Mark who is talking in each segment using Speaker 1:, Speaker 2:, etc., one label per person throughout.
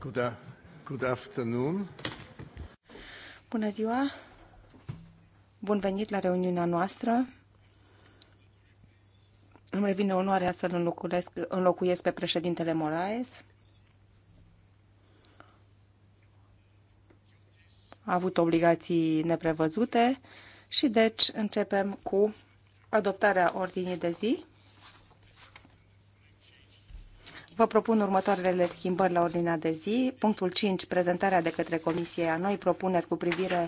Speaker 1: Good, good afternoon.
Speaker 2: Bună ziua! Bun venit la reuniunea noastră. Îmi revine onoarea să-l înlocuiesc, înlocuiesc pe președintele Moraes. A avut obligații neprevăzute și deci începem cu adoptarea ordinii de zi. Vă propun următoarele schimbări la ordinea de zi. Punctul 5, prezentarea de către Comisie a noi propuneri cu privire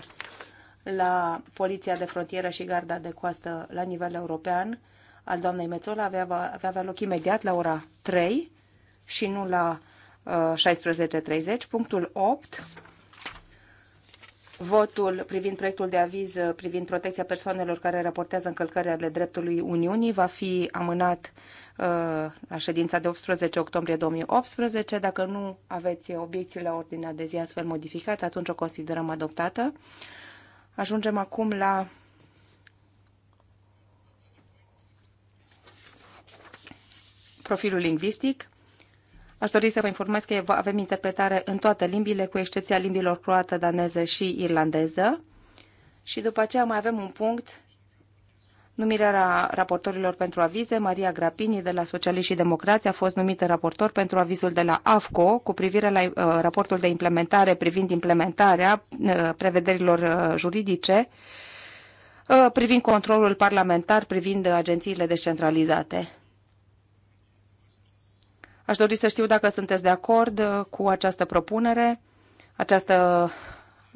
Speaker 2: la Poliția de Frontieră și Garda de Coastă la nivel european al doamnei Mețola avea, avea, avea loc imediat la ora 3 și nu la uh, 16.30. Punctul 8, Votul privind proiectul de aviz uh, privind protecția persoanelor care raportează încălcări ale dreptului Uniunii va fi amânat uh, la ședința de 18 octombrie 2018. Dacă nu aveți obiecții la ordinea de zi astfel modificată, atunci o considerăm adoptată. Ajungem acum la profilul lingvistic. Aș dori să vă informez că avem interpretare în toate limbile, cu excepția limbilor croată, daneză și irlandeză. Și după aceea mai avem un punct, numirea raportorilor pentru avize. Maria Grapini de la Socialiști și Democrați a fost numită raportor pentru avizul de la AFCO cu privire la uh, raportul de implementare privind implementarea uh, prevederilor uh, juridice uh, privind controlul parlamentar, privind agențiile descentralizate. Aș dori să știu dacă sunteți de acord uh, cu această propunere, această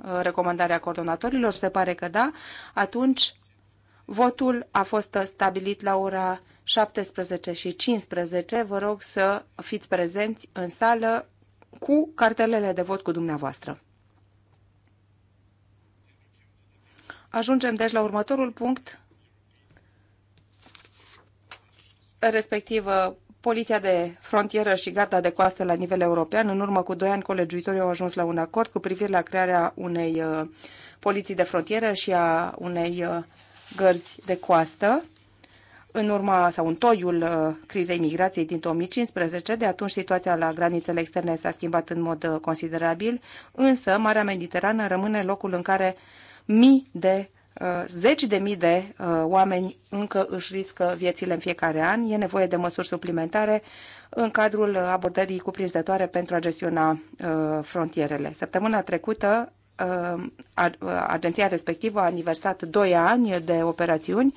Speaker 2: uh, recomandare a coordonatorilor. Se pare că da. Atunci, votul a fost stabilit la ora 17 și 15. Vă rog să fiți prezenți în sală cu cartelele de vot cu dumneavoastră. Ajungem deci la următorul punct, respectiv uh, Poliția de frontieră și garda de coastă la nivel european, în urmă cu doi ani, colegiuitorii au ajuns la un acord cu privire la crearea unei uh, poliții de frontieră și a unei uh, gărzi de coastă. În urma sau în toiul uh, crizei migrației din 2015, de atunci situația la granițele externe s-a schimbat în mod considerabil, însă Marea Mediterană rămâne locul în care mii de Uh, zeci de mii de uh, oameni încă își riscă viețile în fiecare an. E nevoie de măsuri suplimentare în cadrul abordării cuprinzătoare pentru a gestiona uh, frontierele. Săptămâna trecută, agenția respectivă a aniversat 2 ani de operațiuni,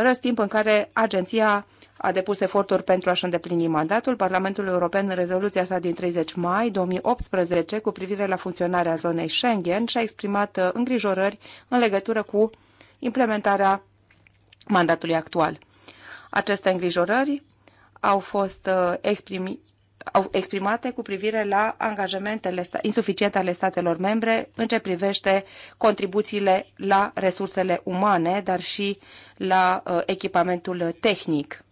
Speaker 2: răstimp în care agenția a depus eforturi pentru a-și îndeplini mandatul. Parlamentul European, în rezoluția sa din 30 mai 2018 cu privire la funcționarea zonei Schengen, și-a exprimat uh, îngrijorări în legătură cu implementarea mandatului actual. Aceste îngrijorări au fost uh, exprimi, au exprimate cu privire la angajamentele insuficiente ale statelor membre în ce privește contribuțiile la resursele umane, dar și la uh, echipamentul tehnic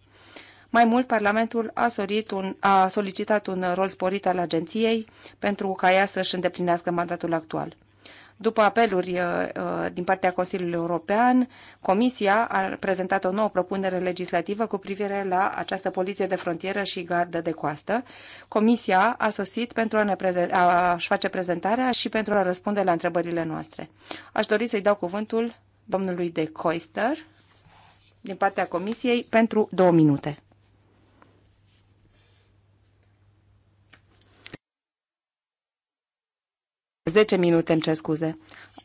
Speaker 2: mai mult, Parlamentul a, un, a solicitat un rol sporit al agenției pentru ca ea să-și îndeplinească mandatul actual. După apeluri uh, uh, din partea Consiliului European, Comisia a prezentat o nouă propunere legislativă cu privire la această poliție de frontieră și gardă de coastă. Comisia a sosit pentru a ne prezenta, a-și face prezentarea și pentru a răspunde la întrebările noastre. Aș dori să-i dau cuvântul domnului de Coister din partea Comisiei pentru două minute. 10 minute, îmi cer scuze.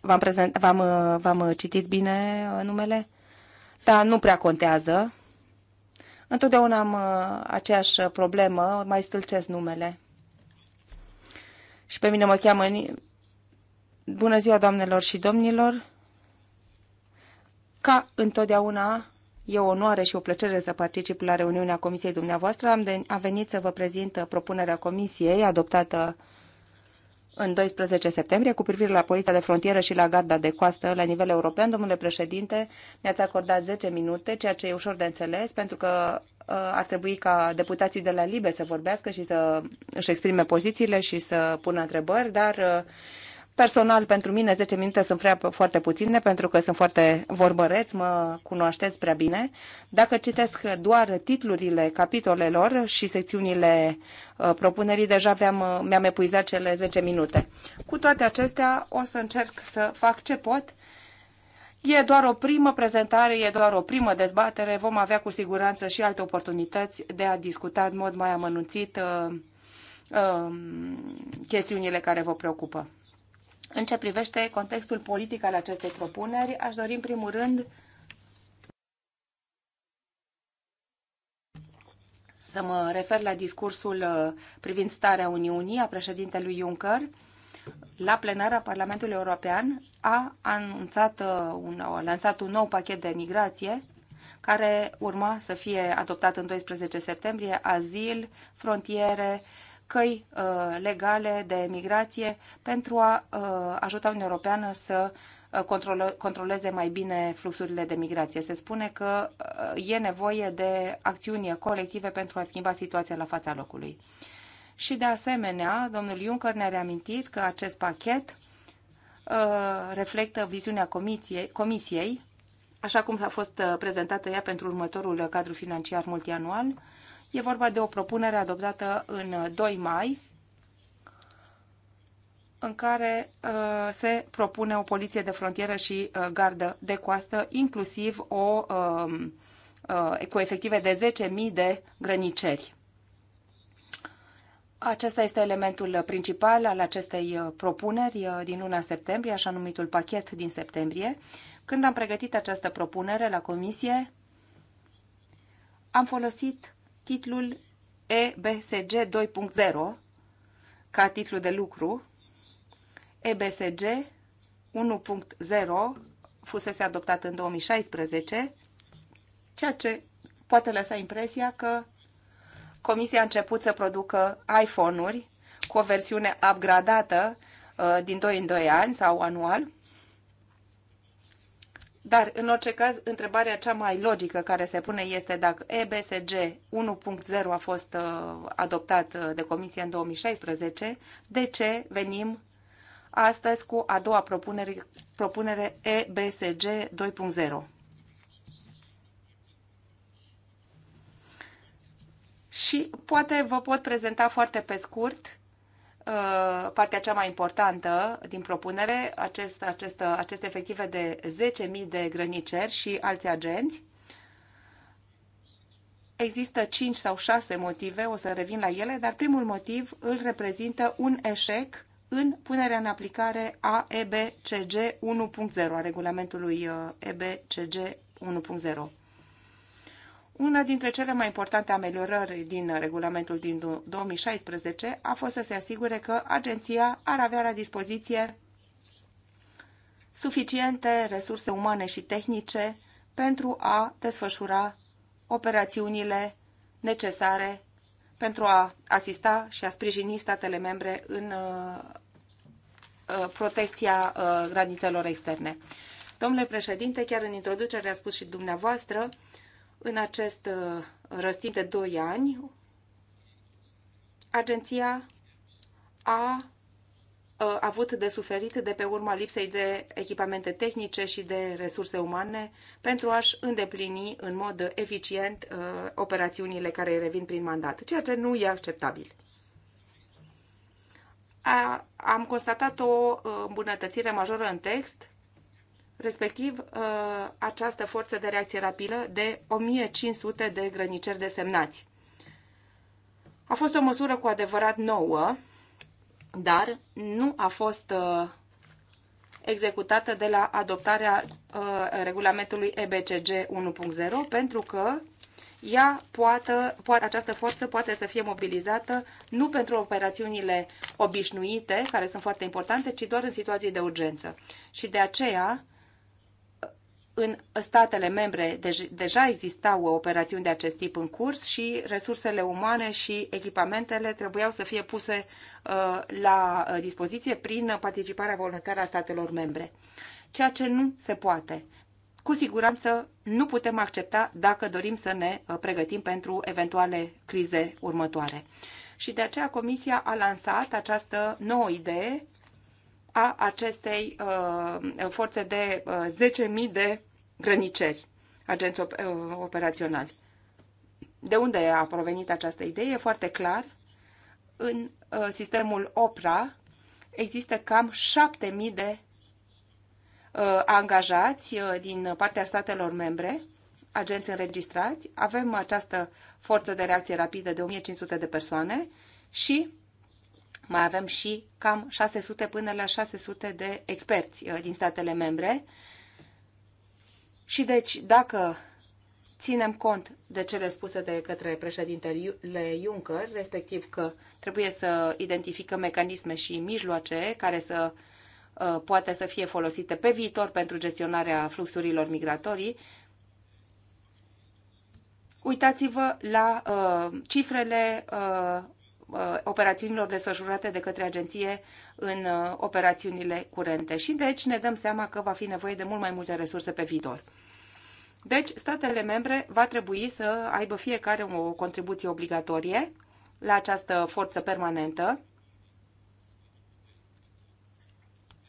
Speaker 2: V-am, prezent, v-am, uh, v-am uh, citit bine uh, numele? Da, nu prea contează. Întotdeauna am aceeași problemă, mai stâlcesc numele. Și pe mine mă cheamă... Bună ziua, doamnelor și domnilor! Ca întotdeauna, E o onoare și o plăcere să particip la reuniunea Comisiei dumneavoastră. Am, de, am venit să vă prezint propunerea Comisiei adoptată în 12 septembrie cu privire la Poliția de Frontieră și la Garda de Coastă la nivel european. Domnule președinte, mi-ați acordat 10 minute, ceea ce e ușor de înțeles, pentru că uh, ar trebui ca deputații de la Libe să vorbească și să își exprime pozițiile și să pună întrebări, dar uh, Personal, pentru mine, 10 minute sunt prea, foarte puține, pentru că sunt foarte vorbăreți, mă cunoașteți prea bine. Dacă citesc doar titlurile capitolelor și secțiunile uh, propunerii, deja aveam, uh, mi-am epuizat cele 10 minute. Cu toate acestea, o să încerc să fac ce pot. E doar o primă prezentare, e doar o primă dezbatere. Vom avea cu siguranță și alte oportunități de a discuta în mod mai amănunțit uh, uh, chestiunile care vă preocupă. În ce privește contextul politic al acestei propuneri, aș dori în primul rând să mă refer la discursul uh, privind starea Uniunii a președintelui Juncker. La plenara Parlamentului European a anunțat uh, un, a lansat un nou pachet de migrație care urma să fie adoptat în 12 septembrie, azil, frontiere, căi uh, legale de migrație pentru a uh, ajuta Uniunea Europeană să uh, controleze mai bine fluxurile de migrație. Se spune că e nevoie de acțiuni colective pentru a schimba situația la fața locului. Și de asemenea, domnul Juncker ne-a reamintit că acest pachet reflectă viziunea comisiei, comisiei așa cum a fost prezentată ea pentru următorul cadru financiar multianual, E vorba de o propunere adoptată în 2 mai, în care uh, se propune o poliție de frontieră și uh, gardă de coastă, inclusiv o, uh, uh, cu efective de 10.000 de grăniceri. Acesta este elementul principal al acestei uh, propuneri uh, din luna septembrie, așa numitul pachet din septembrie. Când am pregătit această propunere la comisie, am folosit titlul EBSG 2.0 ca titlu de lucru. EBSG 1.0 fusese adoptat în 2016, ceea ce poate lăsa impresia că Comisia a început să producă iPhone-uri cu o versiune upgradată uh, din 2 în 2 ani sau anual dar, în orice caz, întrebarea cea mai logică care se pune este dacă EBSG 1.0 a fost uh, adoptat uh, de Comisie în 2016, de ce venim astăzi cu a doua propunere, propunere EBSG 2.0? Și poate vă pot prezenta foarte pe scurt Uh, partea cea mai importantă din propunere, acest, acest, uh, aceste efective de 10.000 de grăniceri și alți agenți. Există 5 sau 6 motive, o să revin la ele, dar primul motiv îl reprezintă un eșec în punerea în aplicare a EBCG 1.0, a regulamentului uh, EBCG 1.0. Una dintre cele mai importante ameliorări din regulamentul din 2016 a fost să se asigure că agenția ar avea la dispoziție suficiente resurse umane și tehnice pentru a desfășura operațiunile necesare pentru a asista și a sprijini statele membre în uh, uh, protecția uh, granițelor externe. Domnule președinte, chiar în introducere a spus și dumneavoastră, în acest uh, răstim de 2 ani, agenția a uh, avut de suferit de pe urma lipsei de echipamente tehnice și de resurse umane pentru a-și îndeplini în mod eficient uh, operațiunile care îi revin prin mandat, ceea ce nu e acceptabil. A, am constatat o îmbunătățire majoră în text respectiv uh, această forță de reacție rapidă de 1500 de grăniceri desemnați. A fost o măsură cu adevărat nouă, dar nu a fost uh, executată de la adoptarea uh, regulamentului EBCG 1.0 pentru că ea poate, poate, această forță poate să fie mobilizată nu pentru operațiunile obișnuite, care sunt foarte importante, ci doar în situații de urgență. Și de aceea, în statele membre deja existau operațiuni de acest tip în curs și resursele umane și echipamentele trebuiau să fie puse uh, la uh, dispoziție prin participarea voluntară a statelor membre. Ceea ce nu se poate. Cu siguranță nu putem accepta dacă dorim să ne uh, pregătim pentru eventuale crize următoare. Și de aceea Comisia a lansat această nouă idee a acestei uh, forțe de uh, 10.000 de grăniceri, agenți op eh, operaționali. De unde a provenit această idee? E foarte clar. În uh, sistemul OPRA există cam 7.000 de uh, angajați uh, din partea statelor membre, agenți înregistrați. Avem această forță de reacție rapidă de 1500 de persoane și mai avem și cam 600 până la 600 de experți din statele membre și deci, dacă ținem cont de cele spuse de către președintele Juncker, respectiv că trebuie să identificăm mecanisme și mijloace care să poată uh, poate să fie folosite pe viitor pentru gestionarea fluxurilor migratorii, uitați-vă la uh, cifrele uh, Uh, operațiunilor desfășurate de către agenție în uh, operațiunile curente. Și deci ne dăm seama că va fi nevoie de mult mai multe resurse pe viitor. Deci, statele membre va trebui să aibă fiecare o contribuție obligatorie la această forță permanentă,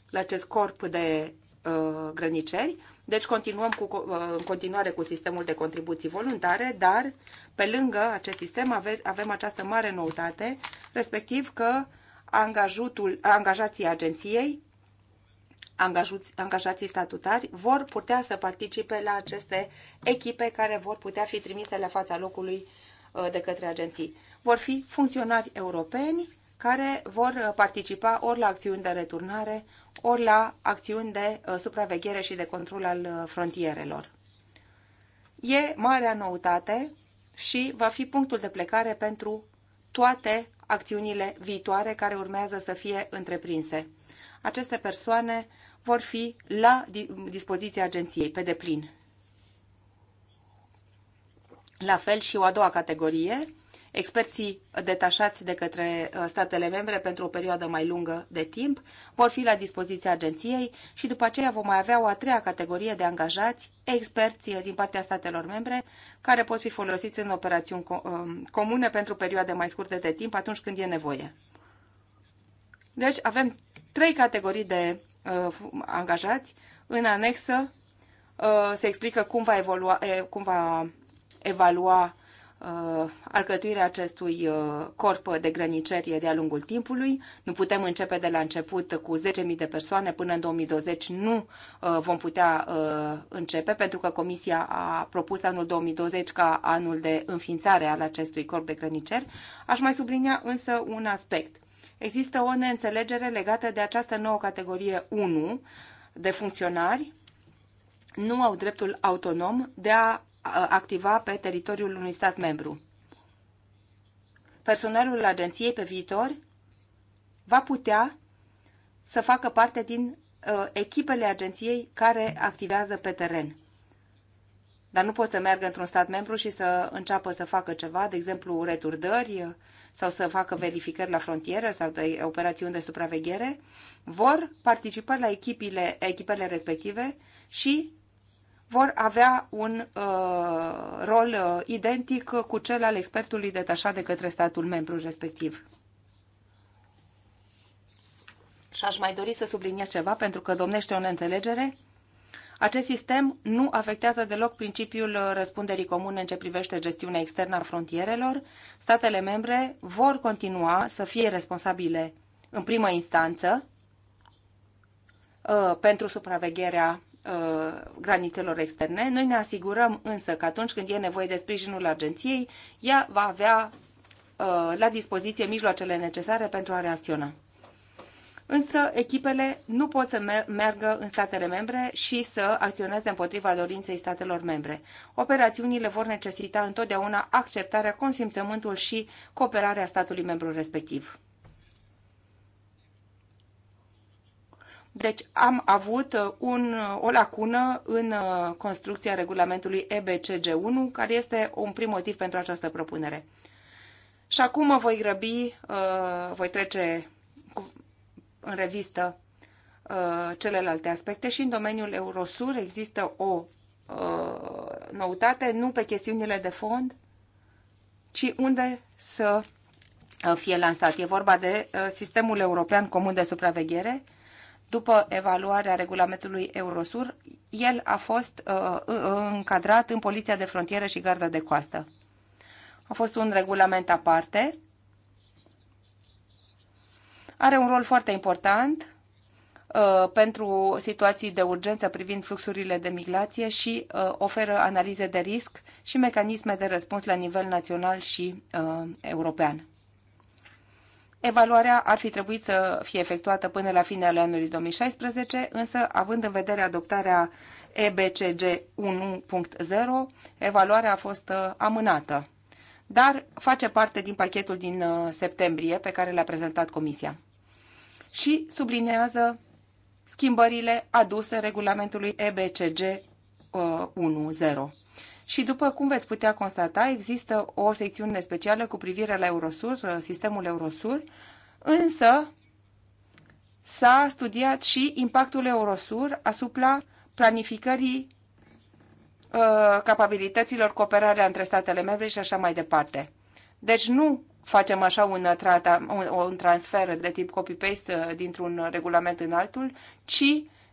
Speaker 2: la acest corp de uh, grăniceri, deci continuăm cu, uh, în continuare cu sistemul de contribuții voluntare, dar pe lângă acest sistem ave, avem această mare noutate, respectiv că angajutul, angajații agenției, angajuți, angajații statutari, vor putea să participe la aceste echipe care vor putea fi trimise la fața locului uh, de către agenții. Vor fi funcționari europeni care vor uh, participa ori la acțiuni de returnare, ori la acțiuni de uh, supraveghere și de control al uh, frontierelor. E marea noutate și va fi punctul de plecare pentru toate acțiunile viitoare care urmează să fie întreprinse. Aceste persoane vor fi la dispoziția agenției pe deplin. La fel și o a doua categorie, Experții detașați de către uh, statele membre pentru o perioadă mai lungă de timp vor fi la dispoziția agenției și după aceea vom mai avea o a treia categorie de angajați, experții uh, din partea statelor membre, care pot fi folosiți în operațiuni uh, comune pentru perioade mai scurte de timp atunci când e nevoie. Deci avem trei categorii de uh, angajați. În anexă uh, se explică cum va, evolua, cum va evalua Uh, alcătuirea acestui uh, corp de grăniceri de-a lungul timpului. Nu putem începe de la început cu 10.000 de persoane până în 2020. Nu uh, vom putea începe pentru că Comisia a propus anul 2020 ca anul de înființare al acestui corp de grăniceri. Aș mai sublinia însă un aspect. Există o neînțelegere legată de această nouă categorie 1 de funcționari nu au dreptul autonom de a activa pe teritoriul unui stat membru. Personalul agenției pe viitor va putea să facă parte din uh, echipele agenției care activează pe teren. Dar nu pot să meargă într-un stat membru și să înceapă să facă ceva, de exemplu returdări sau să facă verificări la frontieră sau de operațiuni de supraveghere. Vor participa la echipele respective și vor avea un uh, rol uh, identic cu cel al expertului detașat de către statul membru respectiv. Și aș mai dori să subliniez ceva, pentru că domnește o neînțelegere. Acest sistem nu afectează deloc principiul uh, răspunderii comune în ce privește gestiunea externă a frontierelor. Statele membre vor continua să fie responsabile în primă instanță uh, pentru supravegherea Uh, granițelor externe. Noi ne asigurăm însă că atunci când e nevoie de sprijinul agenției, ea va avea uh, la dispoziție mijloacele necesare pentru a reacționa. Însă echipele nu pot să meargă în statele membre și să acționeze împotriva dorinței statelor membre. Operațiunile vor necesita întotdeauna acceptarea, consimțământul și cooperarea statului membru respectiv. Deci am avut uh, un, uh, o lacună în uh, construcția regulamentului EBCG1, care este un prim motiv pentru această propunere. Și acum mă voi grăbi, voi trece în revistă celelalte aspecte și în domeniul Eurosur există o noutate, nu pe chestiunile de fond, ci unde să fie lansat. E vorba de sistemul european comun de supraveghere, după evaluarea regulamentului Eurosur, el a fost uh, uh încadrat în Poliția de Frontieră și Garda de Coastă. A fost un regulament aparte. Are un rol foarte important uh, pentru situații de urgență privind fluxurile de migrație și uh, oferă analize de risc și mecanisme de răspuns la nivel național și uh, european. Evaluarea ar fi trebuit să fie efectuată până la finele anului 2016, însă, având în vedere adoptarea EBCG 1.0, evaluarea a fost uh, amânată, dar face parte din pachetul din uh, septembrie pe care l-a prezentat Comisia și sublinează schimbările aduse regulamentului EBCG 1.0. Uh, și după cum veți putea constata, există o secțiune specială cu privire la Eurosur, uh, sistemul Eurosur, însă s-a studiat și impactul Eurosur asupra planificării uh, capabilităților, cooperarea între statele membre și așa mai departe. Deci nu facem așa un, trata, un, un transfer de tip copy-paste uh, dintr-un regulament în altul, ci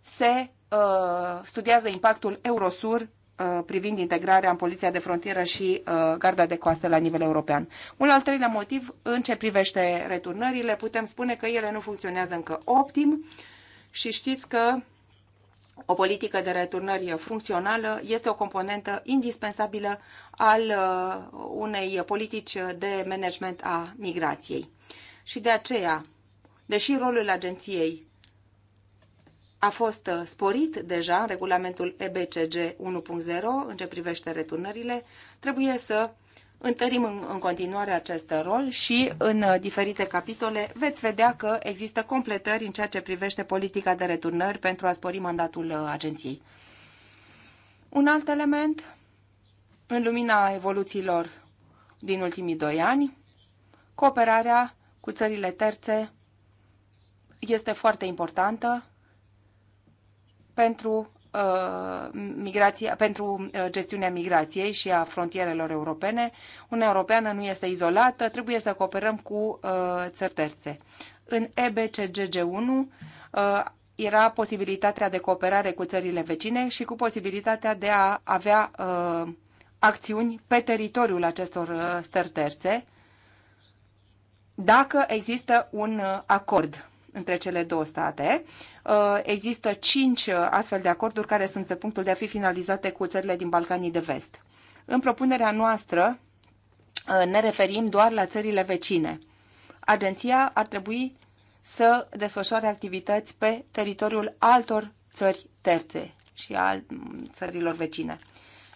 Speaker 2: se uh, studiază impactul Eurosur Uh, privind integrarea în Poliția de Frontieră și uh, Garda de Coastă la nivel european. Un al treilea motiv, în ce privește returnările, putem spune că ele nu funcționează încă optim și știți că o politică de returnări funcțională este o componentă indispensabilă al uh, unei politici de management a migrației. Și de aceea, deși rolul agenției a fost uh, sporit deja în regulamentul EBCG 1.0 în ce privește returnările, trebuie să întărim în, în continuare acest rol și în uh, diferite capitole veți vedea că există completări în ceea ce privește politica de returnări pentru a spori mandatul uh, agenției. Un alt element, în lumina evoluțiilor din ultimii doi ani, cooperarea cu țările terțe este foarte importantă pentru uh, migrația, pentru uh, gestiunea migrației și a frontierelor europene. Uniunea Europeană nu este izolată, trebuie să cooperăm cu uh, țări terțe. În EBCGG1 era posibilitatea de cooperare cu țările vecine și cu posibilitatea de a avea acțiuni pe teritoriul acestor stări terțe dacă există un acord între cele două state. Uh, există cinci uh, astfel de acorduri care sunt pe punctul de a fi finalizate cu țările din Balcanii de Vest. În propunerea noastră uh, ne referim doar la țările vecine. Agenția ar trebui să desfășoare activități pe teritoriul altor țări terțe și al mm, țărilor vecine.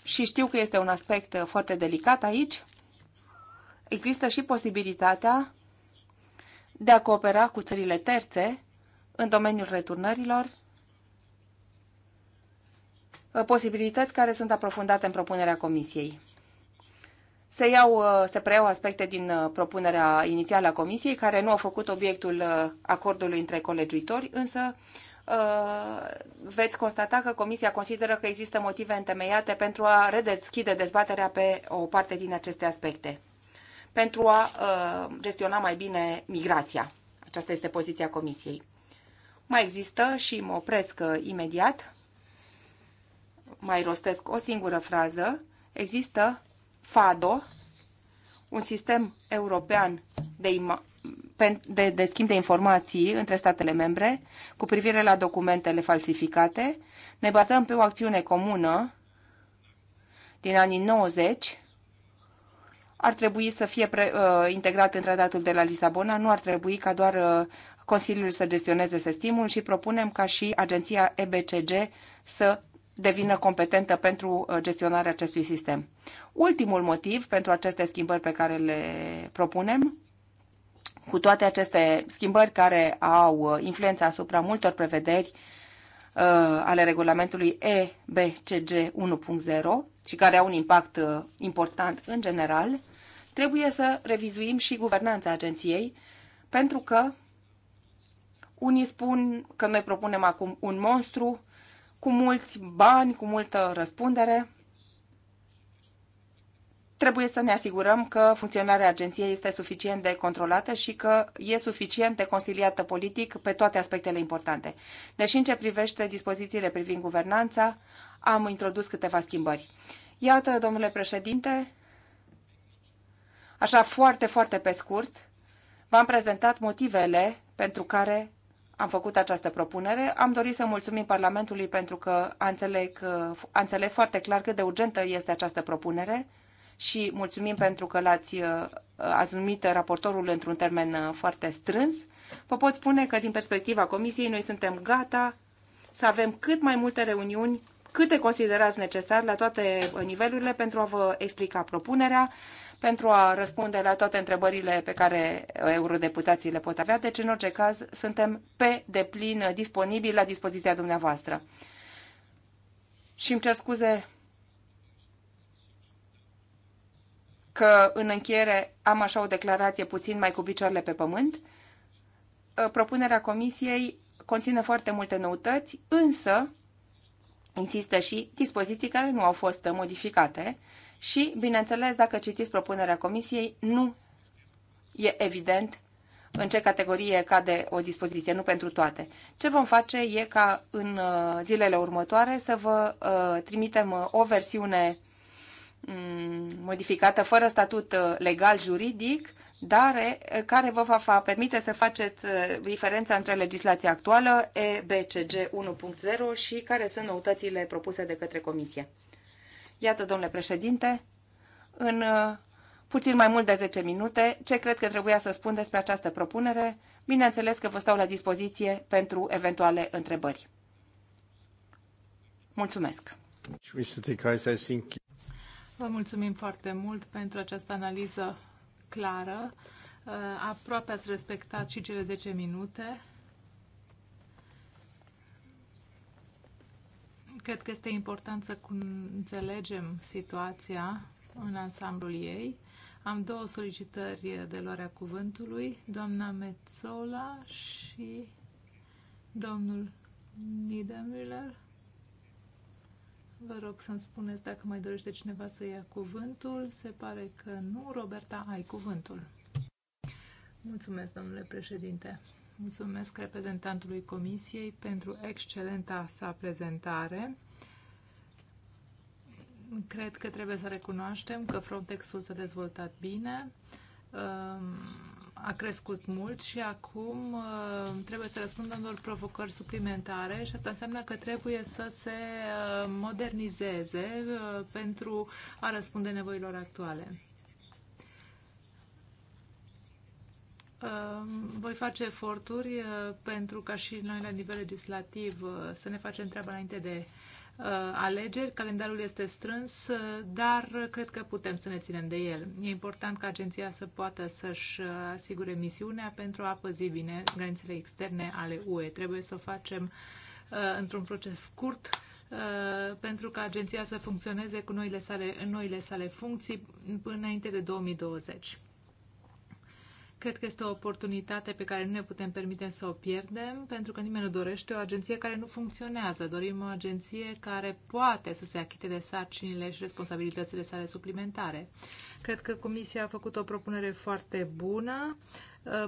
Speaker 2: Și știu că este un aspect foarte delicat aici. Există și posibilitatea de a coopera cu țările terțe în domeniul returnărilor, uh, posibilități care sunt aprofundate în propunerea Comisiei. Se, iau, uh, se preiau aspecte din uh, propunerea inițială a Comisiei, care nu au făcut obiectul acordului între colegiuitori, însă veți constata că Comisia consideră că există motive întemeiate pentru a redeschide dezbaterea pe o parte din aceste aspecte pentru a uh, gestiona mai bine migrația. Aceasta este poziția Comisiei. Mai există și mă opresc uh, imediat. Mai rostesc o singură frază. Există FADO, un sistem european de, de, de schimb de informații între statele membre cu privire la documentele falsificate. Ne bazăm pe o acțiune comună din anii 90 ar trebui să fie pre, uh, integrat în tratatul de la Lisabona, nu ar trebui ca doar uh, Consiliul să gestioneze sistemul și propunem ca și agenția EBCG să devină competentă pentru uh, gestionarea acestui sistem. Ultimul motiv pentru aceste schimbări pe care le propunem, cu toate aceste schimbări care au uh, influența asupra multor prevederi uh, ale regulamentului EBCG 1.0 și care au un impact uh, important în general, Trebuie să revizuim și guvernanța agenției, pentru că unii spun că noi propunem acum un monstru cu mulți bani, cu multă răspundere. Trebuie să ne asigurăm că funcționarea agenției este suficient de controlată și că e suficient de conciliată politic pe toate aspectele importante. Deși în ce privește dispozițiile privind guvernanța, am introdus câteva schimbări. Iată, domnule președinte, Așa foarte, foarte pe scurt, v-am prezentat motivele pentru care am făcut această propunere. Am dorit să mulțumim Parlamentului pentru că a, înțeleg, a înțeles foarte clar cât de urgentă este această propunere și mulțumim pentru că l-ați uh, numit raportorul într-un termen uh, foarte strâns. Vă pot spune că din perspectiva Comisiei noi suntem gata să avem cât mai multe reuniuni câte considerați necesar la toate nivelurile pentru a vă explica propunerea, pentru a răspunde la toate întrebările pe care eurodeputații le pot avea. Deci, în orice caz, suntem pe deplin disponibili la dispoziția dumneavoastră. Și îmi cer scuze că în încheiere am așa o declarație puțin mai cu picioarele pe pământ. Uh, propunerea comisiei conține foarte multe noutăți, însă există și dispoziții care nu au fost modificate și, bineînțeles, dacă citiți propunerea comisiei, nu e evident în ce categorie cade o dispoziție, nu pentru toate. Ce vom face e ca în uh, zilele următoare să vă uh, trimitem uh, o versiune mm, modificată fără statut legal juridic, dar care vă va permite să faceți diferența între legislația actuală EBCG 1.0 și care sunt noutățile propuse de către Comisie. Iată, domnule președinte, în uh, puțin mai mult de 10 minute, ce cred că trebuia să spun despre această propunere. Bineînțeles că vă stau la dispoziție pentru eventuale întrebări. Mulțumesc! Vă
Speaker 3: mulțumim foarte mult pentru această analiză clară. Uh, aproape ați respectat și cele 10 minute. Cred că este important să înțelegem situația în ansamblul ei. Am două solicitări de luarea cuvântului, doamna Metzola și domnul Niedermüller. Vă rog să-mi spuneți dacă mai dorește cineva să ia cuvântul. Se pare că nu. Roberta, ai cuvântul. Mulțumesc, domnule președinte. Mulțumesc reprezentantului Comisiei pentru excelenta sa prezentare. Cred că trebuie să recunoaștem că Frontexul s-a dezvoltat bine, um, a crescut mult și acum um, trebuie să răspundă unor provocări suplimentare și asta înseamnă că trebuie să se uh, modernizeze uh, pentru a răspunde nevoilor actuale. voi face eforturi uh, pentru ca și noi la nivel legislativ uh, să ne facem treaba înainte de uh, alegeri. Calendarul este strâns, dar cred că putem să ne ținem de el. E important ca agenția să poată să-și asigure misiunea pentru a păzi bine granițele externe ale UE. Trebuie să o facem într-un proces scurt pentru ca agenția să funcționeze cu noile sale, în noile sale funcții până înainte de 2020. Cred că este o oportunitate pe care nu ne putem permite să o pierdem, pentru că nimeni nu dorește o agenție care nu funcționează. Dorim o agenție care poate să se achite de sarcinile și responsabilitățile sale suplimentare. Cred că Comisia a făcut o propunere foarte bună.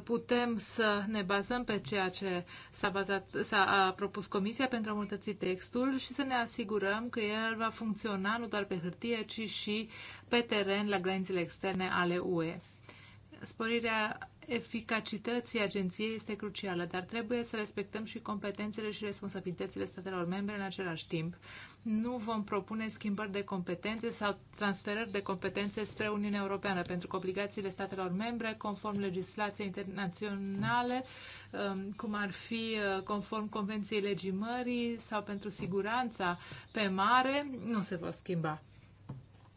Speaker 3: Putem să ne bazăm pe ceea ce s-a, bazat, s-a propus Comisia pentru a multăți textul și să ne asigurăm că el va funcționa nu doar pe hârtie, ci și pe teren, la granițele externe ale UE. Sporirea eficacității agenției este crucială, dar trebuie să respectăm și competențele și responsabilitățile statelor membre în același timp. Nu vom propune schimbări de competențe sau transferări de competențe spre Uniunea Europeană, pentru că obligațiile statelor membre, conform legislației internaționale, um, cum ar fi uh, conform Convenției Legii Mării sau pentru siguranța pe mare, nu se vor schimba.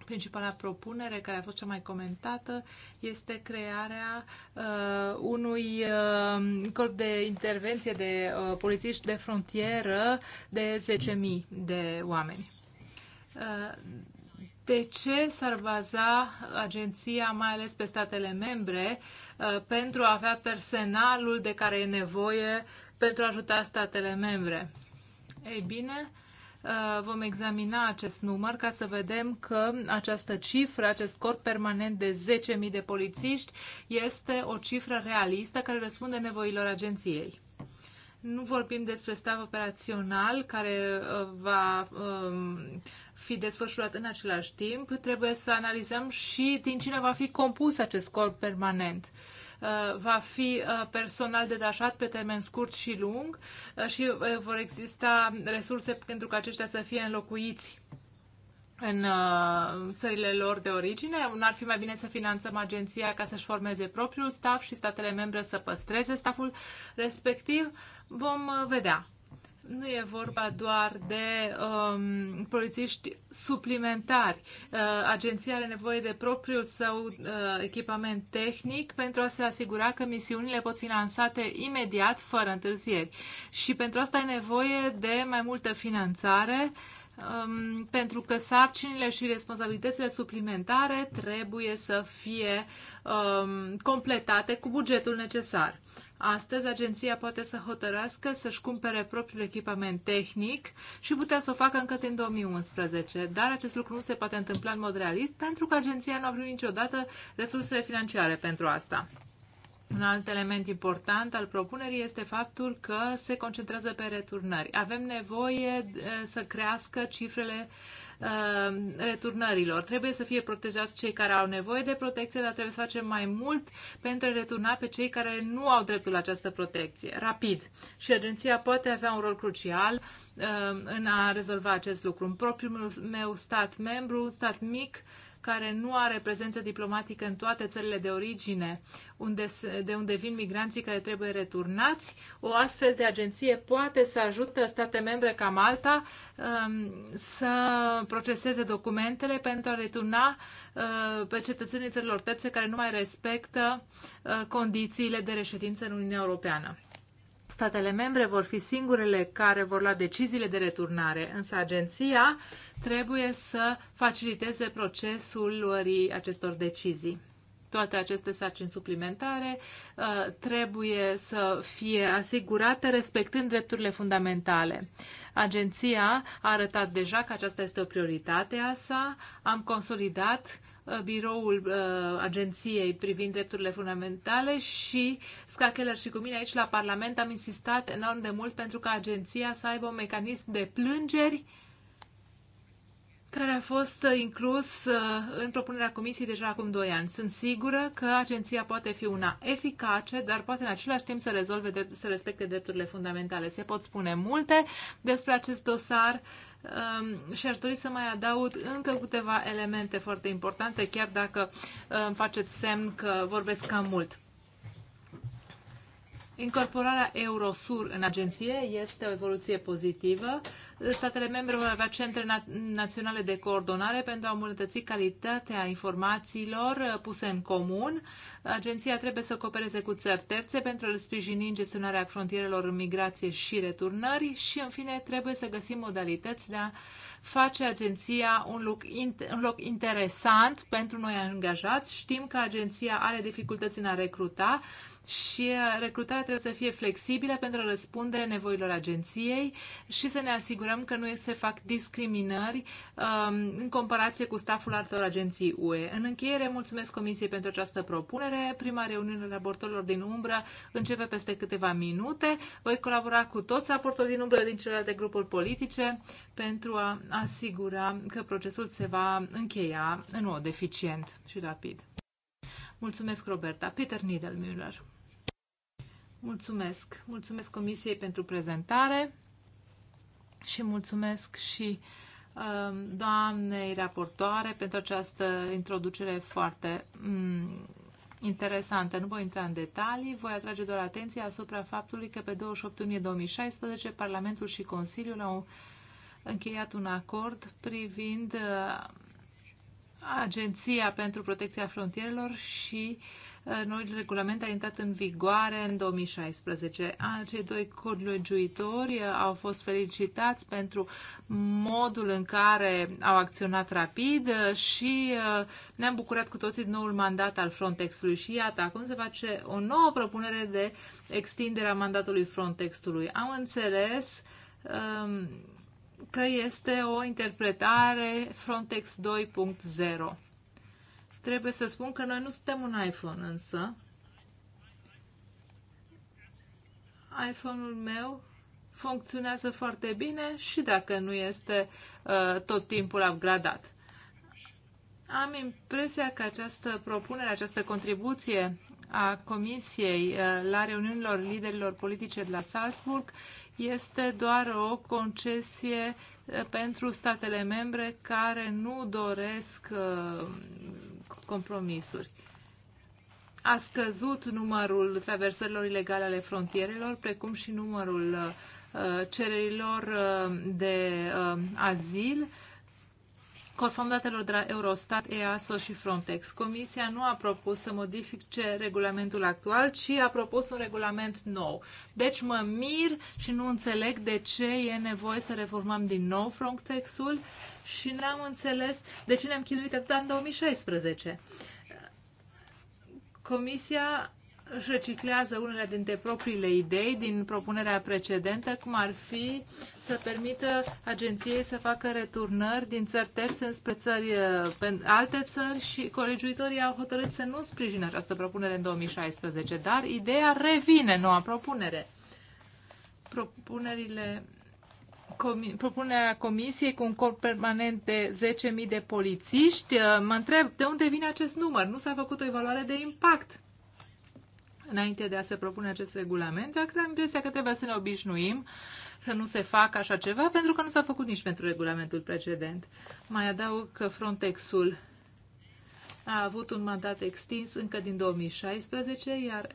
Speaker 3: Principala propunere care a fost cea mai comentată este crearea uh, unui uh, corp de intervenție de uh, polițiști de frontieră de 10.000 de oameni. Uh, de ce s-ar baza agenția, mai ales pe statele membre, uh, pentru a avea personalul de care e nevoie pentru a ajuta statele membre? Ei bine, Uh, vom examina acest număr ca să vedem că această cifră, acest corp permanent de 10.000 de polițiști este o cifră realistă care răspunde nevoilor agenției. Nu vorbim despre stav operațional care uh, va um, fi desfășurat în același timp. Trebuie să analizăm și din cine va fi compus acest corp permanent Uh, va fi uh, personal detașat pe termen scurt și lung uh, și vor exista resurse pentru ca aceștia să fie înlocuiți în țările lor de origine. N-ar fi mai bine să finanțăm agenția ca să-și formeze propriul staff și statele membre să păstreze stafful respectiv. Vom vedea nu e vorba doar de um, polițiști suplimentari. Uh, agenția are nevoie de propriul său uh, echipament tehnic pentru a se asigura că misiunile pot fi finanțate imediat, fără întârzieri. Și pentru asta e nevoie de mai multă finanțare, um, pentru că sarcinile și responsabilitățile suplimentare trebuie să fie um, completate cu bugetul necesar. Astăzi, agenția poate să hotărască să-și cumpere propriul echipament tehnic și putea să o facă încă din 2011, dar acest lucru nu se poate întâmpla în mod realist pentru că agenția nu a primit niciodată resursele financiare pentru asta. Un alt element important al propunerii este faptul că se concentrează pe returnări. Avem nevoie eh, să crească cifrele uh, Uh, returnărilor. Trebuie să fie protejați cei care au nevoie de protecție, dar trebuie să facem mai mult pentru a returna pe cei care nu au dreptul la această protecție. Rapid. Și agenția poate avea un rol crucial uh, în a rezolva acest lucru. În propriul meu stat membru, stat mic, care nu are prezență diplomatică în toate țările de origine unde, de unde vin migranții care trebuie returnați. O astfel de agenție poate să ajută state membre ca Malta um, să proceseze documentele pentru a returna uh, pe cetățenii țărilor terțe care nu mai respectă uh, condițiile de reședință în Uniunea Europeană. Statele membre vor fi singurele care vor lua deciziile de returnare, însă agenția trebuie să faciliteze procesul luării acestor decizii. Toate aceste sarcini suplimentare uh, trebuie să fie asigurate respectând drepturile fundamentale. Agenția a arătat deja că aceasta este o prioritate a sa. Am consolidat uh, Uh, biroul uh, agenției privind drepturile fundamentale și Ska Keller și cu mine aici la Parlament am insistat enorm de mult pentru ca agenția să aibă un mecanism de plângeri care a fost inclus uh, în propunerea comisiei deja acum 2 ani. Sunt sigură că agenția poate fi una eficace, dar poate în același timp să rezolve, să respecte drepturile fundamentale. Se pot spune multe despre acest dosar. Uh, Ehm, și aș dori să mai adaug încă câteva elemente foarte importante, chiar dacă îmi ehm, faceți semn că vorbesc cam mult. Incorporarea Eurosur în agenție este o evoluție pozitivă. Statele membre vor avea centre na- naționale de coordonare pentru a îmbunătăți calitatea informațiilor puse în comun. Agenția trebuie să coopereze cu țări terțe pentru a sprijini în gestionarea frontierelor în migrație și returnări și, în fine, trebuie să găsim modalități de a face agenția un loc, un loc interesant pentru noi angajați. Știm că agenția are dificultăți în a recruta și recrutarea trebuie să fie flexibilă pentru a răspunde nevoilor agenției și să ne asigurăm că nu se fac discriminări um, în comparație cu staful altor agenții UE. În încheiere, mulțumesc Comisiei pentru această propunere. Prima reuniune a raportorilor din umbră începe peste câteva minute. Voi colabora cu toți raportorii din umbră din celelalte grupuri politice pentru a asigura că procesul se va încheia în mod eficient și rapid. Mulțumesc, Roberta. Peter Niedelmüller. Mulțumesc. Mulțumesc Comisiei pentru prezentare și mulțumesc și um, doamnei raportoare pentru această introducere foarte mm, interesantă. Nu voi intra în detalii, voi atrage doar atenția asupra faptului că pe 28 iunie 2016 Parlamentul și Consiliul au încheiat un acord privind uh, Agenția pentru Protecția Frontierelor și uh, noul regulament a intrat în vigoare în 2016. Acei doi colegiuitori uh, au fost felicitați pentru modul în care au acționat rapid și ne-am bucurat cu toții de noul mandat al Frontexului. Și iată, acum se face o nouă propunere de extindere a mandatului Frontexului. Am înțeles um, că este o interpretare Frontex 2.0. Trebuie să spun că noi nu suntem un iPhone, însă iPhone-ul meu funcționează foarte bine și dacă nu este uh, tot timpul upgradat. Am impresia că această propunere, această contribuție a Comisiei uh, la reuniunilor liderilor politice de la Salzburg este doar o concesie uh, pentru statele membre care nu doresc uh, compromisuri. A scăzut numărul traversărilor ilegale ale frontierelor, precum și numărul cererilor de azil Conform datelor de la Eurostat, EASO și Frontex, Comisia nu a propus să modifice regulamentul actual, ci a propus un regulament nou. Deci mă mir și nu înțeleg de ce e nevoie să reformăm din nou Frontexul și n-am înțeles de ce ne-am chinuit atât în 2016. Comisia își reciclează unele dintre propriile idei din propunerea precedentă, cum ar fi să permită agenției să facă returnări din țări terțe înspre țări, uh, alte țări și colegiuitorii au hotărât să nu sprijine această propunere în 2016, dar ideea revine, noua propunere. Propunerile comi, propunerea comisiei cu un corp permanent de 10.000 de polițiști. Uh, mă întreb de unde vine acest număr. Nu s-a făcut o evaluare de impact înainte de a se propune acest regulament, dar am impresia că trebuie să ne obișnuim că nu se fac așa ceva, pentru că nu s-a făcut nici pentru regulamentul precedent. Mai adaug că Frontexul a avut un mandat extins încă din 2016, iar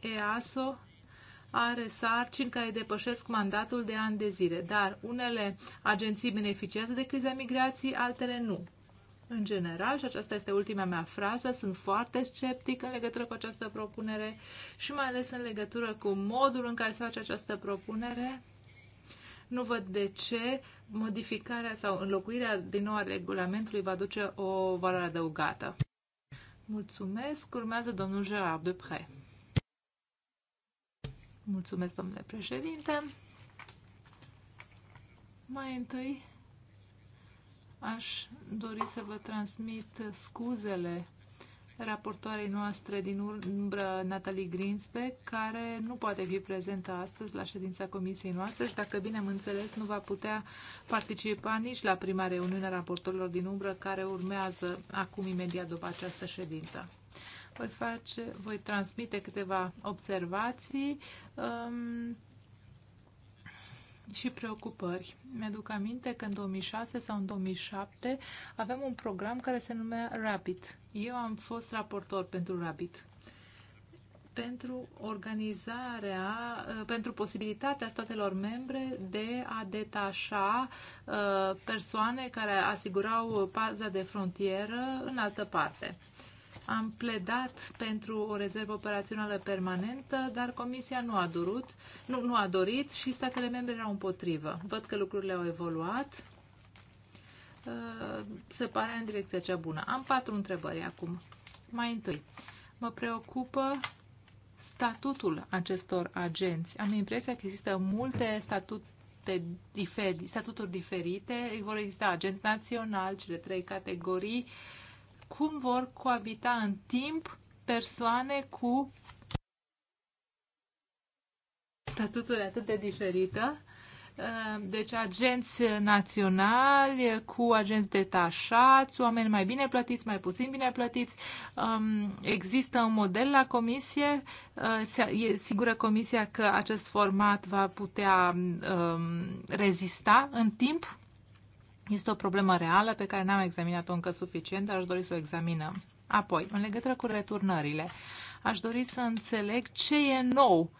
Speaker 3: EASO are sarcini care depășesc mandatul de ani de zile, dar unele agenții beneficiază de criza migrației, altele nu în general, și aceasta este ultima mea frază, sunt foarte sceptic în legătură cu această propunere și mai ales în legătură cu modul în care se face această propunere. Nu văd de ce modificarea sau înlocuirea din nou a regulamentului va duce o valoare adăugată. Mulțumesc. Urmează domnul Gerard Dupré. Mulțumesc, domnule președinte. Mai întâi Aș dori să vă transmit scuzele raportoarei noastre din umbră, Natalie Greensbeck, care nu poate fi prezentă astăzi la ședința comisiei noastre și, dacă bine am înțeles, nu va putea participa nici la prima reuniune a raportorilor din umbră care urmează acum imediat după această ședință. Voi, face, voi transmite câteva observații um, și preocupări. Mi-aduc aminte că în 2006 sau în 2007 aveam un program care se numea Rabbit. Eu am fost raportor pentru Rabbit pentru organizarea, uh, pentru posibilitatea statelor membre de a detașa uh, persoane care asigurau paza de frontieră în altă parte. Am pledat pentru o rezervă operațională permanentă, dar Comisia nu a, durut, nu, nu a dorit și statele membre erau împotrivă. Văd că lucrurile au evoluat. Uh, se pare în direcția cea bună. Am patru întrebări acum. Mai întâi, mă preocupă statutul acestor agenți. Am impresia că există multe statute diferi, statuturi diferite. Vor exista agenți naționali, cele trei categorii. Uh, cum vor coabita în timp persoane cu statuturi atât de diferită. Uh, deci agenți naționali cu agenți detașați, oameni mai bine plătiți, mai puțin bine plătiți. Um, există un model la comisie. Uh, e sigură comisia că acest format va putea um, rezista în timp? Este o problemă reală pe care n-am examinat-o încă suficient, dar aș dori să o examinăm. Apoi, în legătură cu returnările, aș dori să înțeleg ce e nou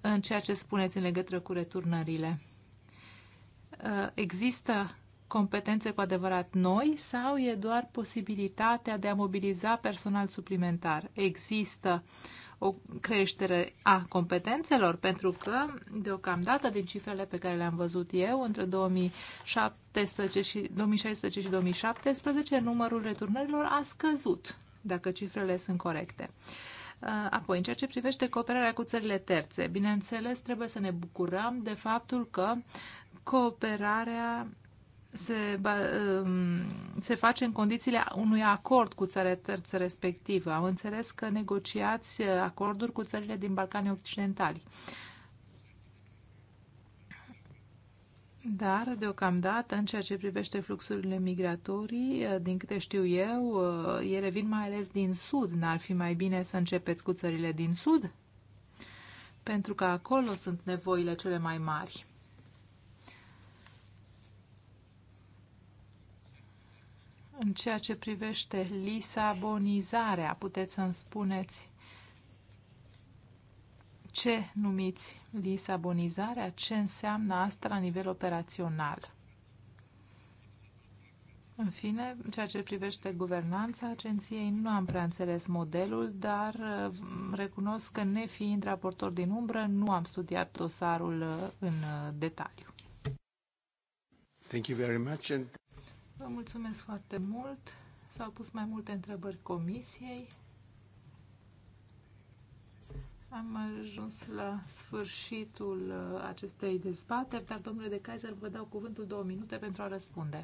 Speaker 3: în ceea ce spuneți în legătură cu returnările. Uh, există competențe cu adevărat noi sau e doar posibilitatea de a mobiliza personal suplimentar? Există uh, o creștere a competențelor, pentru că, deocamdată, din cifrele pe care le-am văzut eu, între 2017 și, 2016 și 2017, numărul returnărilor a scăzut, dacă cifrele sunt corecte. Uh, apoi, în ceea ce privește cooperarea cu țările terțe, bineînțeles, trebuie să ne bucurăm de faptul că cooperarea se, um, se face în condițiile unui acord cu țările terțe respectivă. Am înțeles că negociați acorduri cu țările din Balcanii Occidentali. Dar, deocamdată, în ceea ce privește fluxurile migratorii, din câte știu eu, ele vin mai ales din sud. N-ar fi mai bine să începeți cu țările din sud? Pentru că acolo sunt nevoile cele mai mari. În ceea ce privește lisabonizarea, puteți să-mi spuneți ce numiți lisabonizarea, ce înseamnă asta la nivel operațional. În fine, în ceea ce privește guvernanța agenției, nu am prea înțeles modelul, dar mm, recunosc că, nefiind raportor din umbră, nu am studiat dosarul uh, în uh, detaliu.
Speaker 4: Thank you very much and...
Speaker 3: Vă mulțumesc foarte mult. S-au pus mai multe întrebări comisiei. Am ajuns la sfârșitul uh, acestei dezbateri, dar, domnule de Kaiser, vă dau cuvântul două minute pentru a răspunde.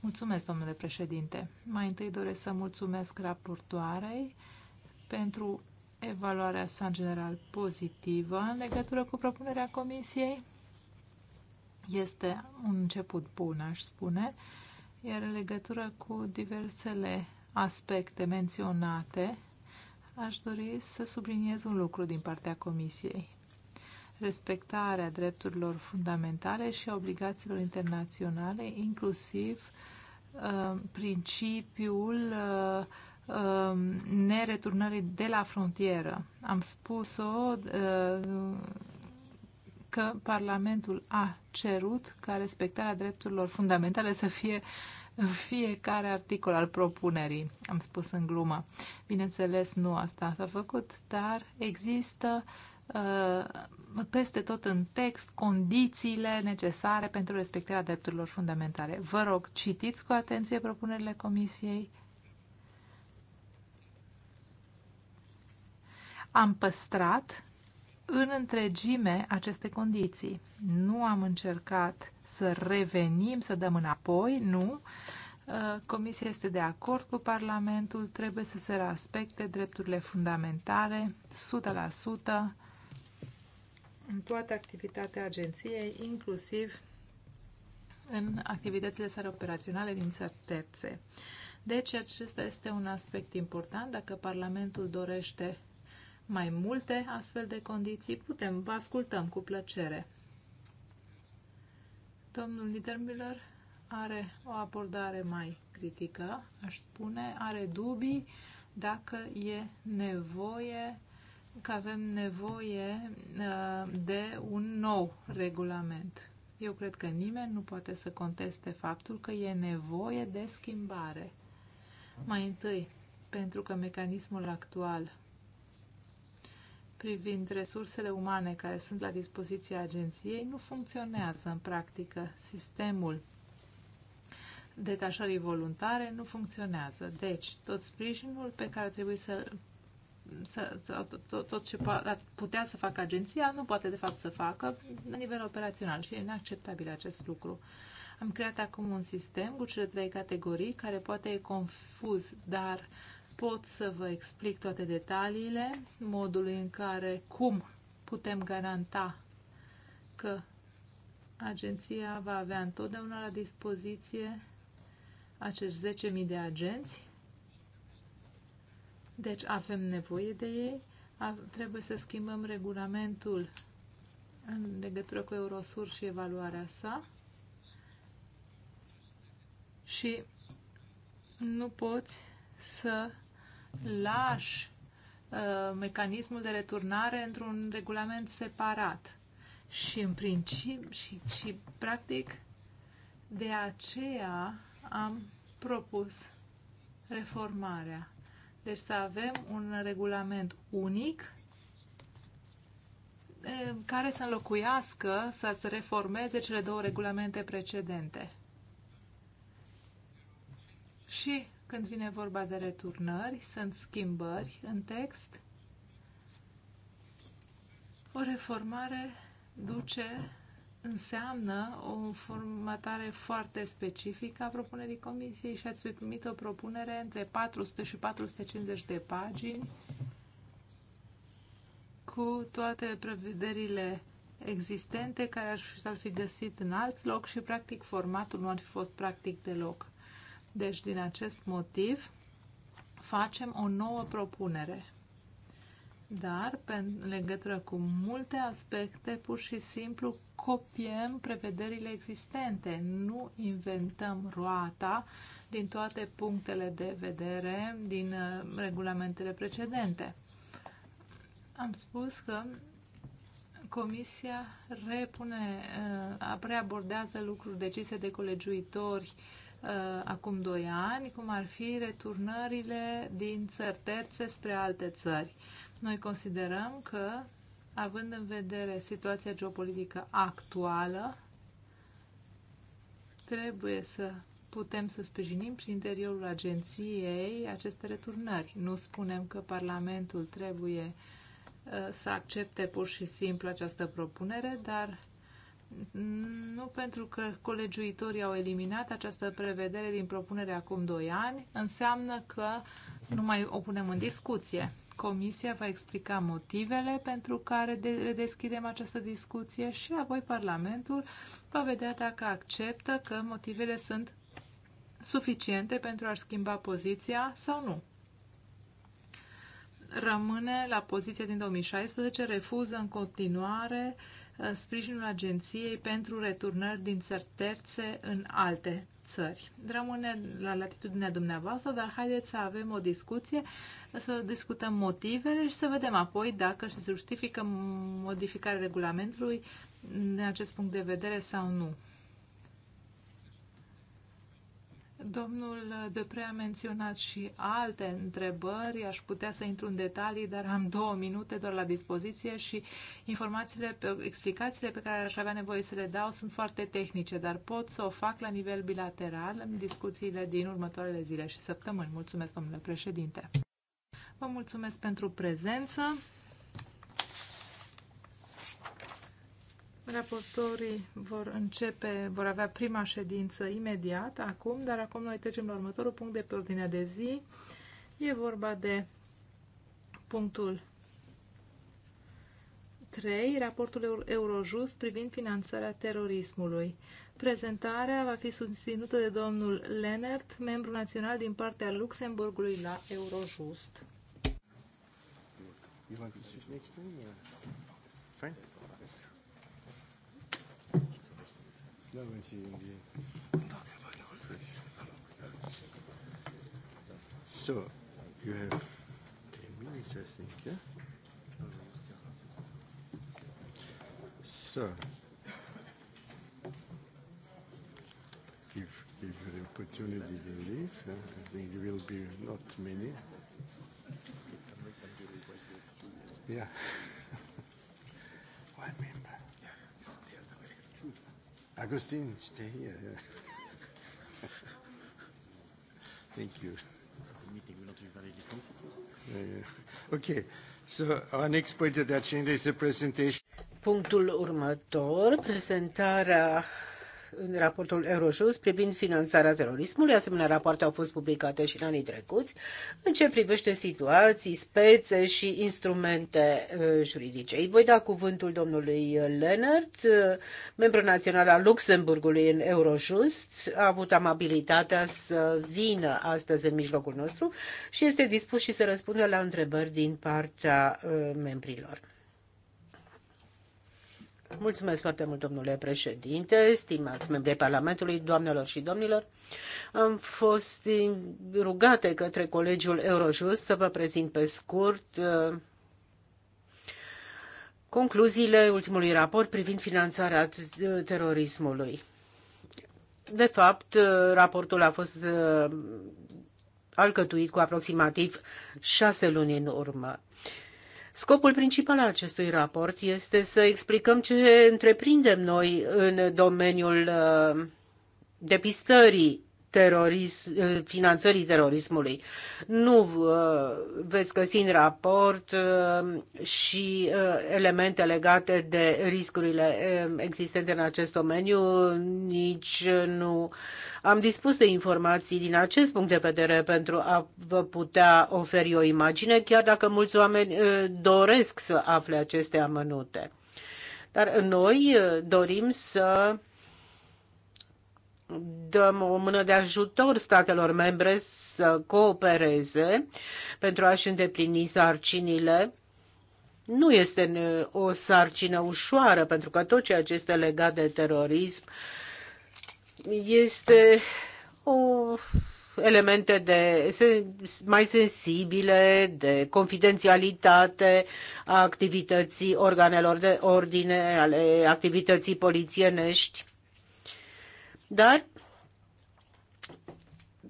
Speaker 3: Mulțumesc, domnule președinte. Mai întâi doresc să mulțumesc raportoarei pentru evaluarea sa în general pozitivă în legătură cu propunerea comisiei. Este un început bun, aș spune. Iar în legătură cu diversele aspecte menționate, aș dori să subliniez un lucru din partea Comisiei. Respectarea drepturilor fundamentale și obligațiilor internaționale, inclusiv uh, principiul uh, uh, nereturnării de la frontieră. Am spus-o uh, că Parlamentul a cerut ca respectarea drepturilor fundamentale să fie în fiecare articol al propunerii, am spus în glumă. Bineînțeles, nu asta s-a făcut, dar există uh, peste tot în text condițiile necesare pentru respectarea drepturilor fundamentale. Vă rog, citiți cu atenție propunerile Comisiei. Am păstrat în întregime aceste condiții. Nu am încercat să revenim, să dăm înapoi, nu. Uh, Comisia este de acord cu Parlamentul, trebuie să se respecte drepturile fundamentale 100% în toată activitatea agenției, inclusiv în activitățile sale operaționale din țări terțe. Deci acesta este un aspect important. Dacă Parlamentul dorește mai multe astfel de condiții? Putem, vă ascultăm cu plăcere. Domnul Niedermüller are o abordare mai critică, aș spune, are dubii dacă e nevoie, că avem nevoie uh, de un nou regulament. Eu cred că nimeni nu poate să conteste faptul că e nevoie de schimbare. Mai întâi, pentru că mecanismul actual privind resursele umane care sunt la dispoziția agenției nu funcționează în practică. Sistemul detașării voluntare nu funcționează. Deci, tot sprijinul pe care trebuie să, să, să tot, tot ce putea să facă agenția, nu poate de fapt să facă la nivel operațional și e inacceptabil acest lucru. Am creat acum un sistem cu cele trei categorii care poate e confuz, dar uh, pot să vă explic toate detaliile, modului în care, cum putem garanta că agenția va avea întotdeauna la dispoziție acești 10.000 de agenți. Deci avem nevoie de ei. Trebuie să schimbăm regulamentul în legătură cu Eurosur și evaluarea sa. Și nu poți să lași uh, mecanismul de returnare într-un regulament separat. Și în principiu, și, și practic, de aceea am propus reformarea. Deci să avem un regulament unic uh, care să înlocuiască, să se reformeze cele două regulamente precedente. Și când vine vorba de returnări, sunt schimbări în text. O reformare duce, înseamnă o formatare foarte specifică a propunerii comisiei și ați primit o propunere între 400 și 450 de pagini cu toate prevederile existente care ar fi găsit în alt loc și practic formatul nu ar fi fost practic deloc deci, din acest motiv, facem o nouă propunere. Dar, în legătură cu multe aspecte, pur și simplu copiem prevederile existente. Nu inventăm roata din toate punctele de vedere din uh, regulamentele precedente. Am spus că Comisia repune, uh, preabordează lucruri decise de colegiuitori uh, Uh, acum 2 ani, cum ar fi returnările din țări terțe spre alte țări. Noi considerăm că, având în vedere situația geopolitică actuală, trebuie să putem să sprijinim prin interiorul agenției aceste returnări. Nu spunem că Parlamentul trebuie uh, să accepte pur și simplu această propunere, dar nu pentru că colegiuitorii au eliminat această prevedere din propunere acum 2 ani, înseamnă că nu mai o punem în discuție. Comisia va explica motivele pentru care redeschidem această discuție și apoi Parlamentul va vedea dacă acceptă că motivele sunt suficiente pentru a schimba poziția sau nu. Rămâne la poziția din 2016, refuză în continuare uh, sprijinul agenției pentru returnări din țări terțe în alte țări. Rămâne la latitudinea dumneavoastră, dar haideți să avem o discuție, să discutăm motivele și să vedem apoi dacă se justifică modificarea regulamentului din acest punct de vedere sau nu. Domnul Deprea a menționat și alte întrebări, aș putea să intru în detalii, dar am două minute doar la dispoziție și informațiile, explicațiile pe care aș avea nevoie să le dau sunt foarte tehnice, dar pot să o fac la nivel bilateral în discuțiile din următoarele zile și săptămâni. Mulțumesc, domnule președinte! Vă mulțumesc pentru prezență. Raportorii vor începe, vor avea prima ședință imediat acum, dar acum noi trecem la următorul punct de pe ordinea de zi. E vorba de punctul 3, raportul Eurojust privind finanțarea terorismului. Prezentarea va fi susținută de domnul Lennert, membru național din partea Luxemburgului la Eurojust.
Speaker 1: You to next Yeah. Fine. So,
Speaker 4: you have 10 minutes, I think, yeah? So,
Speaker 1: give if the opportunity to leave, uh, I think there will be not many. Yeah. One minute. Agustin, stay here. Thank you.
Speaker 5: The Okay. So our next point of the agenda is the presentation. Punctul următor, prezentarea în raportul Eurojust privind finanțarea terorismului. Asemenea, rapoarte au fost publicate și în anii trecuți în ce privește situații, spețe și instrumente uh, juridice. Îi voi da cuvântul domnului Leonard, uh, membru național al Luxemburgului în Eurojust. A avut amabilitatea să vină astăzi în mijlocul nostru și este dispus și să răspundă la întrebări din partea uh, membrilor. Mulțumesc foarte mult, domnule președinte, stimați membrii Parlamentului, doamnelor și domnilor. Am fost rugate către colegiul Eurojust să vă prezint pe scurt uh, concluziile ultimului raport privind finanțarea terorismului. De fapt, uh, raportul a fost uh, alcătuit cu aproximativ șase luni în urmă. Scopul principal al acestui raport este să explicăm ce întreprindem noi în domeniul uh, depistării terorism, eh, finanțării terorismului. Nu eh, veți găsi în raport eh, și elemente legate de riscurile existente în acest domeniu, nici nu am dispus de informații din acest punct de vedere pentru a vă putea oferi o imagine, chiar dacă mulți oameni doresc să afle aceste amănunte. Dar noi dorim să dăm o mână de ajutor statelor membre să coopereze pentru a-și îndeplini sarcinile. Nu este o sarcină ușoară, pentru că tot ceea ce este legat de terorism este o elemente de, mai sensibile, de confidențialitate a activității organelor de ordine, ale activității polițienești. Dar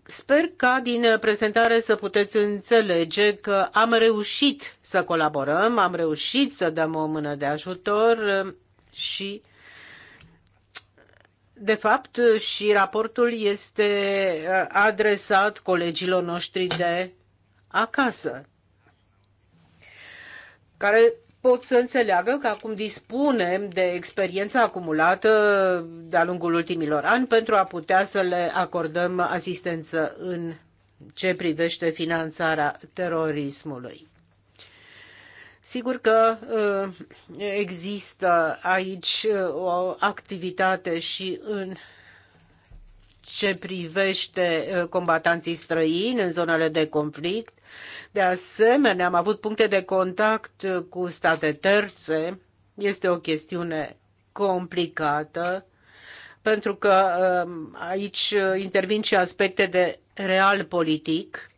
Speaker 5: sper ca din prezentare să puteți înțelege că am reușit să colaborăm, am reușit să dăm o mână de ajutor și de fapt, și raportul este adresat colegilor noștri de acasă, care pot să înțeleagă că acum dispunem de experiența acumulată de-a lungul ultimilor ani pentru a putea să le acordăm asistență în ce privește finanțarea terorismului. Sigur că uh, există aici uh, o activitate și în ce privește uh, combatanții străini în zonele de conflict. De asemenea, am avut puncte de contact uh, cu state terțe. Este o chestiune complicată pentru că um, aici uh, intervin și aspecte de real politic.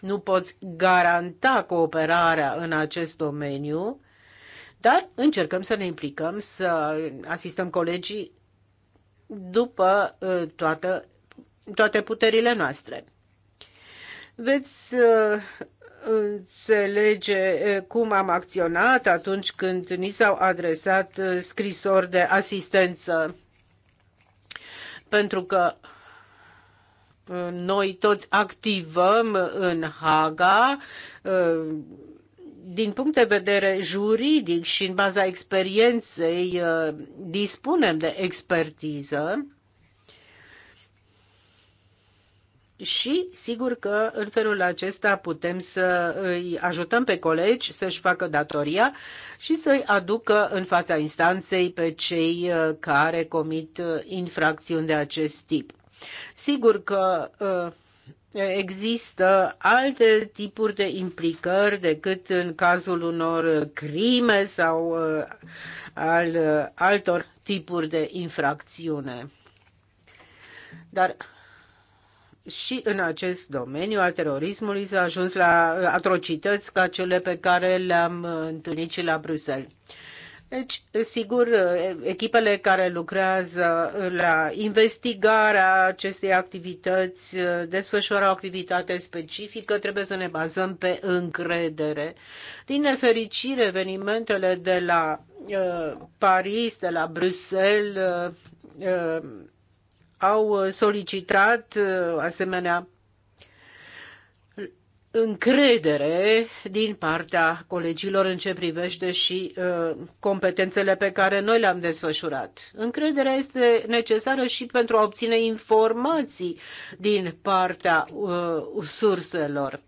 Speaker 5: Nu poți garanta cooperarea în acest domeniu, dar încercăm să ne implicăm, să asistăm colegii după uh, toată, toate puterile noastre. Veți uh, înțelege uh, cum am acționat atunci când ni s-au adresat scrisori de asistență, pentru că noi toți activăm în Haga, din punct de vedere juridic și în baza experienței uh, dispunem de expertiză și sigur că în felul acesta putem să îi ajutăm pe colegi să-și facă datoria și să-i aducă în fața instanței pe cei uh, care comit uh, infracțiuni de acest tip. Sigur că uh, există alte tipuri de implicări decât în cazul unor crime sau uh, al uh, altor tipuri de infracțiune. Dar și în acest domeniu al terorismului s-a ajuns la atrocități ca cele pe care le-am uh, întâlnit și la Bruxelles. Deci, sigur, echipele care lucrează la investigarea acestei activități desfășoară o activitate specifică, trebuie să ne bazăm pe încredere. Din nefericire, evenimentele de la uh, Paris, de la Bruxelles, uh, uh, au solicitat uh, asemenea încredere din partea colegilor în ce privește și uh, competențele pe care noi le-am desfășurat. Încrederea este necesară și pentru a obține informații din partea uh, surselor.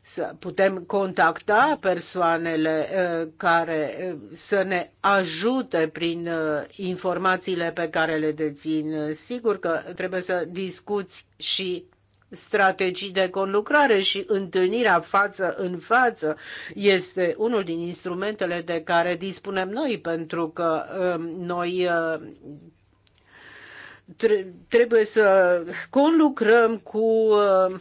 Speaker 5: Să putem contacta persoanele uh, care uh, să ne ajute prin uh, informațiile pe care le dețin. Sigur că trebuie să discuți și strategii de conlucrare și întâlnirea față în față este unul din instrumentele de care dispunem noi pentru că um, noi uh, trebuie să conlucrăm cu uh,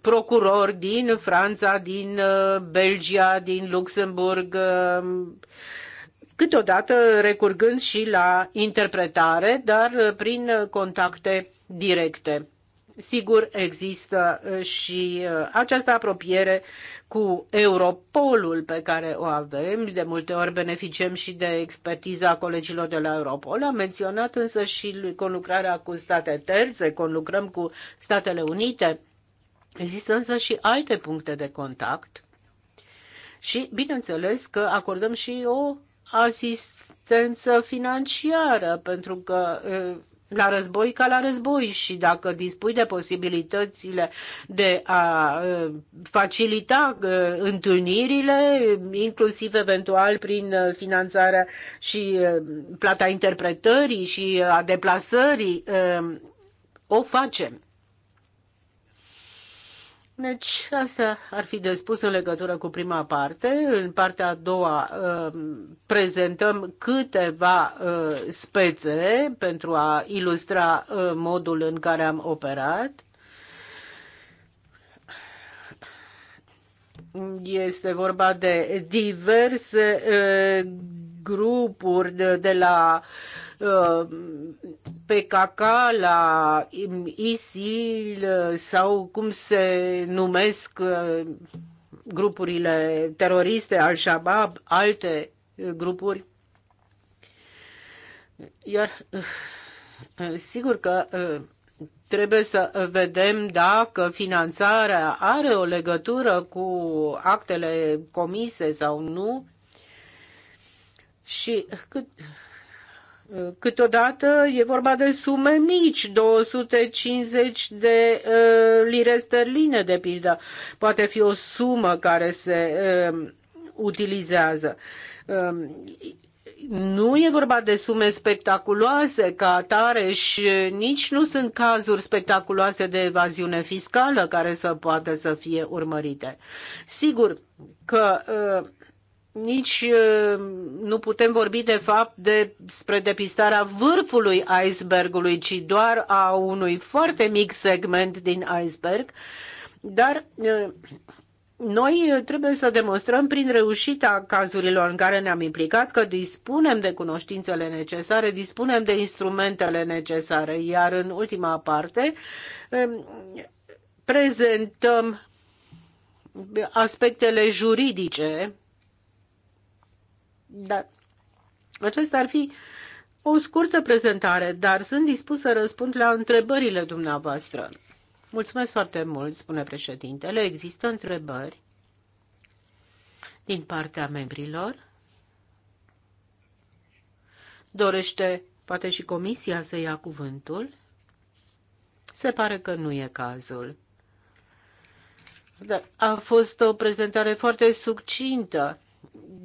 Speaker 5: procurori din Franța, din uh, Belgia, din Luxemburg, um, câteodată recurgând și la interpretare, dar prin contacte directe. Sigur, există uh, și uh, această apropiere cu Europolul pe care o avem. De multe ori beneficiem și de expertiza colegilor de la Europol. Am menționat însă și conlucrarea cu state terțe, conlucrăm cu Statele Unite. Există însă și alte puncte de contact și, bineînțeles, că acordăm și o asistență financiară, pentru că uh, la război ca la război și dacă dispui de posibilitățile de a facilita întâlnirile, inclusiv eventual prin finanțarea și plata interpretării și a deplasării, o facem. Deci, asta ar fi de spus în legătură cu prima parte. În partea a doua uh, prezentăm câteva uh, spețe pentru a ilustra uh, modul în care am operat. Este vorba de diverse grupuri de, la Uh, PKK, la ISIL uh, sau cum se numesc uh, grupurile teroriste, Al-Shabaab, alte grupuri. Iar sigur că trebuie să vedem dacă finanțarea are o legătură cu actele comise sau nu și cât Câteodată e vorba de sume mici, 250 de uh, lire sterline, de pildă. Poate fi o sumă care se uh, utilizează. Uh, nu e vorba de sume spectaculoase ca atare și nici nu sunt cazuri spectaculoase de evaziune fiscală care să poată să fie urmărite. Sigur că uh, nici uh, nu putem vorbi de fapt despre depistarea vârfului icebergului, ci doar a unui foarte mic segment din iceberg, dar uh, noi uh, trebuie să demonstrăm prin reușita cazurilor în care ne-am implicat că dispunem de cunoștințele necesare, dispunem de instrumentele necesare, iar în ultima parte um, prezentăm aspectele juridice dar acesta ar fi o scurtă prezentare, dar sunt dispus să răspund la întrebările dumneavoastră. Mulțumesc foarte mult, spune președintele. Există întrebări din partea membrilor? Dorește poate și comisia să ia cuvântul? Se pare că nu e cazul. Da, a fost o prezentare foarte succintă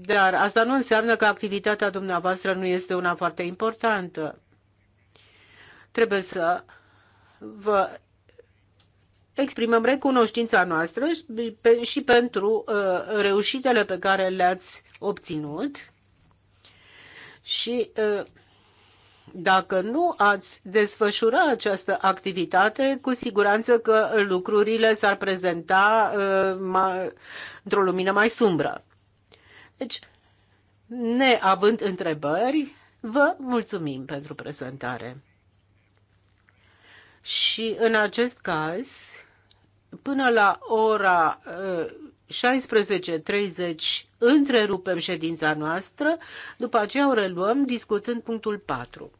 Speaker 5: dar asta nu înseamnă că activitatea dumneavoastră nu este una foarte importantă. Trebuie să vă exprimăm recunoștința noastră și pentru uh, reușitele pe care le-ați obținut și uh, dacă nu ați desfășura această activitate, cu siguranță că lucrurile s-ar prezenta uh, într-o lumină mai sumbră. Deci, neavând întrebări, vă mulțumim pentru prezentare. Și în acest caz, până la ora 16.30 uh, întrerupem ședința noastră, după aceea o reluăm discutând punctul 4.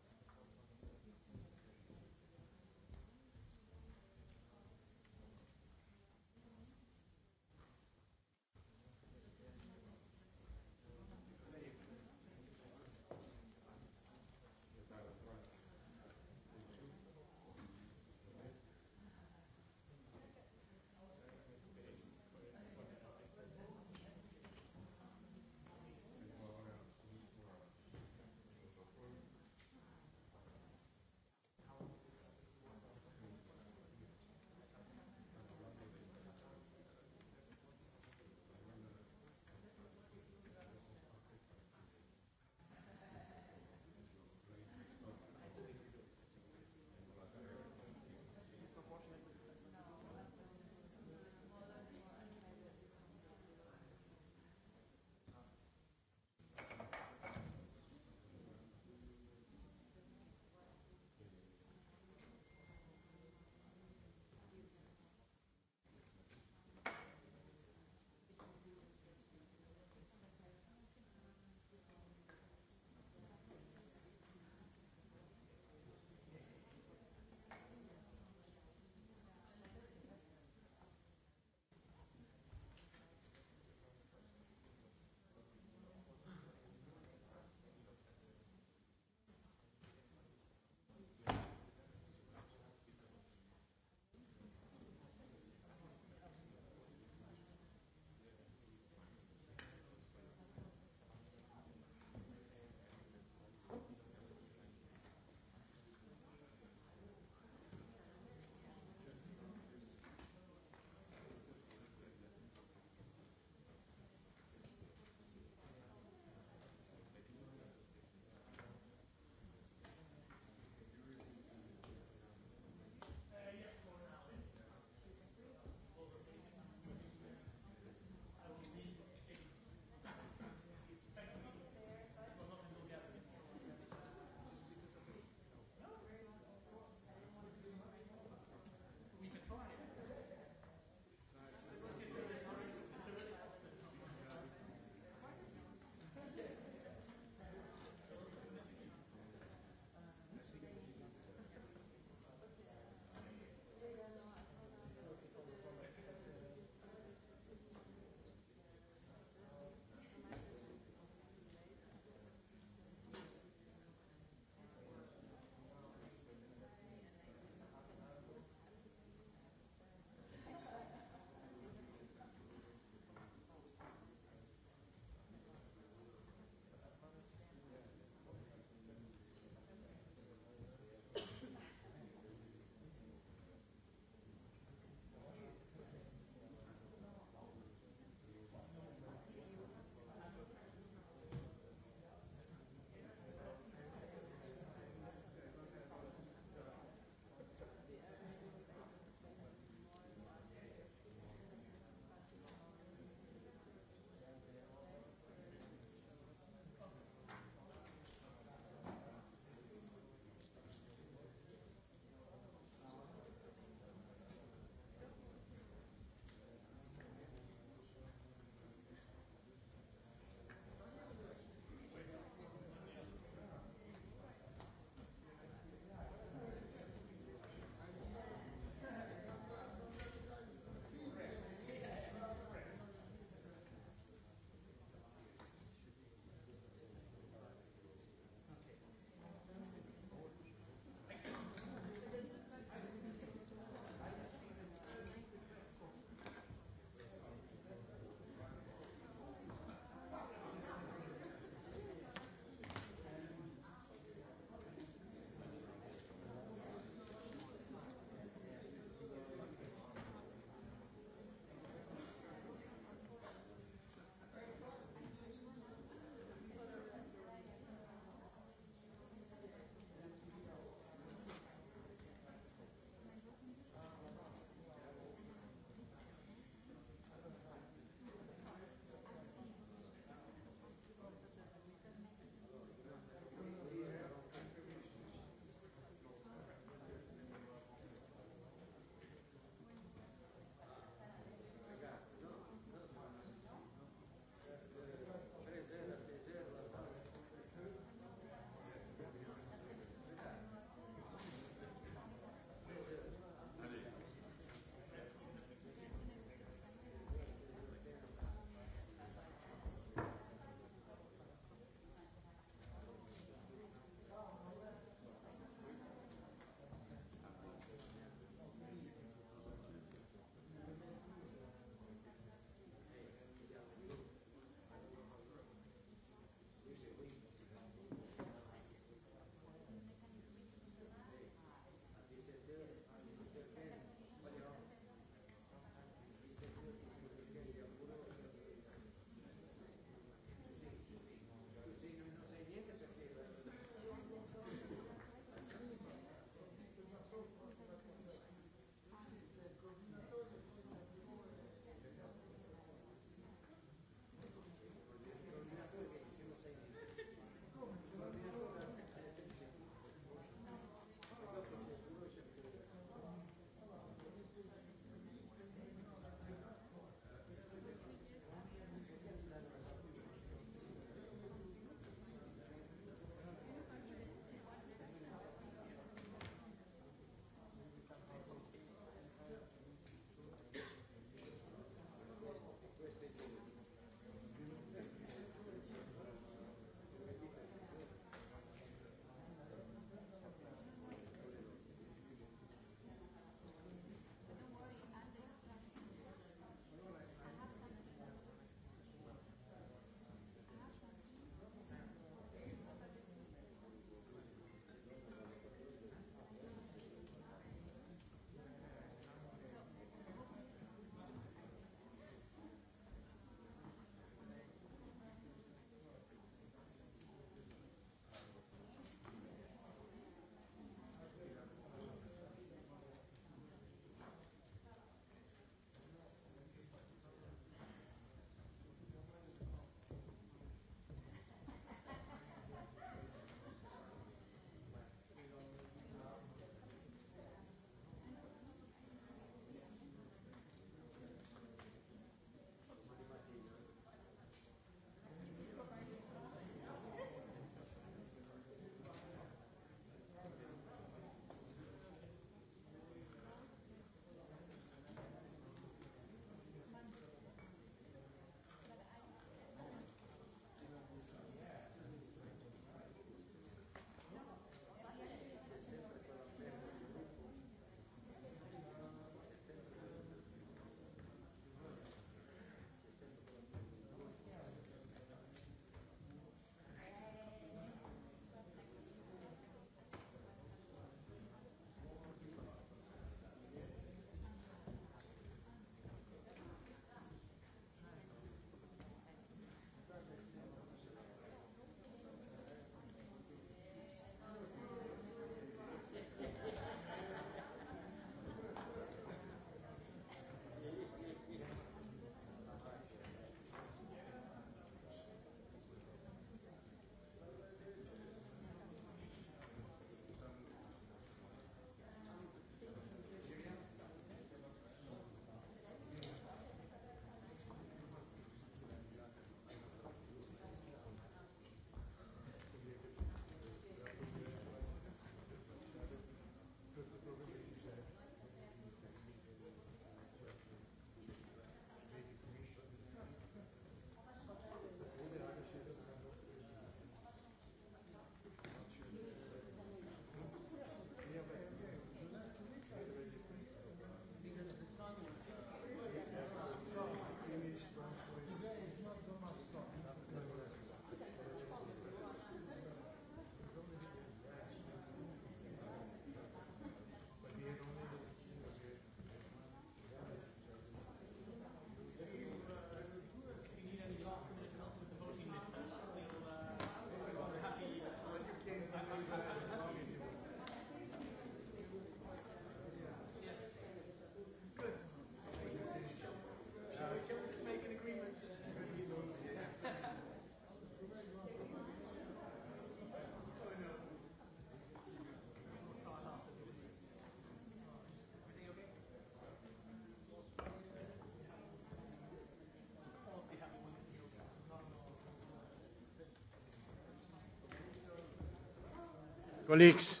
Speaker 5: Colleagues,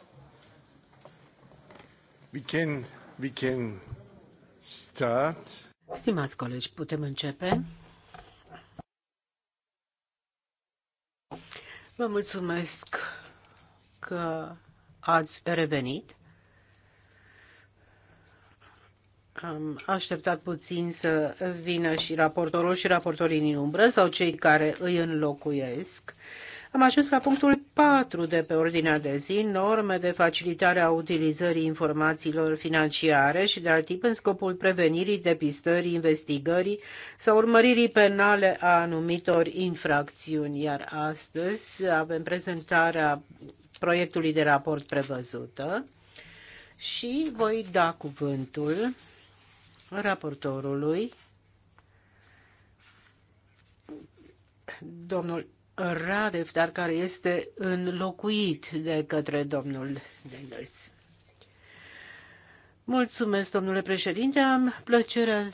Speaker 5: we can, we can start. Stimați colegi, putem începe? Vă mulțumesc că ați revenit. Am așteptat puțin să vină și raportorul și raportorii din umbră sau cei care îi înlocuiesc. Uh, am ajuns la punctul 4 de pe ordinea de zi, norme de facilitare a utilizării informațiilor financiare și de alt tip în scopul prevenirii, depistării, investigării sau urmăririi penale a anumitor infracțiuni. Iar astăzi avem prezentarea proiectului de raport prevăzută și voi da cuvântul raportorului, domnul Radev, dar care este înlocuit de către domnul Dengels. Mulțumesc, domnule președinte. Am plăcerea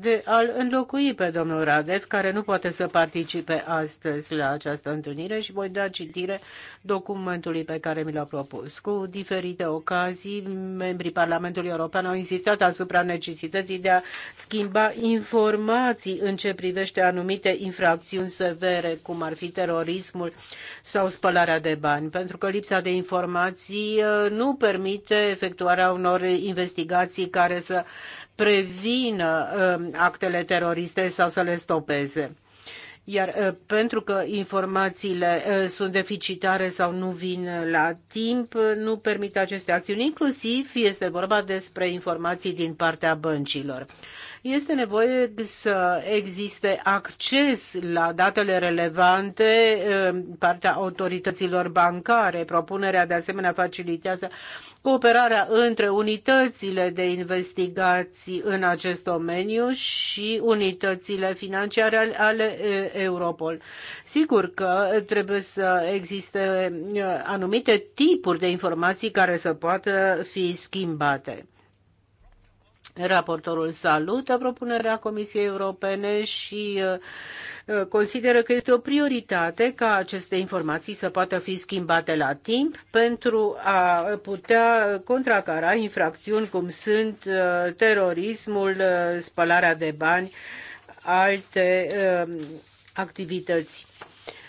Speaker 5: de a-l înlocui pe domnul Radev, care nu poate să participe astăzi la această întâlnire și voi da citire documentului pe care mi l-a propus. Cu diferite ocazii, membrii Parlamentului European au insistat asupra necesității de a schimba informații în ce privește anumite infracțiuni severe, cum ar fi terorismul sau spălarea de bani, pentru că lipsa de informații uh, nu permite efectuarea unor investigații care să prevină um, actele teroriste sau să le stopeze. Iar uh, pentru că informațiile uh, sunt deficitare sau nu vin la timp, uh, nu permit aceste acțiuni. Inclusiv este vorba despre informații din partea băncilor este nevoie să existe acces la datele relevante eh, partea autorităților bancare. Propunerea de asemenea facilitează cooperarea între unitățile de investigații în acest domeniu și unitățile financiare ale eh, Europol. Sigur că trebuie să existe eh, anumite tipuri de informații care să poată fi schimbate. Raportorul salută propunerea Comisiei Europene și uh, consideră că este o prioritate ca aceste informații să poată fi schimbate la timp pentru a putea contracara infracțiuni cum sunt uh, terorismul, uh, spălarea de bani, alte activități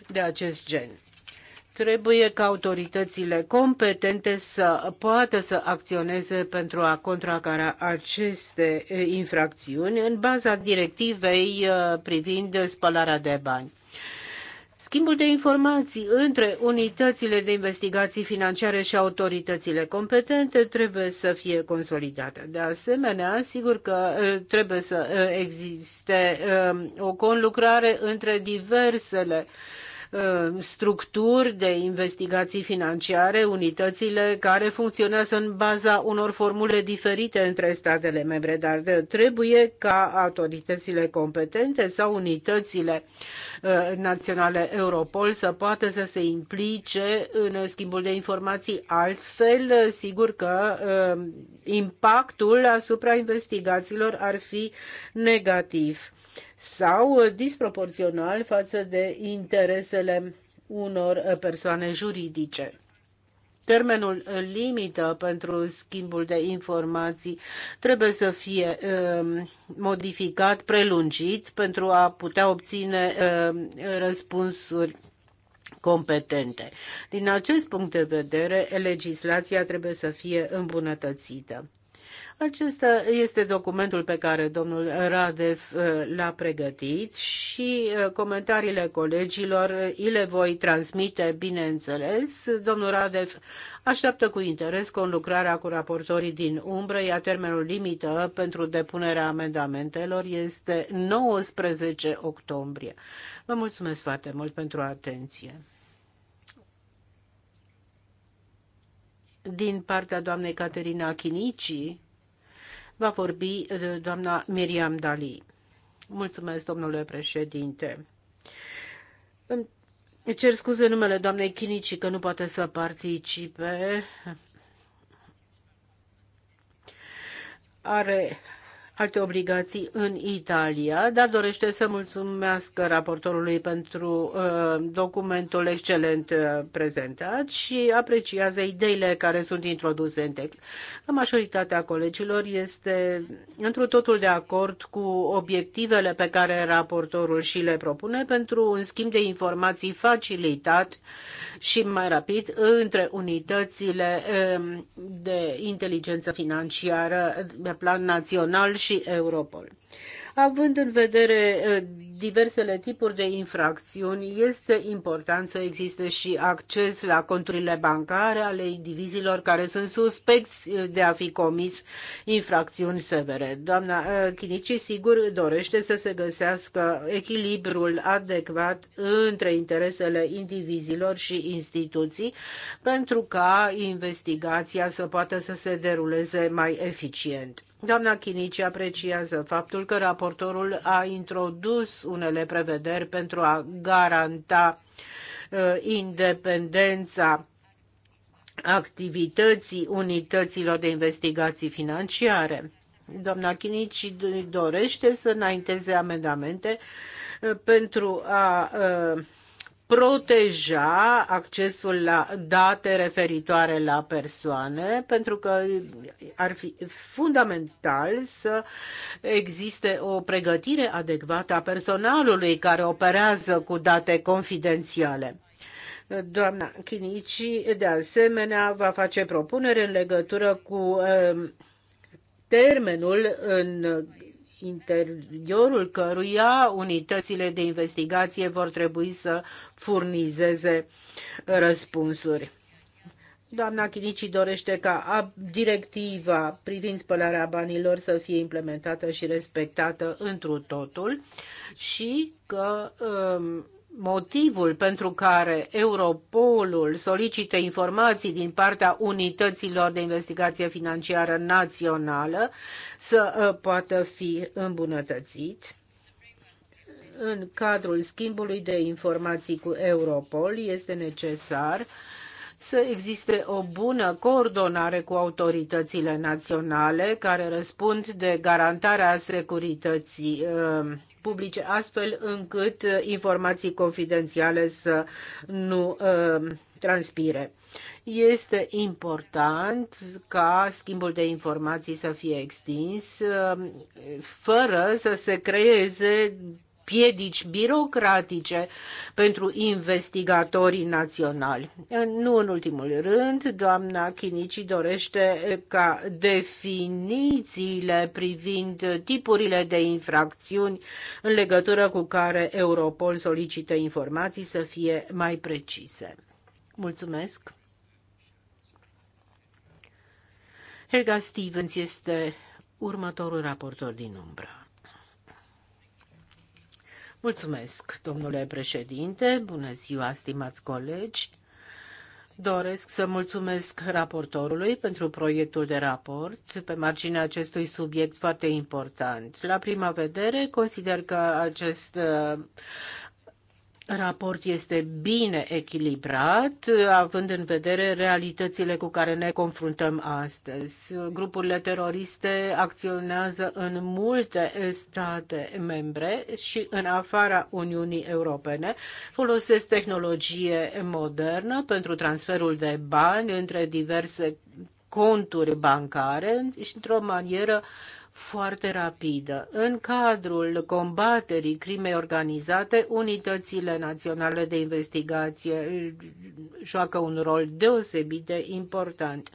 Speaker 5: de acest gen. Trebuie ca autoritățile competente să poată să acționeze pentru a contracara aceste infracțiuni în baza directivei privind spălarea de bani. Schimbul de informații între unitățile de investigații financiare și autoritățile competente trebuie să fie consolidat. De asemenea, sigur că trebuie să existe o conlucrare între diversele uh, Uh, structuri de investigații financiare, unitățile care funcționează în baza unor formule diferite între statele membre, dar trebuie ca autoritățile competente sau unitățile uh, naționale Europol să poată să se implice în schimbul de informații. Altfel, sigur că uh, impactul asupra investigațiilor ar fi negativ sau uh, disproporțional față de interesele unor uh, persoane juridice. Termenul uh, limită pentru schimbul de informații trebuie să fie um, modificat, prelungit, pentru a putea obține um, răspunsuri competente. Din acest punct de vedere, legislația trebuie să fie îmbunătățită. Acesta este documentul pe care domnul Radev uh, l-a pregătit și uh, comentariile colegilor îi uh, le voi transmite, bineînțeles. Domnul Radev așteaptă cu interes conlucrarea cu raportorii din umbră, iar termenul limită pentru depunerea amendamentelor este 19 octombrie. Vă mulțumesc foarte mult pentru atenție. Din partea doamnei Caterina Chinicii, va vorbi uh, doamna Miriam Dali. Mulțumesc, domnule președinte. Îmi cer scuze numele doamnei Chinici că nu poate să participe. Are alte obligații în Italia, dar dorește să mulțumească raportorului pentru uh, documentul excelent uh, prezentat și apreciază ideile care sunt introduse în text. Majoritatea colegilor este într- un totul de acord cu obiectivele pe care raportorul și le propune pentru un schimb de informații facilitat și mai rapid între unitățile uh, de inteligență financiară pe plan național și și Europol. Având în vedere eh, diversele tipuri de infracțiuni, este important să existe și acces la conturile bancare ale indivizilor care sunt suspecți eh, de a fi comis infracțiuni severe. Doamna eh, Chinici, sigur, dorește să se găsească echilibrul adecvat între interesele indivizilor și instituții pentru ca investigația să poată să se deruleze mai eficient. Doamna Chinici apreciază faptul că raportorul a introdus unele prevederi pentru a garanta uh, independența activității unităților de investigații financiare. Doamna Chinici dorește să înainteze amendamente uh, pentru a uh, proteja accesul la date referitoare la persoane, pentru că ar fi fundamental să existe o pregătire adecvată a personalului care operează cu date confidențiale. Doamna Chinici, de asemenea, va face propunere în legătură cu eh, termenul în interiorul căruia unitățile de investigație vor trebui să furnizeze răspunsuri. Doamna Chinici dorește ca directiva privind spălarea banilor să fie implementată și respectată întru totul și că um, motivul pentru care Europolul solicită informații din partea unităților de investigație financiară națională să uh, poată fi îmbunătățit. În cadrul schimbului de informații cu Europol este necesar să existe o bună coordonare cu autoritățile naționale care răspund de garantarea securității uh, publice, astfel încât uh, informații confidențiale să nu uh, transpire. Este important ca schimbul de informații să fie extins, uh, fără să se creeze piedici birocratice pentru investigatorii naționali. Nu în ultimul rând, doamna Chinici dorește ca definițiile privind tipurile de infracțiuni în legătură cu care Europol solicită informații să fie mai precise. Mulțumesc! Helga Stevens este următorul raportor din umbră. Mulțumesc, domnule președinte. Bună ziua, stimați colegi. Doresc să mulțumesc raportorului pentru proiectul de raport pe marginea acestui subiect foarte important. La prima vedere, consider că acest raport este bine echilibrat, având în vedere realitățile cu care ne confruntăm astăzi. Grupurile teroriste acționează în multe state membre și în afara Uniunii Europene, folosesc tehnologie modernă pentru transferul de bani între diverse conturi bancare și într-o manieră foarte rapidă. În cadrul combaterii crimei organizate, unitățile naționale de investigație joacă un rol deosebit de important.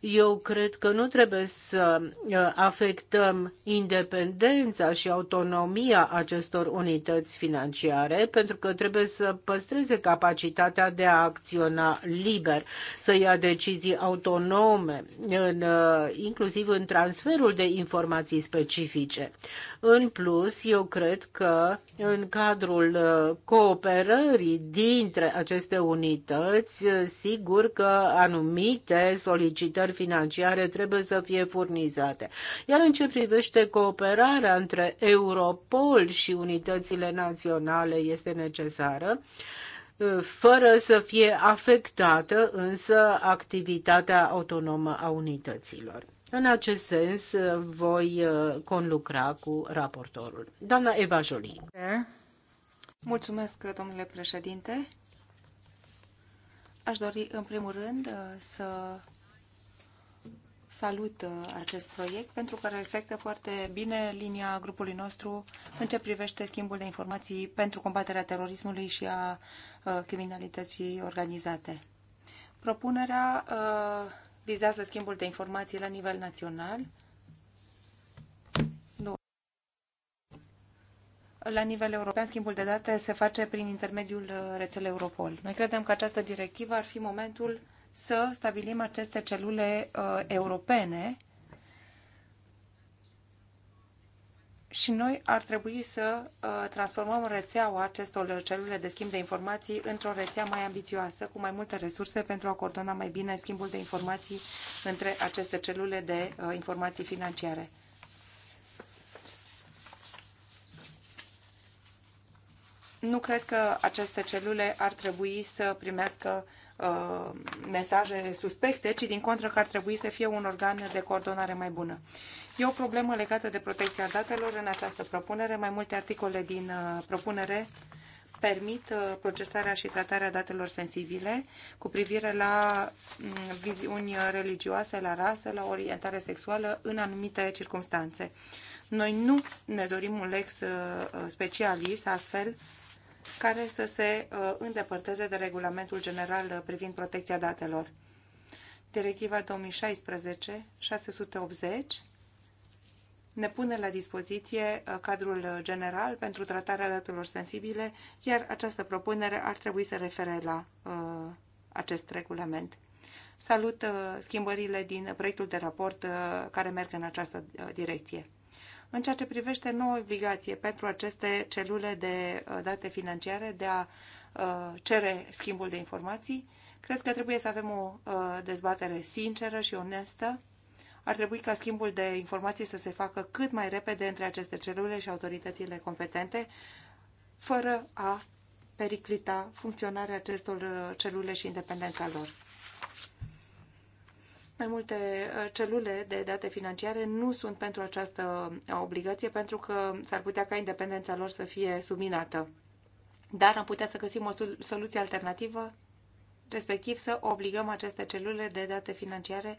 Speaker 5: Eu cred că nu trebuie să uh, afectăm independența și autonomia acestor unități financiare, pentru că trebuie să păstreze capacitatea de a acționa liber, să ia decizii autonome, în, uh, inclusiv în transferul de informații specifice. În plus, eu cred că în cadrul uh, cooperării dintre aceste unități, sigur că anumite solicitări derogări financiare trebuie să fie furnizate. Iar în ce privește cooperarea între Europol și unitățile naționale este necesară fără să fie afectată însă activitatea autonomă a unităților. În acest sens, voi uh, conlucra cu
Speaker 2: raportorul. Doamna Eva Jolie. Mulțumesc, domnule președinte. Aș dori, în primul rând, uh, să salut uh, acest proiect pentru că reflectă foarte bine linia grupului nostru în ce privește schimbul de informații pentru combaterea terorismului și a uh, criminalității organizate. Propunerea uh, vizează schimbul de informații la nivel național, la nivel european, schimbul de date se face prin intermediul rețelei Europol. Noi credem că această directivă ar fi momentul uh, să stabilim aceste celule uh, europene și noi ar trebui să uh, transformăm rețeaua acestor celule de schimb de informații într-o rețea mai ambițioasă, cu mai multe resurse pentru a coordona mai bine schimbul de informații între aceste celule de uh, informații financiare. Nu cred că aceste celule ar trebui să primească Uh, mesaje suspecte, ci din contră că ar trebui să fie un organ de coordonare mai bună. E o problemă legată de protecția datelor în această propunere. Mai multe articole din uh, propunere permit uh, procesarea și tratarea datelor sensibile cu privire la mm, viziuni religioase, la rasă, la orientare sexuală în anumite circunstanțe. Noi nu ne dorim un lex specialis, astfel care să se uh, îndepărteze de regulamentul general uh, privind protecția datelor. Directiva 2016-680 ne pune la dispoziție uh, cadrul general pentru tratarea datelor sensibile, iar această propunere ar trebui să refere la uh, acest regulament. Salut uh, schimbările din proiectul de raport uh, care merg în această uh, direcție în ceea ce privește noua obligație pentru aceste celule de uh, date financiare de a uh, cere schimbul de informații. Cred că trebuie să avem o uh, dezbatere sinceră și onestă. Ar trebui ca schimbul de informații să se facă cât mai repede între aceste celule și autoritățile competente, fără a periclita funcționarea acestor celule și independența lor. Mai multe uh, celule de date financiare nu sunt pentru această uh, obligație pentru că s-ar putea ca independența lor să fie subminată. Dar am putea să găsim o soluție alternativă, respectiv să obligăm aceste celule de date financiare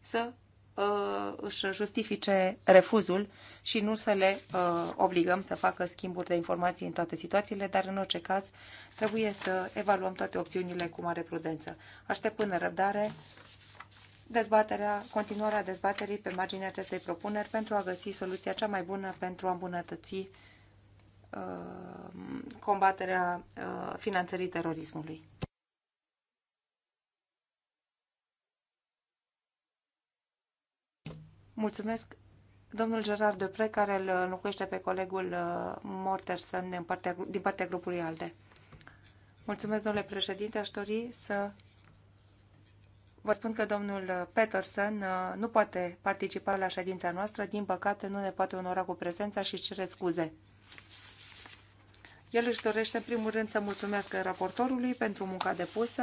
Speaker 2: să uh, își justifice refuzul și nu să le uh, obligăm să facă schimburi de informații în toate situațiile, dar în orice caz trebuie să evaluăm toate opțiunile cu mare prudență. Aștept până răbdare dezbaterea, continuarea dezbaterii pe marginea acestei propuneri pentru a găsi soluția cea mai bună pentru a îmbunătăți uh, combaterea uh, finanțării terorismului. Mulțumesc. Domnul Gerard Depre, care îl înlocuiește pe colegul uh, Mortersen din partea, din partea grupului ALDE. Mulțumesc, domnule președinte. Aș dori să Vă spun că domnul Peterson uh, nu poate participa la ședința noastră, din păcate nu ne poate onora cu prezența și cere scuze. El își dorește în primul rând să mulțumească raportorului pentru munca depusă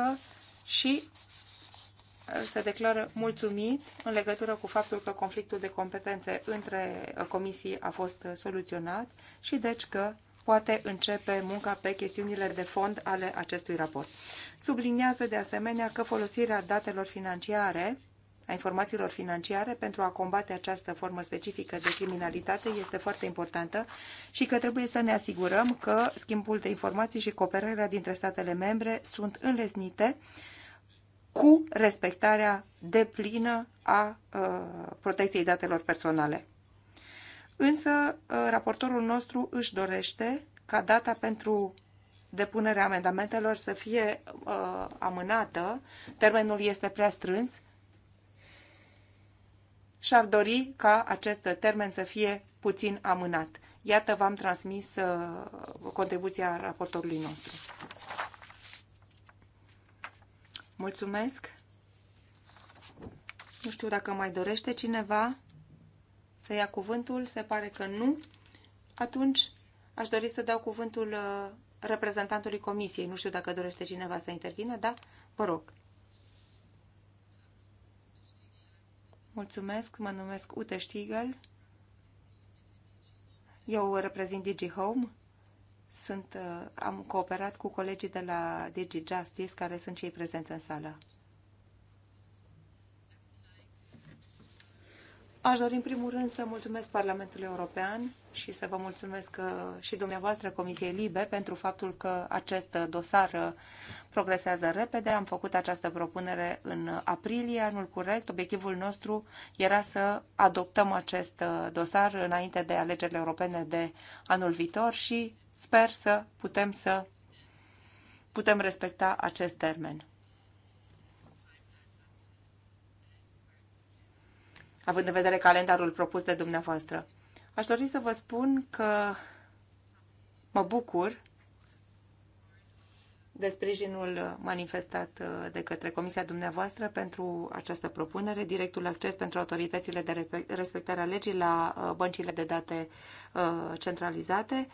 Speaker 2: și uh, se declară mulțumit în legătură cu faptul că conflictul de competențe între comisii a fost uh, soluționat și deci că poate începe munca pe chestiunile de fond ale acestui raport. Subliniază de asemenea că folosirea datelor financiare a informațiilor financiare pentru a combate această formă specifică de criminalitate este foarte importantă și că trebuie să ne asigurăm că schimbul de informații și cooperarea dintre statele membre sunt înlesnite cu respectarea deplină a uh, protecției datelor personale. Însă, uh, raportorul nostru își dorește ca data pentru depunerea amendamentelor să fie uh, amânată, termenul este prea strâns și ar dori ca acest termen să fie puțin amânat. Iată, v-am transmis uh, contribuția raportorului nostru. Mulțumesc! Nu știu dacă mai dorește cineva să ia cuvântul? Se pare că nu. Atunci aș dori să dau cuvântul uh, reprezentantului comisiei. Nu știu dacă dorește cineva să intervină, da? Vă rog. Mulțumesc, mă numesc Ute Stiegel. Eu reprezint Digi Home. Sunt, uh, am cooperat cu colegii de la Digi Justice, care sunt cei prezenți în sală. Aș dori în primul rând să mulțumesc Parlamentului European și să vă mulțumesc uh, și dumneavoastră Comisiei Libe pentru faptul că acest uh, dosar uh, progresează repede. Am făcut această propunere în aprilie, anul curent. Obiectivul nostru era să adoptăm acest dosar înainte de alegerile europene de anul viitor și sper să putem să putem respecta acest termen. având în vedere calendarul propus de dumneavoastră. Aș dori să vă spun că mă bucur de sprijinul manifestat uh, de către Comisia dumneavoastră pentru această propunere, directul acces pentru autoritățile de respectare a legii la uh, băncile de date uh, centralizate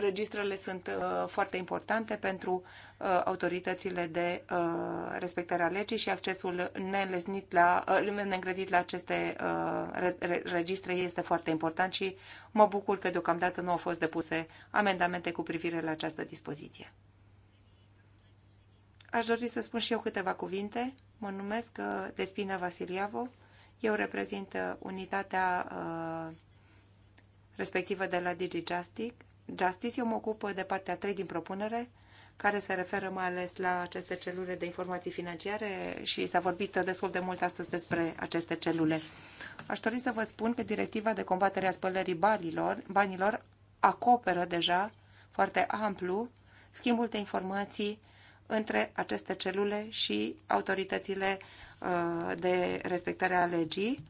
Speaker 2: registrele sunt uh, foarte importante pentru uh, autoritățile de uh, respectare a legii și accesul nelesnit la, neîngrădit la aceste registre este foarte important și mă bucur că deocamdată nu au fost depuse amendamente cu privire la această dispoziție. Aș dori să spun și eu câteva cuvinte. Mă numesc Despina Vasiliavo. Eu reprezint unitatea respectivă de la DigiJustic Justice, eu mă ocup de partea 3 din propunere, care se referă mai ales la aceste celule de informații financiare și s-a vorbit destul de mult astăzi despre aceste celule. Aș dori să vă spun că directiva de combatere a spălării banilor, banilor acoperă deja foarte amplu schimbul de informații între aceste celule și autoritățile uh, de respectare a legii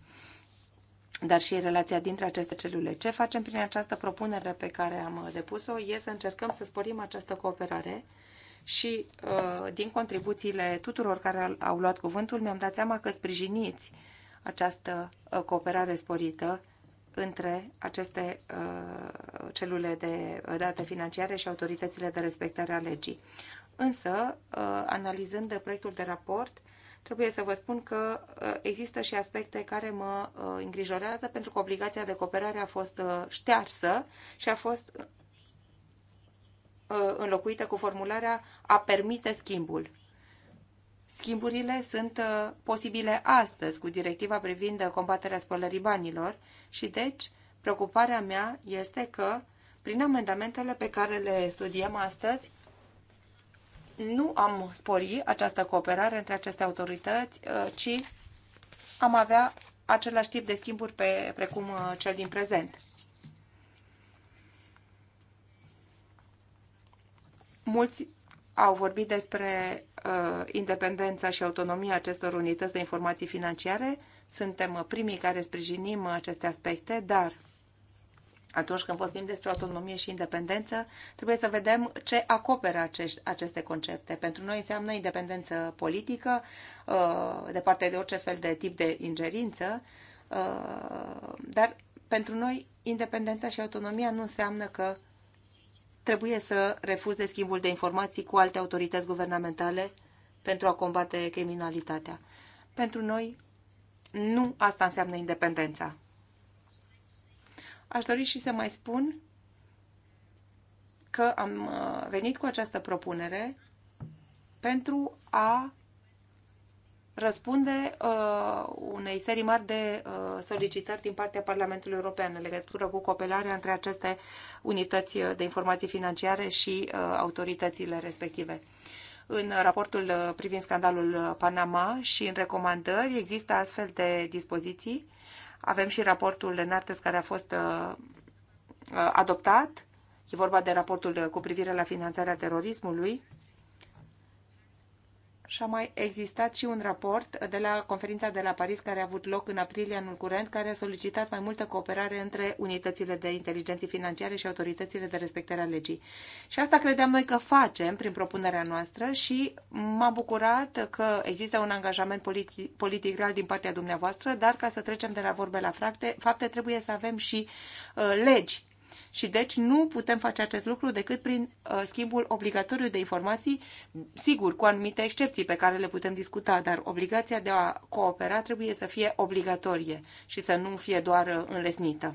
Speaker 2: dar și relația dintre aceste celule. Ce facem prin această propunere pe care am uh, depus-o e să încercăm să sporim această cooperare și uh, din contribuțiile tuturor care au luat cuvântul mi-am dat seama că sprijiniți această uh, cooperare sporită între aceste celule de date financiare și autoritățile de respectare a legii. Însă, analizând proiectul de raport, trebuie să vă spun că uh, există și aspecte care mă uh, îngrijorează pentru că obligația de cooperare a fost uh, ștearsă și a fost înlocuită cu formularea a permite schimbul. Schimburile sunt posibile astăzi cu directiva privind combaterea spălării banilor și deci preocuparea mea este că prin amendamentele pe care le studiem astăzi nu am spori această cooperare între aceste autorități, uh, ci am avea același tip de schimburi pe, precum uh, cel din prezent. Mulți au vorbit despre uh, independența și autonomia acestor unități de informații financiare. Suntem uh, primii care sprijinim aceste aspecte, dar atunci când vorbim despre autonomie și independență, trebuie să vedem ce acoperă acești, aceste concepte. Pentru noi înseamnă independență politică, uh, de parte de orice fel de tip de ingerință, uh, dar pentru noi independența și autonomia nu înseamnă că trebuie să refuze schimbul de informații cu alte autorități guvernamentale pentru a combate criminalitatea. Pentru noi, nu asta înseamnă independența. Aș dori și să mai spun că am uh, venit cu această propunere pentru a răspunde uh, unei serii mari de uh, solicitări din partea Parlamentului European în legătură cu cooperarea între aceste unități de informații financiare și uh, autoritățile respective. În raportul uh, privind scandalul Panama și în recomandări există astfel de dispoziții avem și raportul Lenartes care a fost uh, uh, adoptat. E vorba de raportul uh, cu privire la finanțarea terorismului și a mai existat și un raport de la conferința de la Paris care a avut loc în aprilie anul curent, care a solicitat mai multă cooperare între unitățile de inteligență financiare și autoritățile de respectare a legii. Și asta credeam noi că facem prin propunerea noastră și m-a bucurat că există un angajament politic, politic real din partea dumneavoastră, dar ca să trecem de la vorbe la fracte, fapte trebuie să avem și uh, legi și deci nu putem face acest lucru decât prin uh, schimbul obligatoriu de informații, sigur, cu anumite excepții pe care le putem discuta, dar obligația de a coopera trebuie să fie obligatorie și să nu fie doar uh, înlesnită.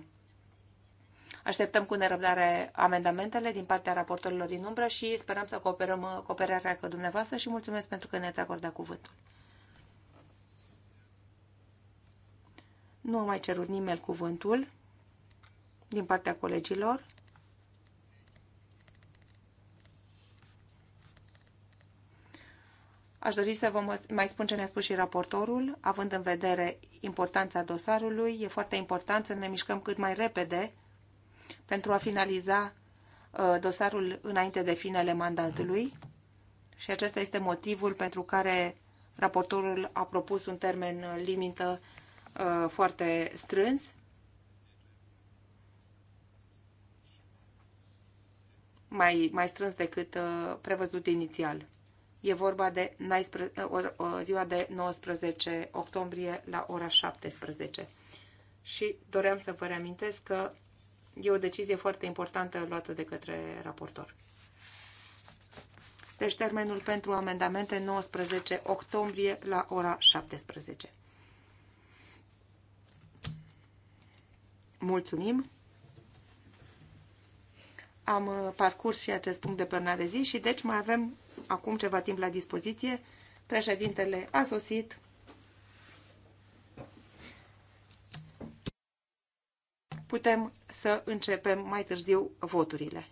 Speaker 2: Așteptăm cu nerăbdare amendamentele din partea raportorilor din umbră și sperăm să cooperăm uh, cooperarea cu dumneavoastră și mulțumesc pentru că ne-ați acordat cuvântul. Nu a mai cerut nimeni cuvântul din partea colegilor. Aș dori să vă mai spun ce ne-a spus și raportorul, având în vedere importanța dosarului. E foarte important să ne mișcăm cât mai repede pentru a finaliza uh, dosarul înainte de finele mandatului. Și acesta este motivul pentru care raportorul a propus un termen limită uh, foarte strâns. mai, mai strâns decât uh, prevăzut inițial. E vorba de uh, uh, ziua de 19 octombrie la ora 17. Și doream să vă reamintesc că e o decizie foarte importantă luată de către raportor. Deci termenul pentru amendamente 19 octombrie la ora 17. Mulțumim! Am uh, parcurs și acest punct de pe de zi și deci mai avem acum ceva timp la dispoziție. Președintele a sosit. Putem să începem mai târziu voturile.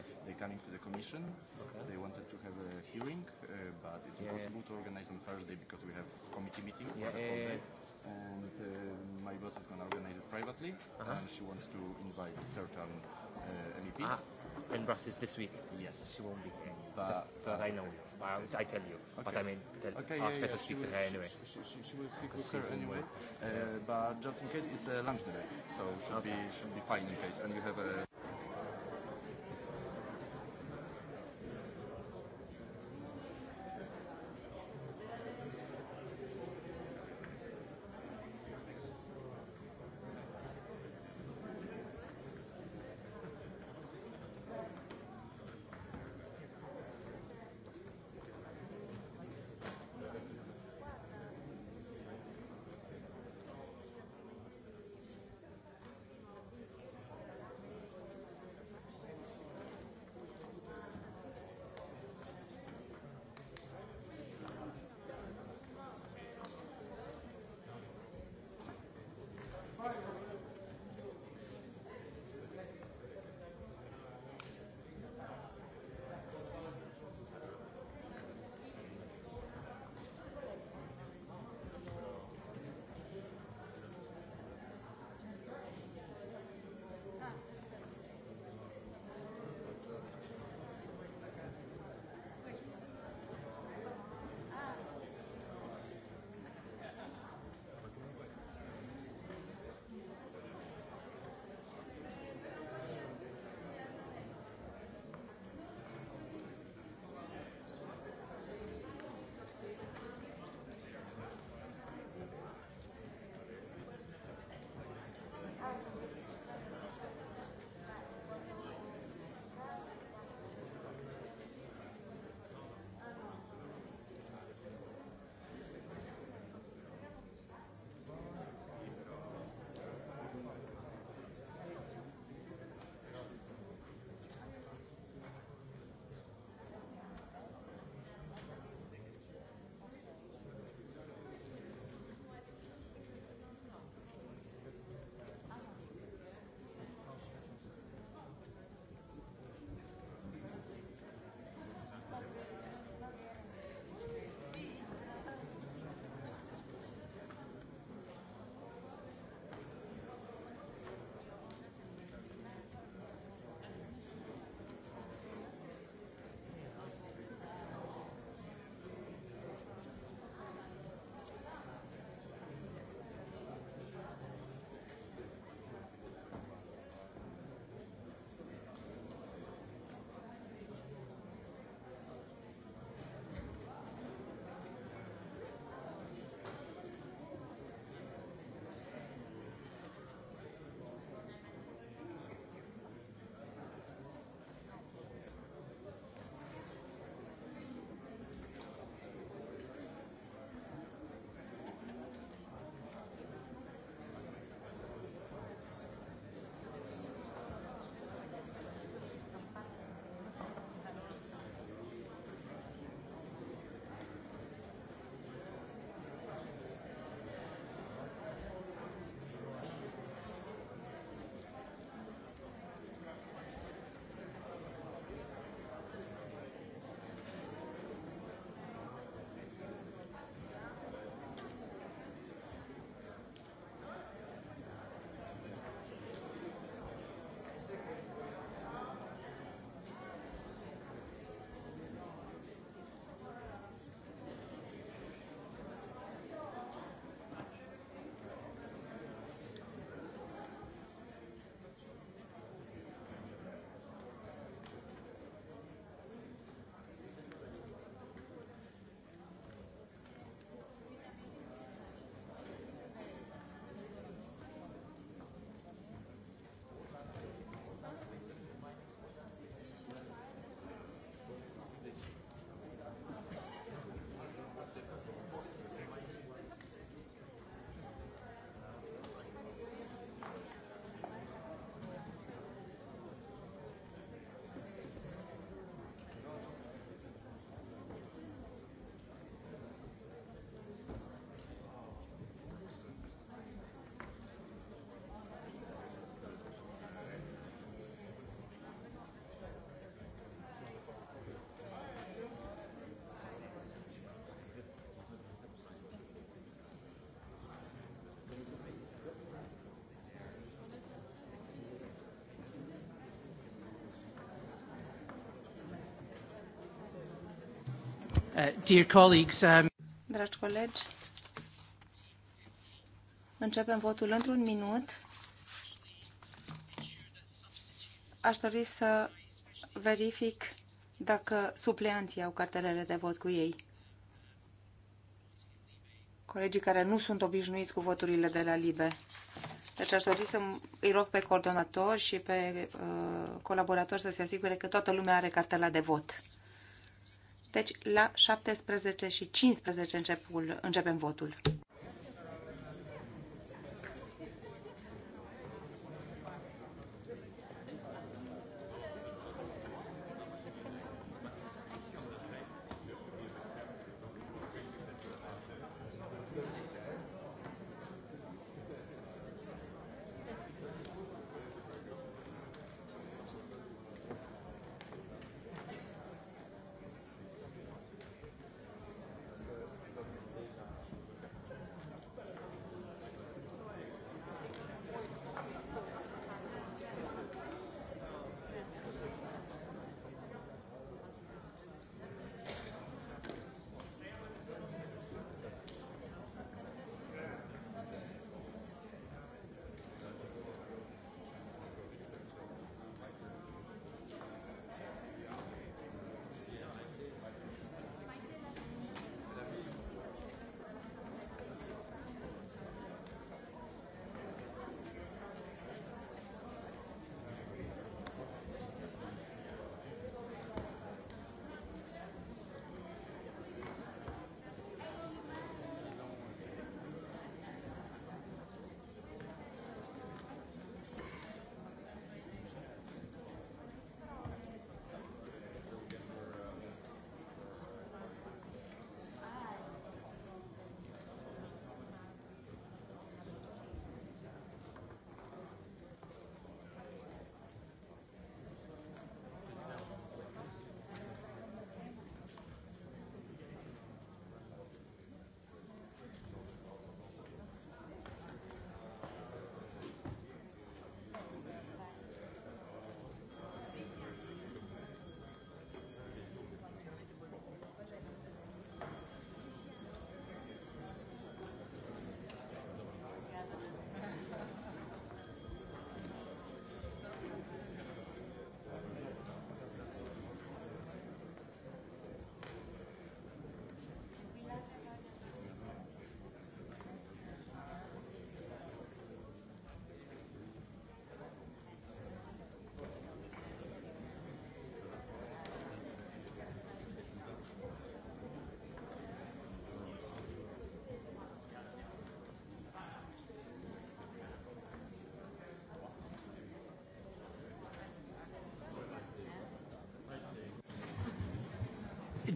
Speaker 2: Okay. They came to the commission. Okay. They wanted to have a hearing, uh, but it's yeah, impossible yeah. to organize on Thursday because we have committee meeting yeah, for the whole day. And uh, my boss is going to organize it privately, uh -huh. and she wants to invite
Speaker 4: certain uh, MEPs. Ah, in Brussels this week. Yes. She won't be here. But, Just so that
Speaker 2: I know you. I, I tell you. Okay. But I mean, tell, okay, ask yeah, her yeah, to speak to her anyway.
Speaker 4: She, she, she will speak with her anyway.
Speaker 2: Uh, yeah.
Speaker 4: But just in case, it's a lunch
Speaker 2: delay, so should okay. be should be fine in case. And
Speaker 4: you have a. Uh, dear colleagues, um...
Speaker 2: Dragi colegi, începem votul într-un minut. Aș dori să verific dacă supleanții au cartelele de vot cu ei. Colegii care nu sunt obișnuiți cu voturile de la LIBE. Deci aș dori să îi rog pe coordonator și pe uh, colaborator să se asigure că toată lumea are cartela de vot. Deci la 17 și 15 începul, începem votul.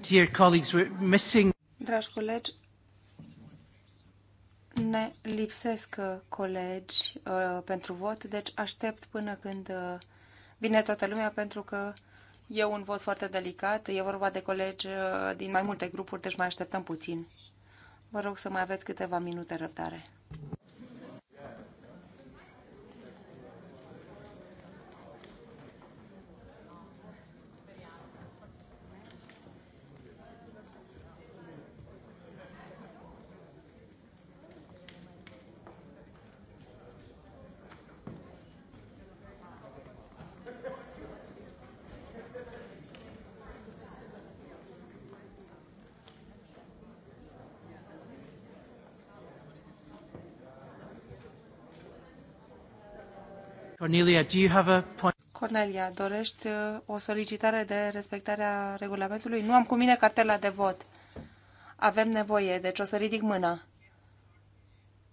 Speaker 4: Dear colleagues, we're missing...
Speaker 2: Dragi colegi, ne lipsesc uh, colegi uh, pentru vot, deci aștept până când uh, vine toată lumea pentru că e un vot foarte delicat, e vorba de colegi uh, din mai multe grupuri, deci mai așteptăm puțin. Vă rog să mai aveți câteva minute răbdare.
Speaker 4: Cornelia, do you have a point?
Speaker 2: Cornelia, dorești uh, o solicitare de respectare a regulamentului? Nu am cu mine cartela de vot. Avem nevoie, deci o să ridic mâna.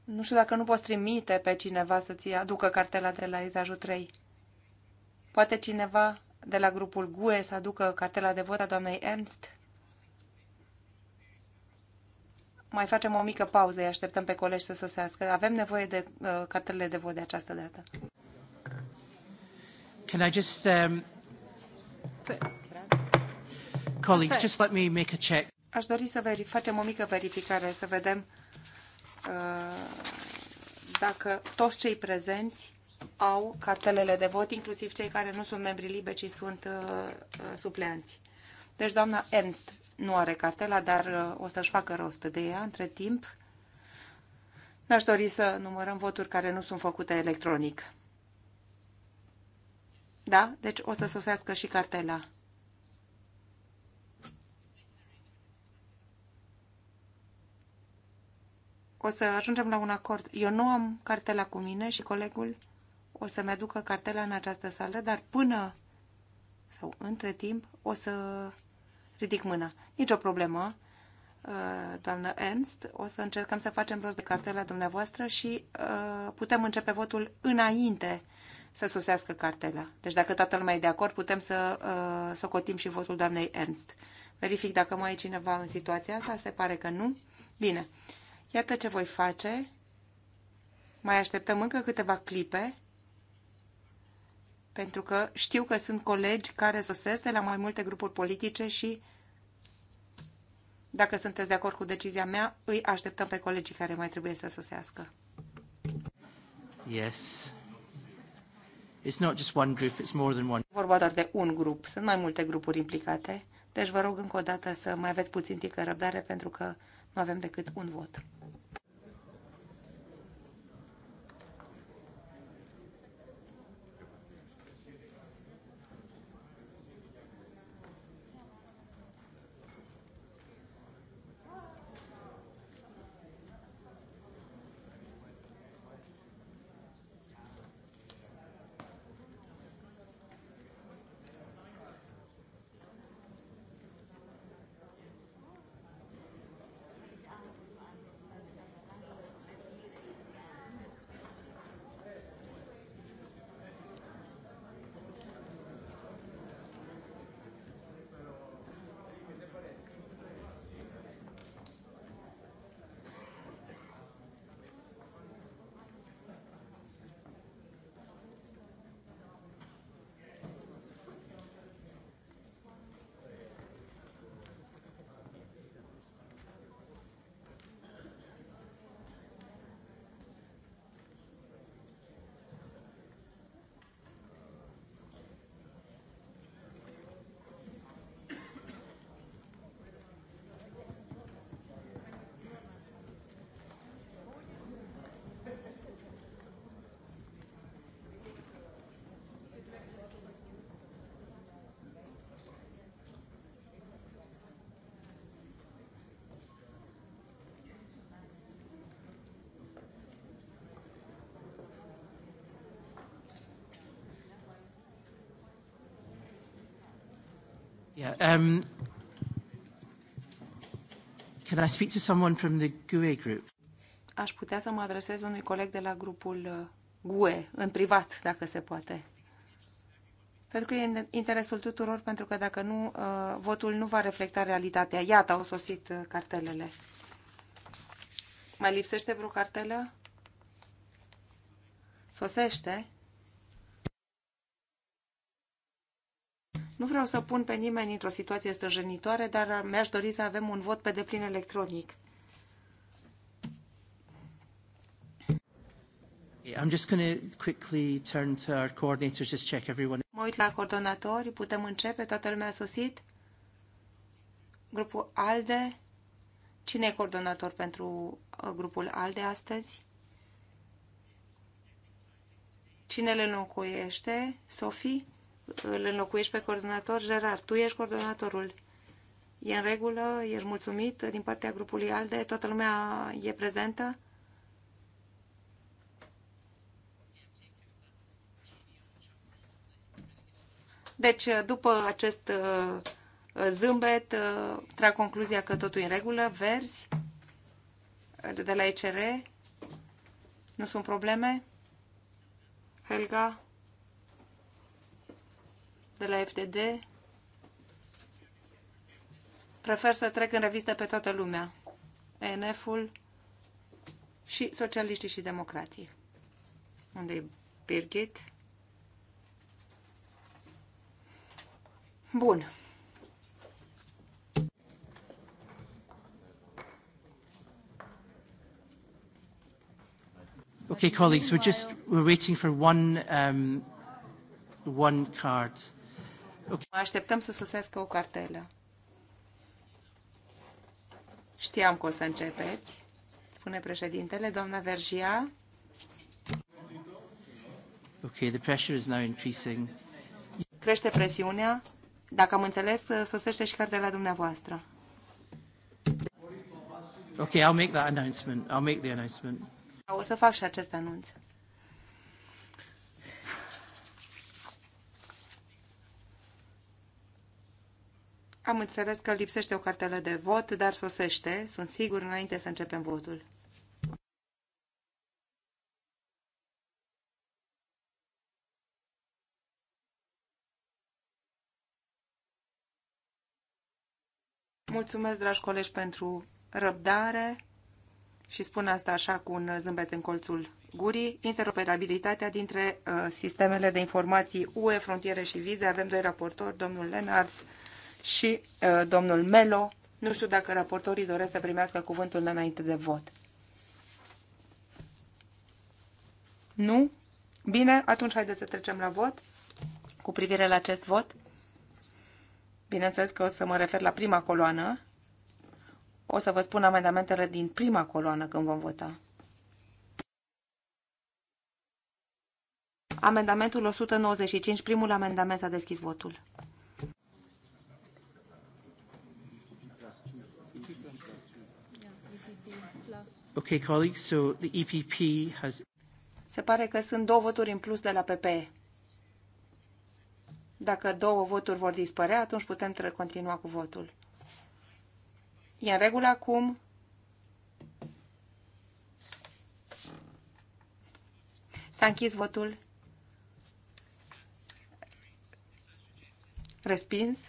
Speaker 2: Nu știu dacă nu poți trimite pe cineva să-ți aducă cartela de la etajul 3. Poate cineva de la grupul GUE să aducă cartela de vot a doamnei Ernst? Mai facem o mică pauză, îi așteptăm pe colegi să sosească. Avem nevoie de uh, cartele de vot de această dată.
Speaker 4: Can I just, um, colleagues, just let me make a check.
Speaker 2: Aș dori să facem o mică verificare, să vedem uh, dacă toți cei prezenți au cartelele de vot, inclusiv cei care nu sunt membri libe, ci sunt uh, uh, supleanți. Deci doamna Ernst nu are cartela, dar uh, o să-și facă rost de ea între timp. N-aș dori să numărăm voturi care nu sunt făcute electronic. Da? Deci o să sosească și cartela. O să ajungem la un acord. Eu nu am cartela cu mine și colegul o să-mi aducă cartela în această sală, dar până sau între timp o să ridic mâna. Nici o problemă, uh, doamnă Ernst. O să încercăm să facem rost de cartela dumneavoastră și uh, putem începe votul înainte să sosească cartela. Deci dacă toată lumea e de acord, putem să uh, socotim și votul doamnei Ernst. Verific dacă mai e cineva în situația asta, se pare că nu. Bine, iată ce voi face. Mai așteptăm încă câteva clipe, pentru că știu că sunt colegi care sosesc de la mai multe grupuri politice și dacă sunteți de acord cu decizia mea, îi așteptăm pe colegii care mai trebuie să sosească.
Speaker 4: Yes. It's not just one group, it's more than one.
Speaker 2: Vorba doar de un grup, sunt mai multe grupuri implicate, deci vă rog încă o dată să mai aveți puțin tică răbdare pentru că nu avem decât un vot.
Speaker 4: Yeah, um, can I speak to someone from the GUE group?
Speaker 2: Aș putea să mă adresez unui coleg de la grupul uh, GUE, în privat, dacă se poate. Pentru că e în interesul tuturor, pentru că dacă nu, uh, votul nu va reflecta realitatea. Iată, au sosit uh, cartelele. Mai lipsește vreo cartelă? Sosește? Nu vreau să pun pe nimeni într-o situație străjenitoare, dar mi-aș dori să avem un vot pe deplin electronic.
Speaker 4: I'm just going to quickly turn to our coordinators, just check everyone.
Speaker 2: Mă uit la coordonatori, putem începe, toată lumea a sosit. Grupul ALDE. Cine e coordonator pentru uh, grupul ALDE astăzi? Cine le înlocuiește? Sofie? îl înlocuiești pe coordonator. Gerard, tu ești coordonatorul. E în regulă? Ești mulțumit din partea grupului ALDE? Toată lumea e prezentă? Deci, după acest uh, zâmbet, uh, trag concluzia că totul e în regulă. Verzi, de la ECR, nu sunt probleme. Helga, de la FDD. Prefer să trec în revistă pe toată lumea. ENF-ul și socialiștii și democrații. Unde e Birgit? Bun.
Speaker 4: Okay, colleagues, we're just we're waiting for one um, one card.
Speaker 2: Așteptăm să sosească o cartelă. Știam că o să începeți, spune președintele, doamna Vergia.
Speaker 4: Okay, the pressure is now increasing.
Speaker 2: Crește presiunea. Dacă am înțeles, sosește și cartela dumneavoastră.
Speaker 4: Okay, I'll make that announcement. I'll make the announcement.
Speaker 2: O să fac și acest anunț. Am înțeles că lipsește o cartelă de vot, dar sosește. Sunt sigur înainte să începem votul. Mulțumesc, dragi colegi, pentru răbdare și spun asta așa cu un zâmbet în colțul gurii. Interoperabilitatea dintre uh, sistemele de informații UE, frontiere și vize. Avem doi raportori, domnul Lenars și uh, domnul Melo. Nu știu dacă raportorii doresc să primească cuvântul înainte de vot. Nu? Bine, atunci haideți să trecem la vot. Cu privire la acest vot, bineînțeles că o să mă refer la prima coloană. O să vă spun amendamentele din prima coloană când vom vota. Amendamentul 195, primul amendament s-a deschis votul. colleagues, so the EPP has... Se pare că sunt două voturi în plus de la PPE. Dacă două voturi vor dispărea, atunci putem continua cu votul. E în regulă acum? S-a închis votul? Respins?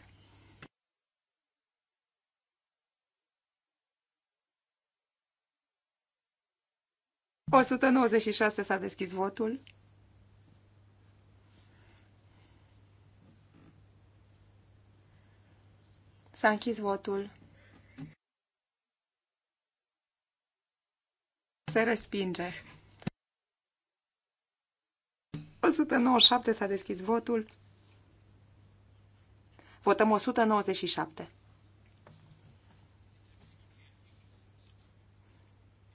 Speaker 2: 196 s-a deschis votul. S-a închis votul. Se respinge. 197 s-a deschis votul. Votăm 197.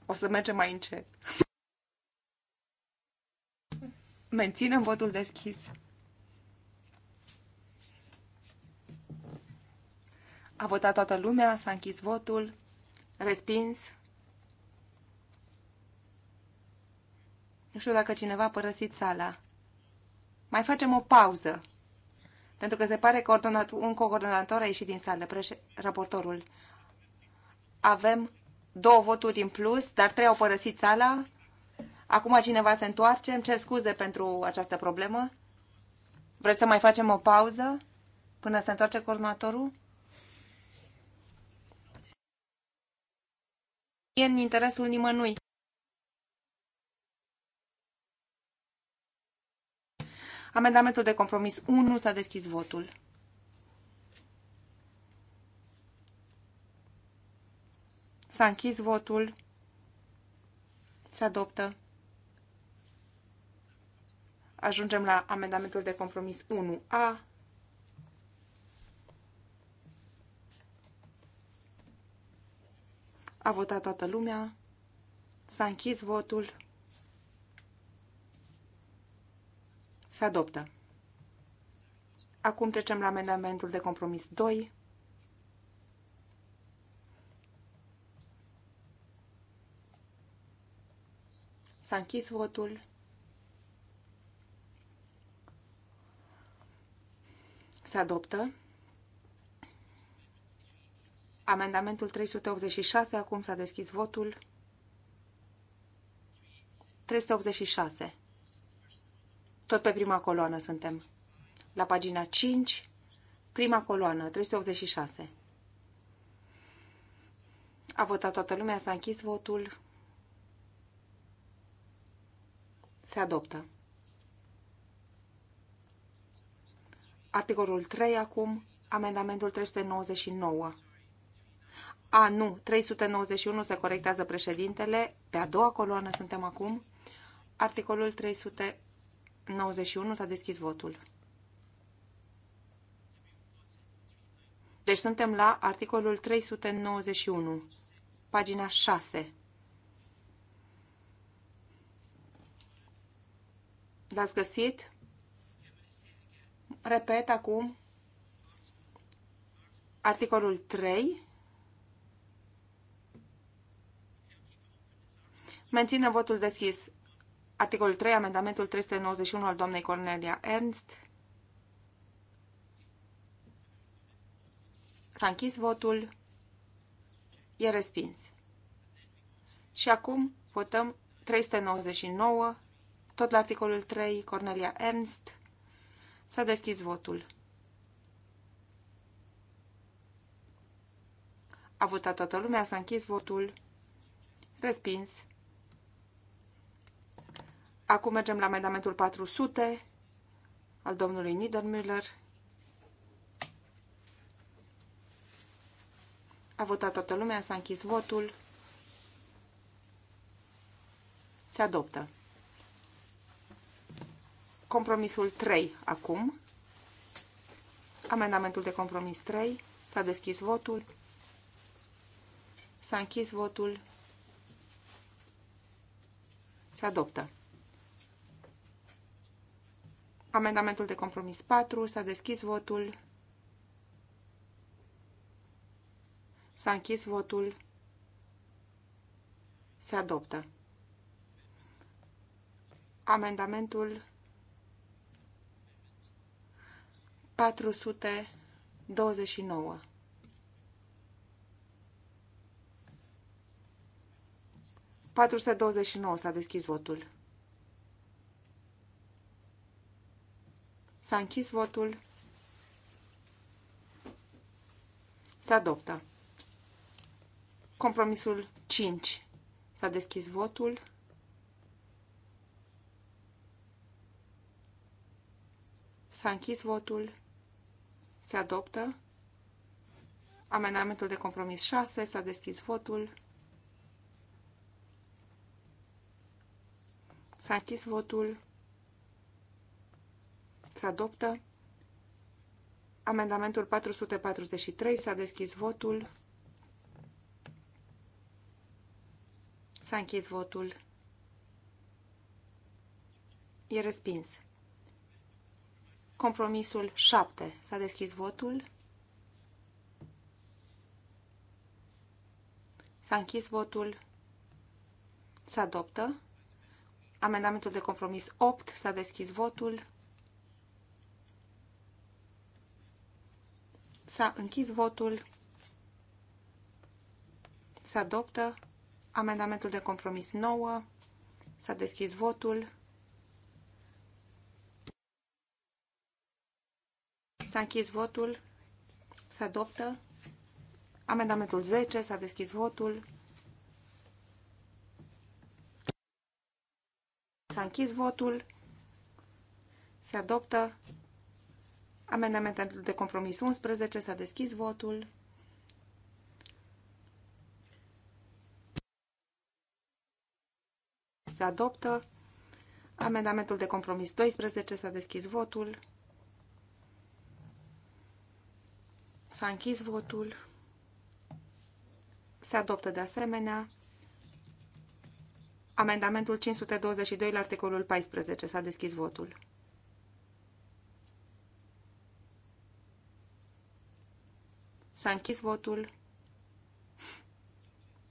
Speaker 2: O să mergem mai încet. Menținem votul deschis. A votat toată lumea, s-a închis votul, respins. Nu știu dacă cineva a părăsit sala. Mai facem o pauză, pentru că se pare că un coordonator a ieșit din sală, raportorul. Avem două voturi în plus, dar trei au părăsit sala. Acum cineva se întoarce. Îmi cer scuze pentru această problemă. Vreți să mai facem o pauză până se întoarce coordonatorul? E în interesul nimănui. Amendamentul de compromis 1 s-a deschis votul. S-a închis votul. Se adoptă. Ajungem la amendamentul de compromis 1A. A votat toată lumea. S-a închis votul. Se adoptă. Acum trecem la amendamentul de compromis 2. S-a închis votul. Se adoptă. Amendamentul 386. Acum s-a deschis votul. 386. Tot pe prima coloană suntem. La pagina 5, prima coloană, 386. A votat toată lumea, s-a închis votul. Se adoptă. Articolul 3 acum, amendamentul 399. A, nu, 391 se corectează președintele. Pe a doua coloană suntem acum. Articolul 391 s-a deschis votul. Deci suntem la articolul 391, pagina 6. L-ați găsit? repet acum articolul 3. Menține votul deschis. Articolul 3, amendamentul 391 al doamnei Cornelia Ernst. S-a închis votul. E respins. Și acum votăm 399, tot la articolul 3, Cornelia Ernst. S-a deschis votul. A votat toată lumea, s-a închis votul. Respins. Acum mergem la amendamentul 400 al domnului Niedermüller. A votat toată lumea, s-a închis votul. Se adoptă. Compromisul 3 acum. Amendamentul de compromis 3. S-a deschis votul. S-a închis votul. Se adoptă. Amendamentul de compromis 4. S-a deschis votul. S-a închis votul. Se adoptă. Amendamentul 429. nouă s-a deschis votul. S-a închis votul. Se adoptă. Compromisul 5. S-a deschis votul. S-a închis votul. Se adoptă. Amendamentul de compromis 6. S-a deschis votul. S-a închis votul. Se adoptă. Amendamentul 443. S-a deschis votul. S-a închis votul. E respins. Compromisul 7. S-a deschis votul. S-a închis votul. Se adoptă. Amendamentul de compromis 8. S-a deschis votul. S-a închis votul. Se adoptă. Amendamentul de compromis 9. S-a deschis votul. S-a închis votul. Se adoptă. Amendamentul 10. S-a deschis votul. S-a închis votul. Se adoptă. Amendamentul de compromis 11. S-a deschis votul. Se adoptă. Amendamentul de compromis 12. S-a deschis votul. S-a închis votul. Se adoptă de asemenea amendamentul 522 la articolul 14. S-a deschis votul. S-a închis votul.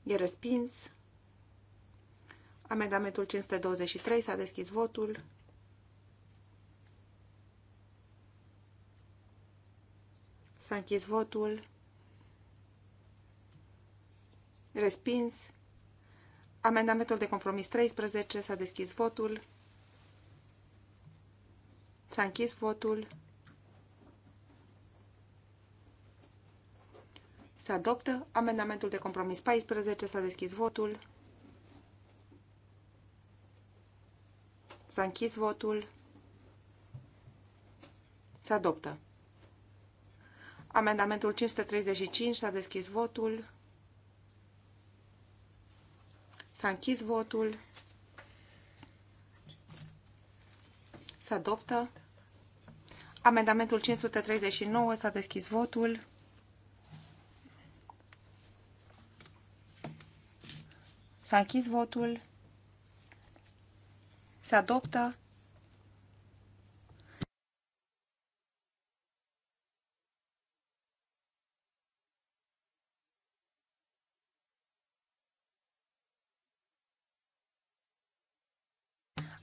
Speaker 2: E respins. Amendamentul 523 s-a deschis votul. S-a închis votul. Respins. Amendamentul de compromis 13. S-a deschis votul. S-a închis votul. Se adoptă amendamentul de compromis 14. S-a deschis votul. S-a închis votul. Se adoptă. Amendamentul 535 s-a deschis votul. S-a închis votul. Se adoptă. Amendamentul 539 s-a deschis votul. S-a închis votul. Se adoptă.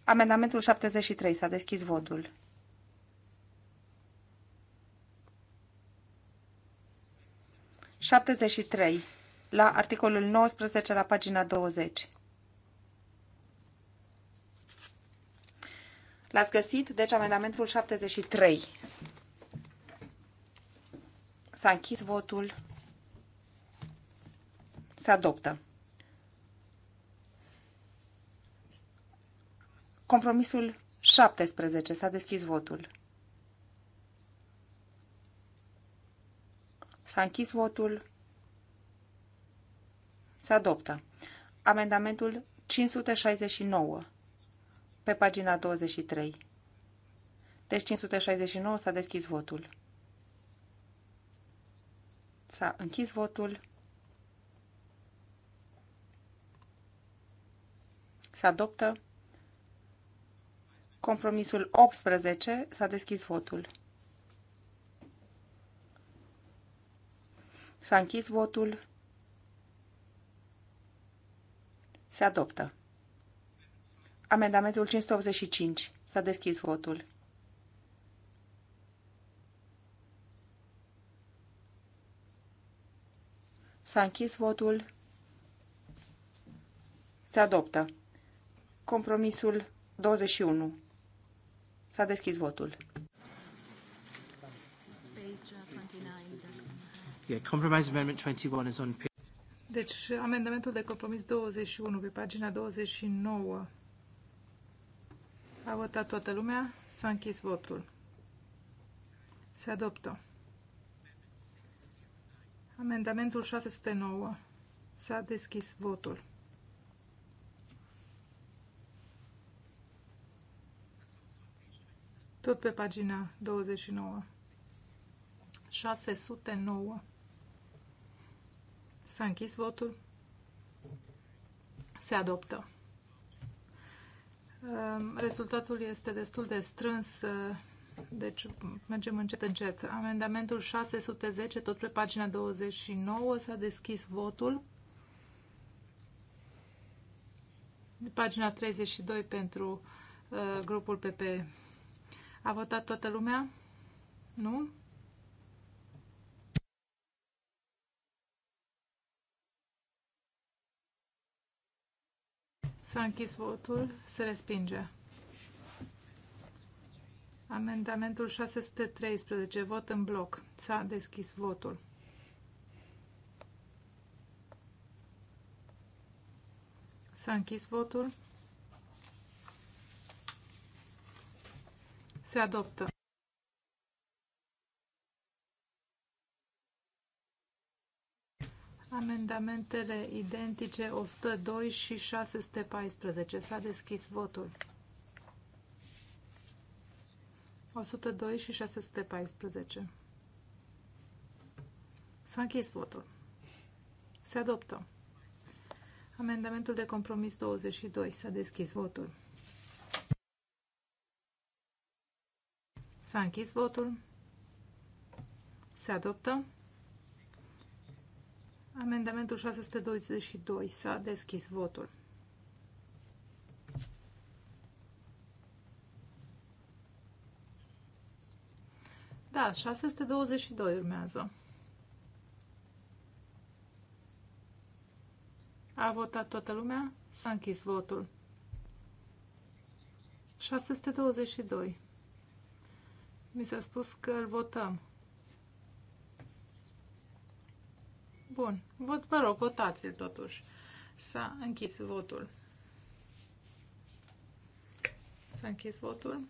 Speaker 2: Amendamentul 73. S-a deschis votul. Șaptezeci trei la articolul 19 la pagina 20. L-ați găsit? Deci amendamentul 73. S-a închis votul. Se adoptă. Compromisul 17. S-a deschis votul. S-a închis votul. Se adoptă. Amendamentul 569 pe pagina 23. Deci 569 s-a deschis votul. S-a închis votul. Se adoptă Compromisul 18 s-a deschis votul. S-a închis votul. Se adoptă. Amendamentul 585. S-a deschis votul. S-a închis votul. Se adoptă. Compromisul 21. S-a deschis votul.
Speaker 4: 21
Speaker 3: deci, amendamentul de compromis 21 pe pagina 29. A votat toată lumea, s-a închis votul. Se adoptă. Amendamentul 609. S-a deschis votul. tot pe pagina 29. 609. S-a închis votul. Se adoptă. Ehm, rezultatul este destul de strâns, eh, deci mergem încet, încet. Amendamentul 610, tot pe pagina 29, s-a deschis votul. Pagina 32 pentru uh, grupul PP a votat toată lumea? Nu? S-a închis votul, se respinge. Amendamentul 613, vot în bloc. S-a deschis votul. S-a închis votul. Se adoptă. Amendamentele identice 102 și 614. S-a deschis votul. 102 și 614. S-a închis votul. Se adoptă. Amendamentul de compromis 22. S-a deschis votul. S-a închis votul. Se adoptă. Amendamentul 622. S-a deschis votul. Da, 622 urmează. A votat toată lumea? S-a închis votul. 622. Mi s-a spus că îl votăm. Bun. Vot, vă rog, votați-l totuși. S-a închis votul. S-a închis votul.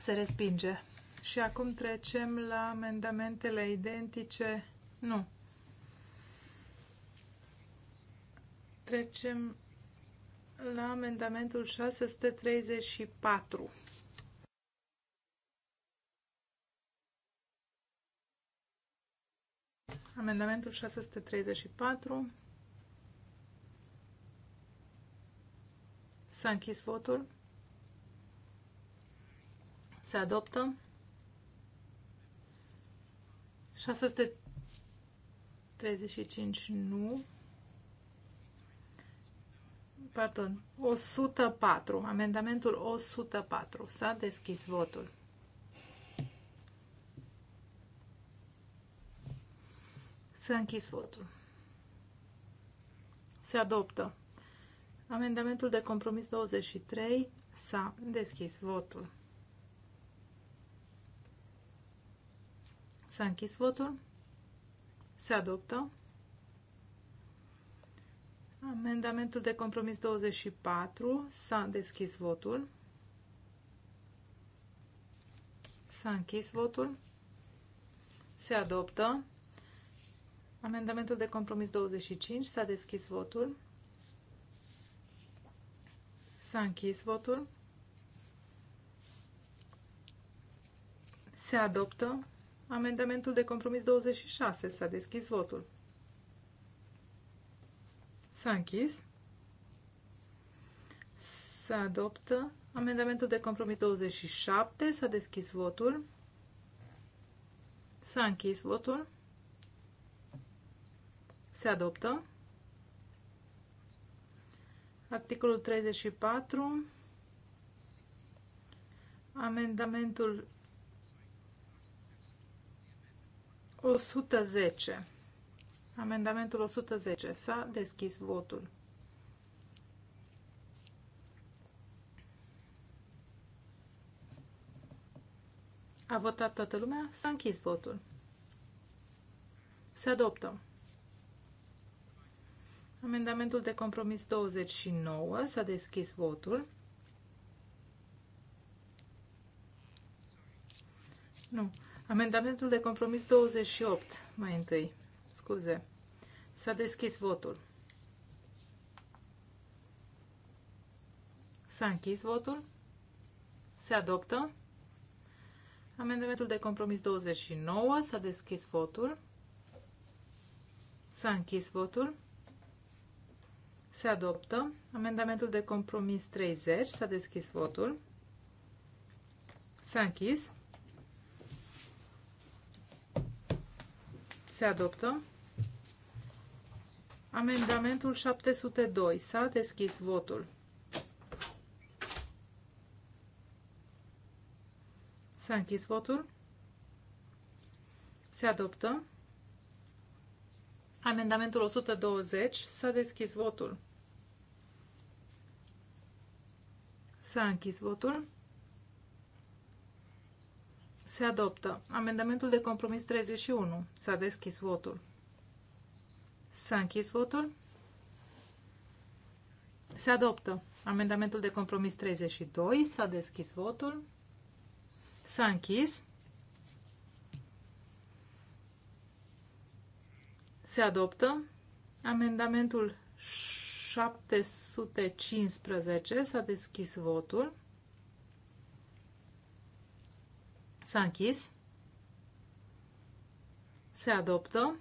Speaker 3: Se respinge. Și acum trecem la amendamentele identice. Nu. Trecem la amendamentul 634. Amendamentul 634. S-a închis votul. Se adoptă. 635 nu. Pardon, 104. Amendamentul 104. S-a deschis votul. S-a închis votul. Se adoptă. Amendamentul de compromis 23. S-a deschis votul. S-a închis votul. Se adoptă. Amendamentul de compromis 24. S-a deschis votul. S-a închis votul. Se adoptă. Amendamentul de compromis 25. S-a deschis votul. S-a închis votul. Se adoptă. Amendamentul de compromis 26. S-a deschis votul. S-a închis. Se adoptă amendamentul de compromis 27. S-a deschis votul. S-a închis votul. Se adoptă. Articolul 34. Amendamentul 110. Amendamentul 110. S-a deschis votul. A votat toată lumea? S-a închis votul. Se adoptă. Amendamentul de compromis 29. S-a deschis votul. Nu. Amendamentul de compromis 28 mai întâi scuze. S-a deschis votul. S-a închis votul. Se adoptă. Amendamentul de compromis 29. S-a deschis votul. S-a închis votul. Se adoptă. Amendamentul de compromis 30. S-a deschis votul. S-a închis. Se adoptă. Amendamentul 702. S-a deschis votul. S-a închis votul. Se adoptă. Amendamentul 120. S-a deschis votul. S-a închis votul. Se adoptă. Amendamentul de compromis 31. S-a deschis votul. S-a închis votul. Se adoptă amendamentul de compromis 32. S-a deschis votul. S-a închis. Se adoptă amendamentul 715. S-a deschis votul. S-a închis. Se adoptă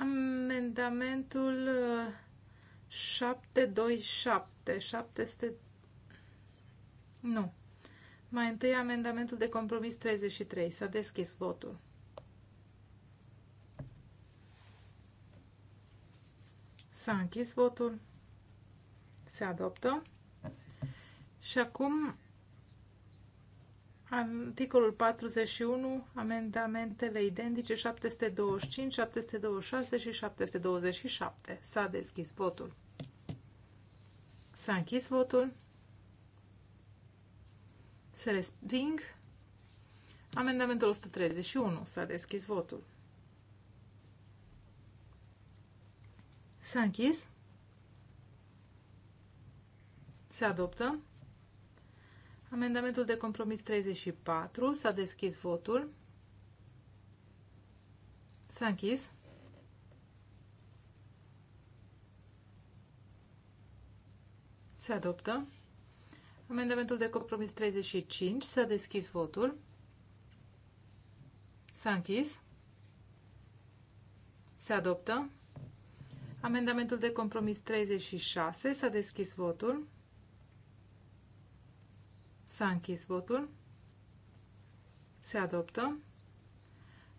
Speaker 3: Amendamentul 727, uh, 700... Nu. Mai întâi amendamentul de compromis 33. S-a deschis votul. S-a închis votul. Se adoptă. Și acum Articolul 41, amendamentele identice 725, 726 și 727. S-a deschis votul. S-a închis votul. Se resping. Amendamentul 131. S-a deschis votul. S-a închis. Se adoptă. Amendamentul de compromis 34. S-a deschis votul. S-a închis. Se adoptă. Amendamentul de compromis 35. S-a deschis votul. S-a închis. Se adoptă. Amendamentul de compromis 36. S-a deschis votul. S-a închis votul. Se adoptă.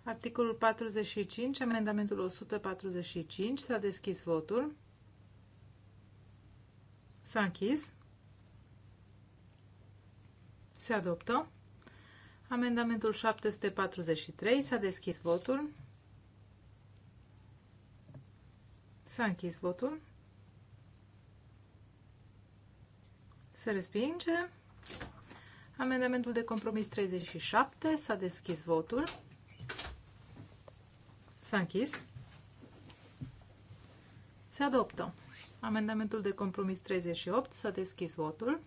Speaker 3: Articolul 45, amendamentul 145, s-a deschis votul. S-a închis. Se adoptă. Amendamentul 743, s-a deschis votul. S-a închis votul. Se respinge. Amendamentul de compromis 37. S-a deschis votul. S-a închis. Se adoptă. Amendamentul de compromis 38. S-a deschis votul.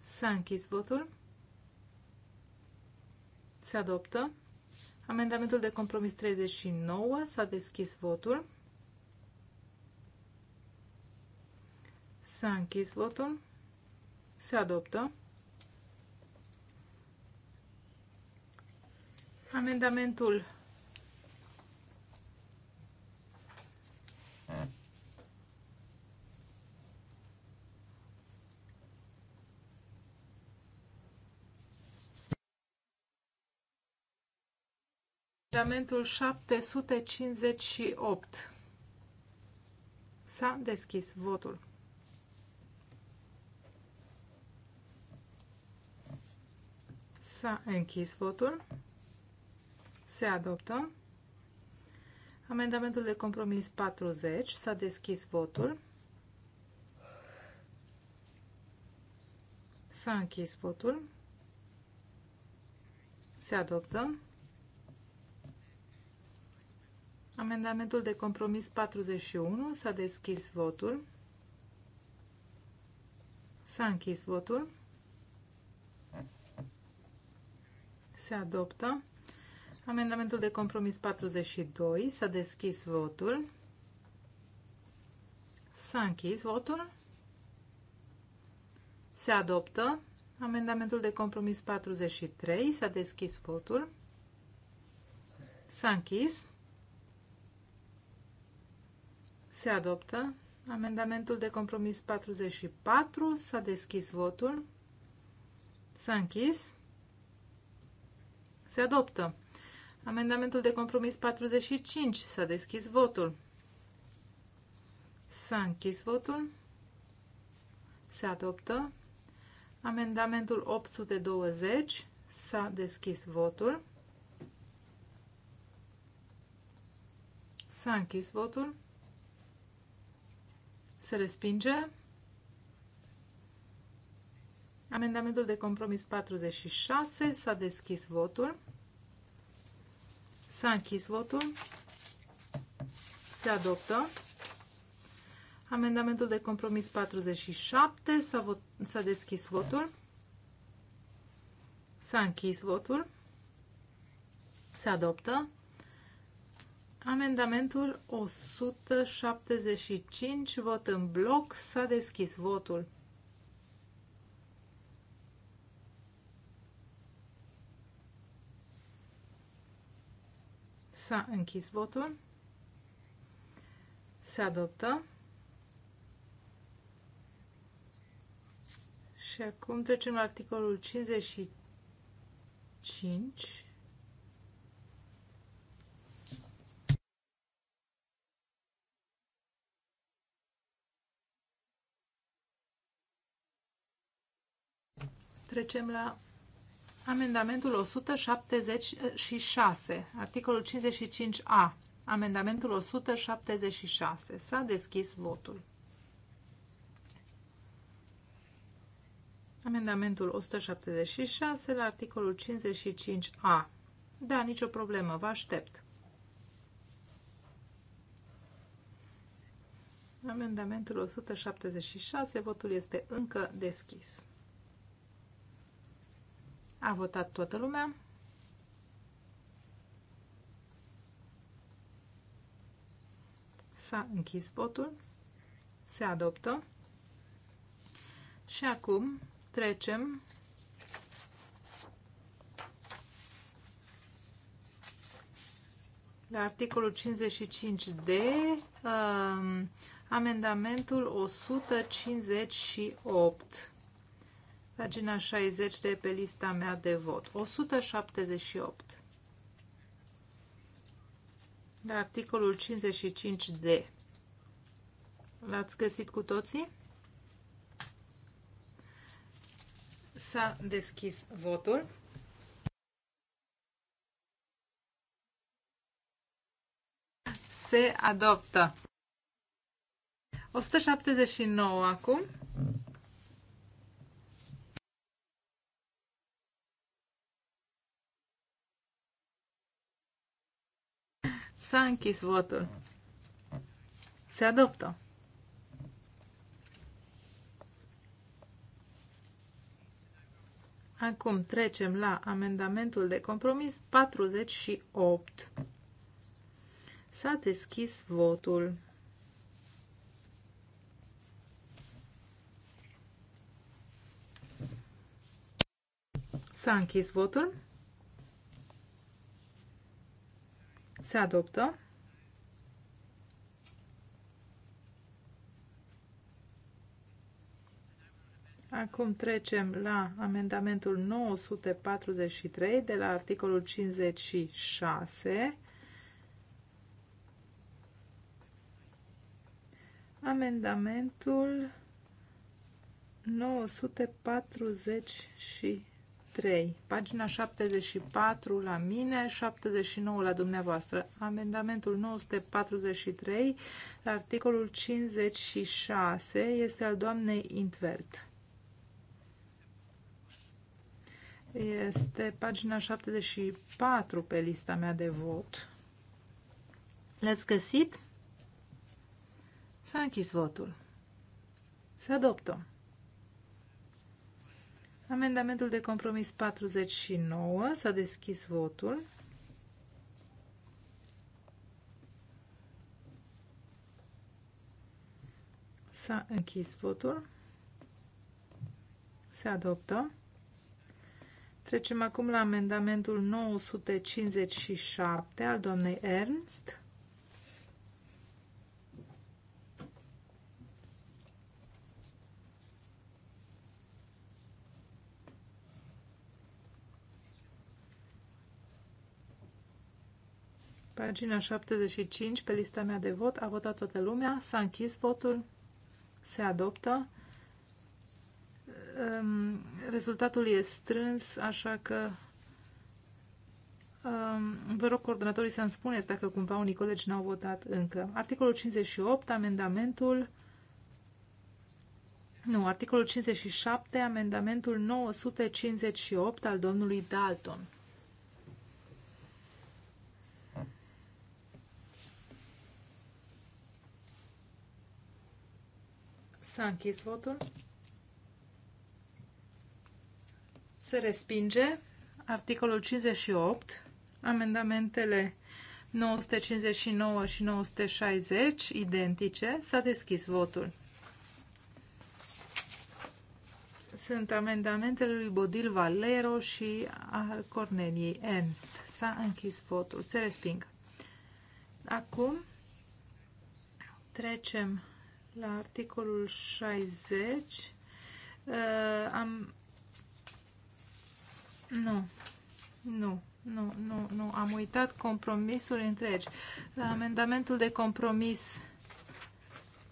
Speaker 3: S-a închis votul. Se adoptă. Amendamentul de compromis 39. S-a deschis votul. S-a închis votul. Se adoptă. Amendamentul Amendamentul 758. S-a deschis votul. S-a închis votul. Se adoptă. Amendamentul de compromis 40. S-a deschis votul. S-a închis votul. Se adoptă. Amendamentul de compromis 41. S-a deschis votul. S-a închis votul. se adoptă. Amendamentul de compromis 42, s-a deschis votul. S-a închis votul. Se adoptă. Amendamentul de compromis 43, s-a deschis votul. S-a închis. Se adoptă. Amendamentul de compromis 44, s-a deschis votul. S-a închis. Se adoptă. Amendamentul de compromis 45. S-a deschis votul. S-a închis votul. Se adoptă. Amendamentul 820. S-a deschis votul. S-a închis votul. Se respinge. Amendamentul de compromis 46. S-a deschis votul. S-a închis votul. Se adoptă. Amendamentul de compromis 47. S-a, vot- deschis votul. S-a închis votul. Se adoptă. Amendamentul 175. Vot în bloc. S-a deschis votul. S-a închis votul. Se adoptă. Și acum trecem la articolul 55. Trecem la Amendamentul 176, articolul 55a. Amendamentul 176. S-a deschis votul. Amendamentul 176 la articolul 55a. Da, nicio problemă, vă aștept. Amendamentul 176, votul este încă deschis. A votat toată lumea. S-a închis votul. Se adoptă. Și acum trecem la articolul 55D, um, amendamentul 158. Pagina 60 de pe lista mea de vot. 178. La articolul 55D. L-ați găsit cu toții? S-a deschis votul. Se adoptă. 179 acum. S-a închis votul. Se adoptă. Acum trecem la amendamentul de compromis 48. S-a deschis votul. S-a închis votul. Se adoptă. Acum trecem la amendamentul 943 de la articolul 56. Amendamentul 943. 3. Pagina 74 la mine, 79 la dumneavoastră. Amendamentul 943 la articolul 56 este al doamnei Intvert. Este pagina 74 pe lista mea de vot. L-ați găsit? S-a închis votul. Se adoptă. Amendamentul de compromis 49. S-a deschis votul. S-a închis votul. Se adoptă. Trecem acum la amendamentul 957 al doamnei Ernst. Pagina 75, pe lista mea de vot, a votat toată lumea, s-a închis votul, se adoptă. Um, rezultatul e strâns, așa că um, vă rog coordonatorii să-mi spuneți dacă cumva unii colegi n-au votat încă. Articolul 58, amendamentul nu, articolul 57, amendamentul 958 al domnului Dalton. S-a închis votul. Se respinge articolul 58, amendamentele 959 și 960, identice. S-a deschis votul. Sunt amendamentele lui Bodil Valero și al Corneliei Ernst. S-a închis votul. Se resping. Acum trecem la articolul 60. Uh, am... Nu, nu, nu, nu, nu. Am uitat compromisul întregi. La amendamentul de compromis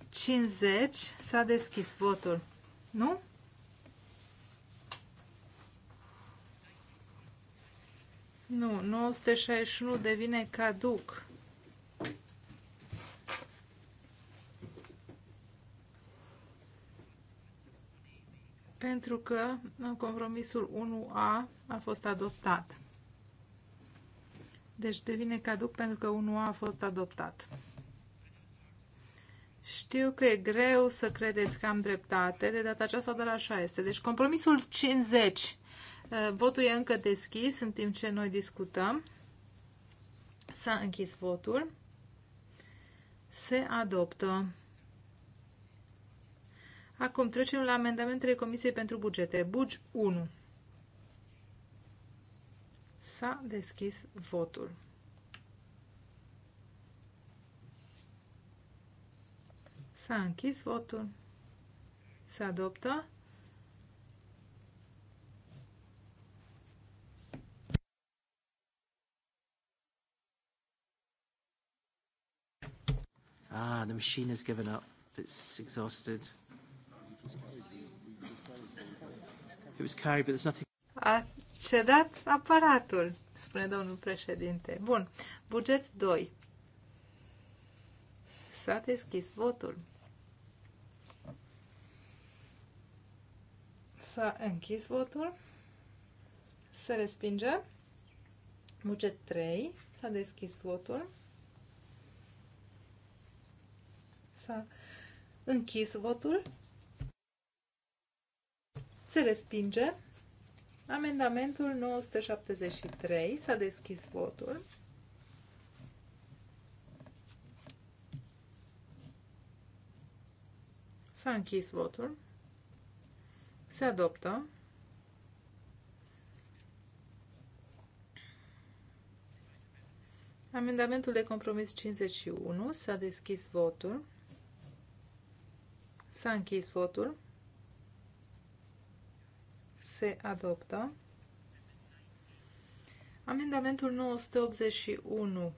Speaker 3: 50 s-a deschis votul. Nu? Nu, 961 devine caduc. pentru că uh, compromisul 1A a fost adoptat. Deci devine caduc pentru că 1A a fost adoptat. Știu că e greu să credeți că am dreptate, de data aceasta, dar așa este. Deci compromisul 50. Uh, votul e încă deschis în timp ce noi discutăm. S-a închis votul. Se adoptă. Acum trecem la amendamentele Comisiei pentru Bugete. Bugi 1. S-a deschis votul. S-a închis votul. Se adoptă.
Speaker 4: Ah, the machine has given up. It's exhausted. It was carried, but there's nothing...
Speaker 3: A cedat aparatul, spune domnul președinte. Bun. Buget 2. S-a deschis votul. S-a închis votul. Se respinge. Buget 3. S-a deschis votul. S-a închis votul. Se respinge. Amendamentul 973. S-a deschis votul. S-a închis votul. Se adoptă. Amendamentul de compromis 51. S-a deschis votul. S-a închis votul se adoptă. Amendamentul 981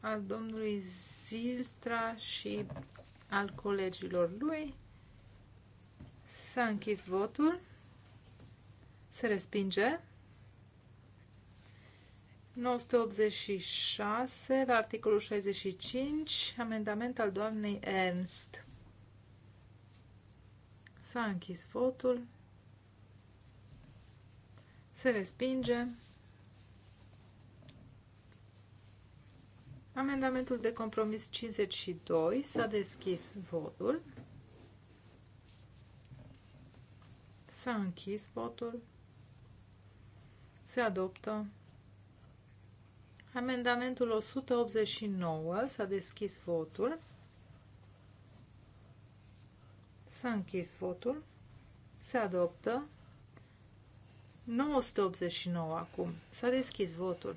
Speaker 3: al domnului Zilstra și al colegilor lui. S-a închis votul. Se respinge. 986, la articolul 65, amendament al doamnei Ernst. S-a închis votul. Se respinge. Amendamentul de compromis 52 s-a deschis votul. S-a închis votul. Se adoptă. Amendamentul 189 s-a deschis votul. S-a închis votul. Se adoptă. 989 acum. S-a deschis votul.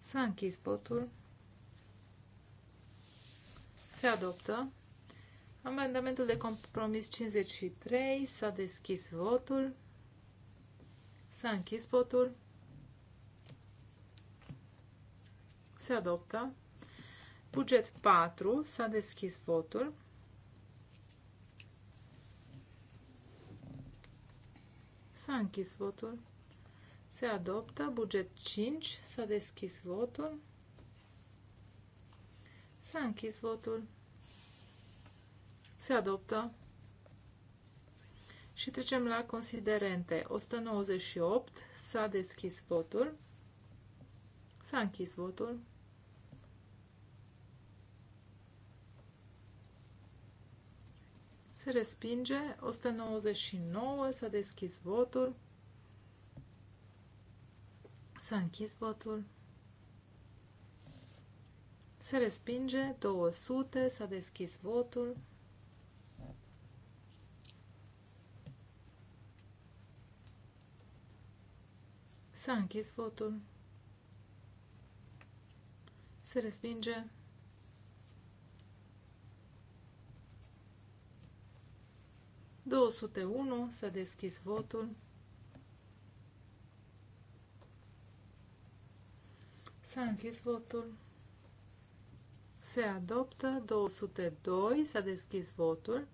Speaker 3: S-a închis votul. Se adoptă. Amendamentul de compromis 53. S-a deschis votul. S-a închis votul. Se adoptă. Buget 4. S-a deschis votul. S-a închis votul. Se adoptă. Buget 5. S-a deschis votul. S-a închis votul. Se adoptă. Și trecem la considerente. 198. S-a deschis votul. S-a închis votul. Se respinge. 199. S-a deschis votul. S-a închis votul. Se respinge. 200. S-a deschis votul. S-a închis votul. Se respinge. 201, s-a deschis votul. S-a închis votul. Se adoptă 202, s-a deschis votul.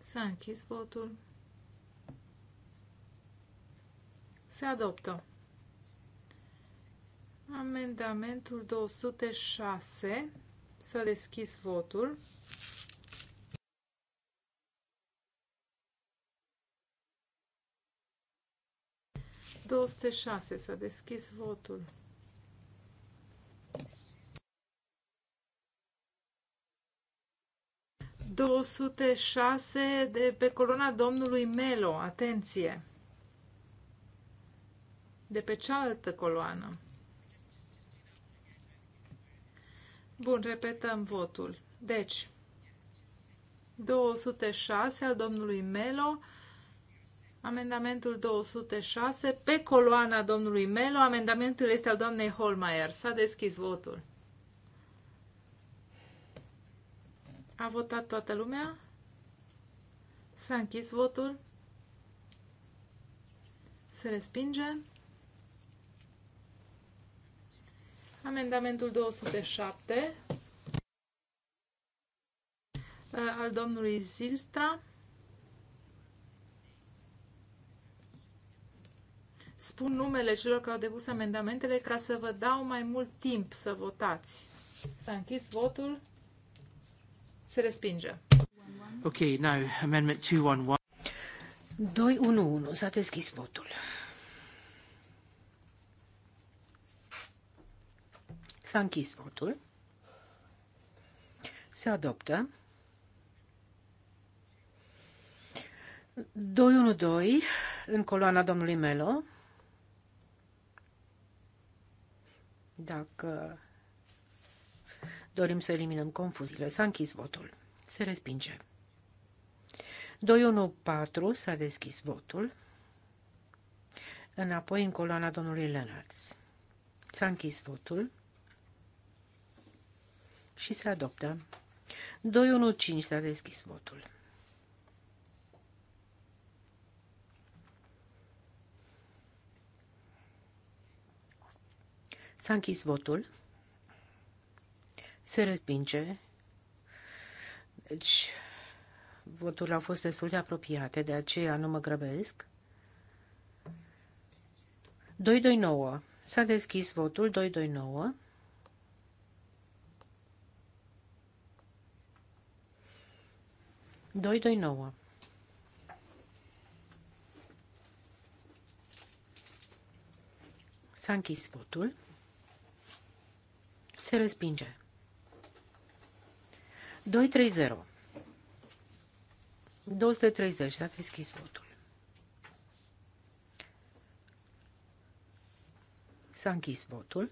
Speaker 3: S-a închis votul. Se adoptă. Amendamentul 206, s-a deschis votul. 206. S-a deschis votul. ...206 de pe coloana domnului Melo. Atenție! De pe cealaltă coloană. Bun, repetăm votul. Deci, 206 al domnului Melo Amendamentul 206 pe coloana domnului Melo. Amendamentul este al doamnei Holmeier. S-a deschis votul. A votat toată lumea? S-a închis votul? Se respinge? Amendamentul 207 uh, al domnului Zilstra. spun numele celor care au depus amendamentele ca să vă dau mai mult timp să votați. S-a închis votul. Se respinge.
Speaker 4: Ok, now amendment 211.
Speaker 5: 211. S-a deschis votul. S-a închis votul. Se adoptă. 212 în coloana domnului Melo. dacă dorim să eliminăm confuziile. S-a închis votul. Se respinge. 214 s-a deschis votul. Înapoi în coloana domnului Lenarts. S-a închis votul și se adoptă. 215 s-a deschis votul. S-a închis votul. Se respinge. Deci, voturile au fost destul de apropiate, de aceea nu mă grăbesc. 229. S-a deschis votul 229. Doi, doi, nouă. S-a închis votul. Se respinge. 230. 230. S-a deschis votul. S-a închis votul.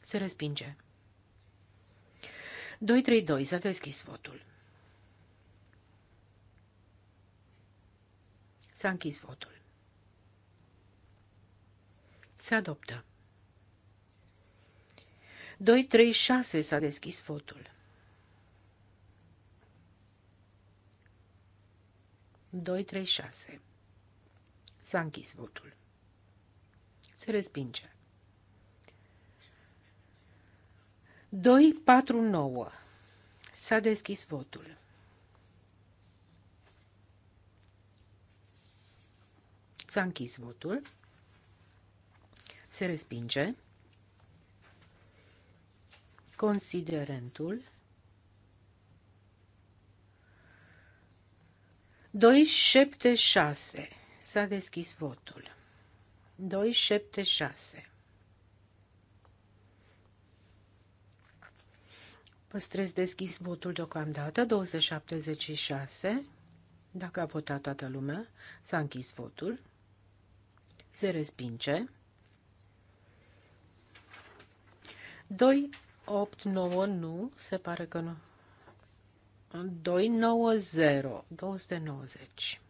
Speaker 5: Se respinge. 232. S-a deschis votul. S-a închis votul. Se adoptă. 236 s-a deschis votul. 236 S-a închis votul. Se respinge. 249 S-a deschis votul. S-a închis votul. Se respinge. Considerentul 276. S-a deschis votul. 276. Păstrez deschis votul deocamdată. 276. Dacă a votat toată lumea, s-a închis votul. Se respinge. 2 8, 9, nu, se pare că nu. 2, 9, 0, 290.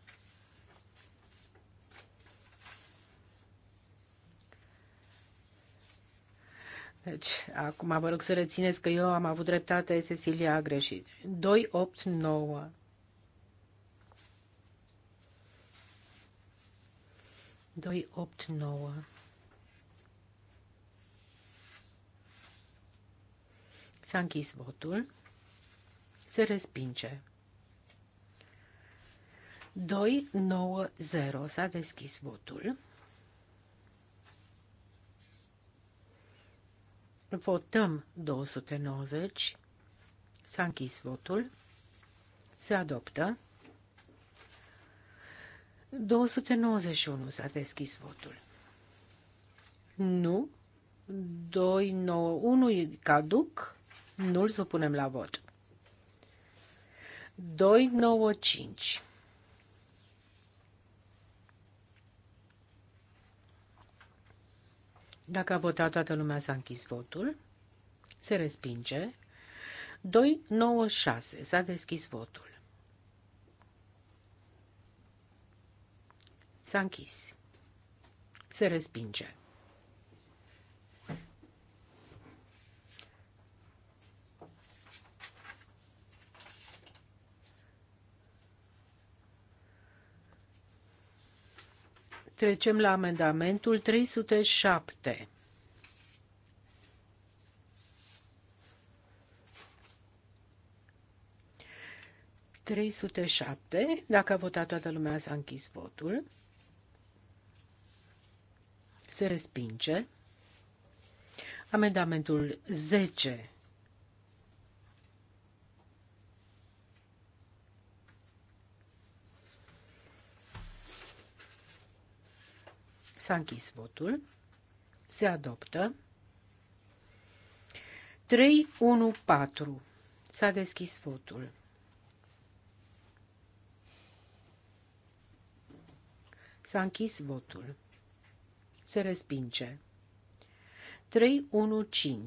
Speaker 5: Deci, acum vă rog să rețineți că eu am avut dreptate, Cecilia a greșit. 2, 8, 9. Doi, opt, nouă. S-a închis votul. Se respinge. 2, 9, 0. S-a deschis votul. Votăm 290. S-a închis votul. Se adoptă. 291 s-a deschis votul. Nu. 291 caduc nu îl supunem la vot. 295. Dacă a votat toată lumea, s-a închis votul. Se respinge. 296. S-a deschis votul. S-a închis. Se respinge. Trecem la amendamentul 307. Trei Dacă a votat toată lumea, s-a închis votul. Se respinge. Amendamentul 10 S-a închis votul. Se adoptă. 3-1-4. S-a deschis votul. S-a închis votul. Se respinge.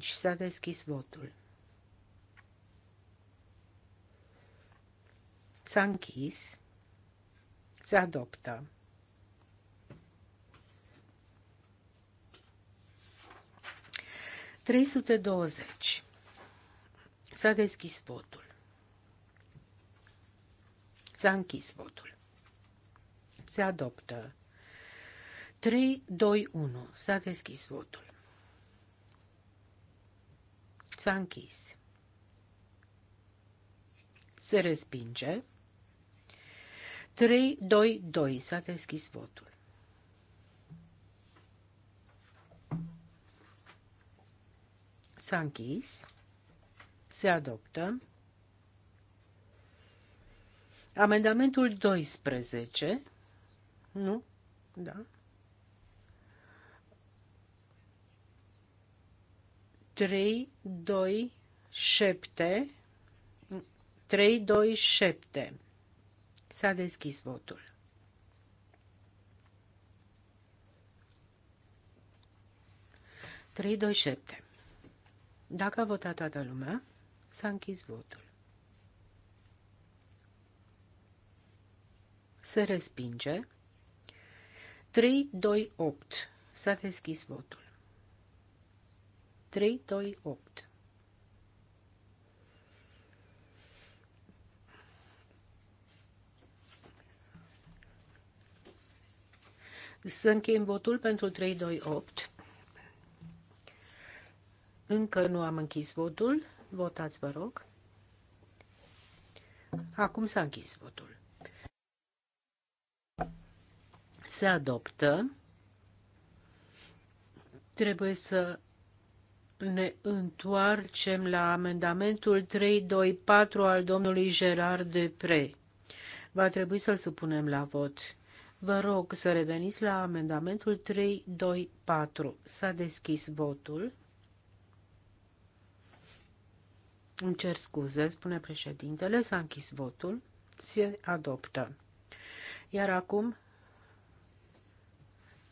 Speaker 5: 3-1-5. S-a deschis votul. S-a închis. Se adoptă. 320. S-a deschis votul. S-a închis votul. Se adoptă. 3, 2, 1. S-a deschis votul. S-a închis. Se respinge. 3, 2, 2. S-a deschis votul. S-a închis. Se adoptă. Amendamentul 12. Nu? Da. Trei, doi, șepte. Trei, doi, șepte. S-a deschis votul. Trei, doi, șepte. Dacă a votat toată lumea, s-a închis votul. Se respinge. 3, 2, 8. S-a deschis votul. 3, 2, 8. Să încheiem votul pentru 3, 2, 8. Încă nu am închis votul. Votați, vă rog. Acum s-a închis votul. Se adoptă. Trebuie să ne întoarcem la amendamentul 324 al domnului Gerard Pre. Va trebui să-l supunem la vot. Vă rog să reveniți la amendamentul 324. S-a deschis votul. Îmi cer scuze, spune președintele, s-a închis votul, se adoptă. Iar acum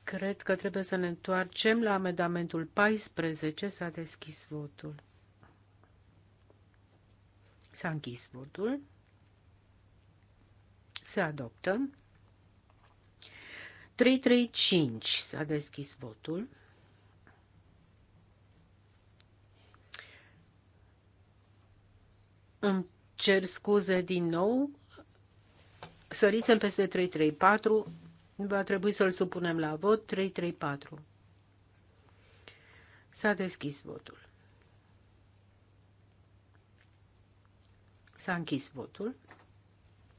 Speaker 5: cred că trebuie să ne întoarcem la amendamentul 14, s-a deschis votul. S-a închis votul. Se adoptă. 335 s-a deschis votul. Îmi cer scuze din nou. Sărițem peste 334. Va trebui să-l supunem la vot. 334. S-a deschis votul. S-a închis votul.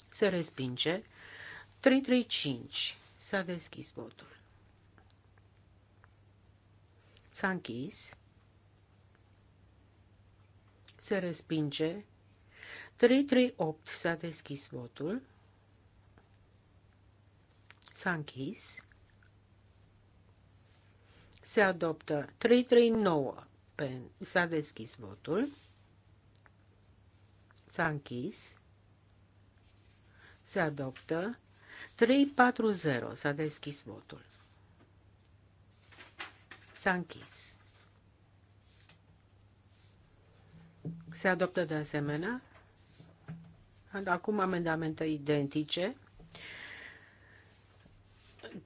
Speaker 5: Se respinge. 335. S-a deschis votul. S-a închis. Se respinge. 338 s-a deschis votul. S-a închis. Se adoptă 339 s-a deschis votul. S-a închis. Se adoptă 340 s-a deschis votul. S-a închis. Se adoptă de asemenea Acum amendamente identice.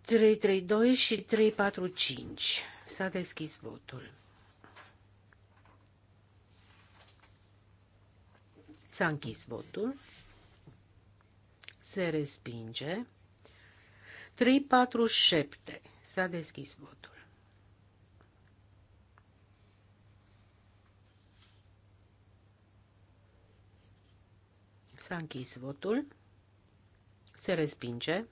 Speaker 5: 332 și 345. S-a deschis votul. S-a închis votul. Se respinge. 347. S-a deschis votul. S-a închis votul. Se respinge.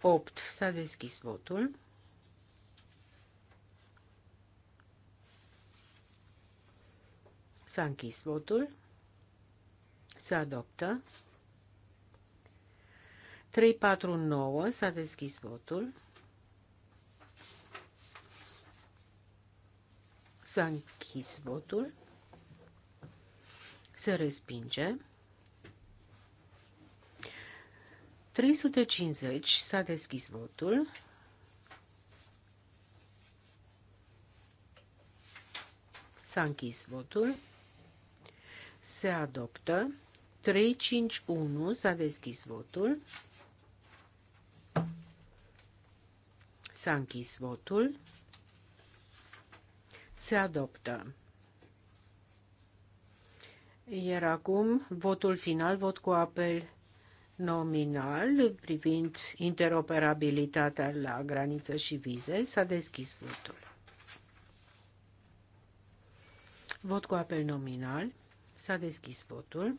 Speaker 5: 8. S-a deschis votul. S-a închis votul. Se adoptă. 9. S-a deschis votul. S-a închis votul se respinge. 350 s-a deschis votul. S-a închis votul. Se adoptă. 351 s-a deschis votul. S-a închis votul. Se adoptă. Iar acum votul final, vot cu apel nominal privind interoperabilitatea la graniță și vize, s-a deschis votul. Vot cu apel nominal, s-a deschis votul.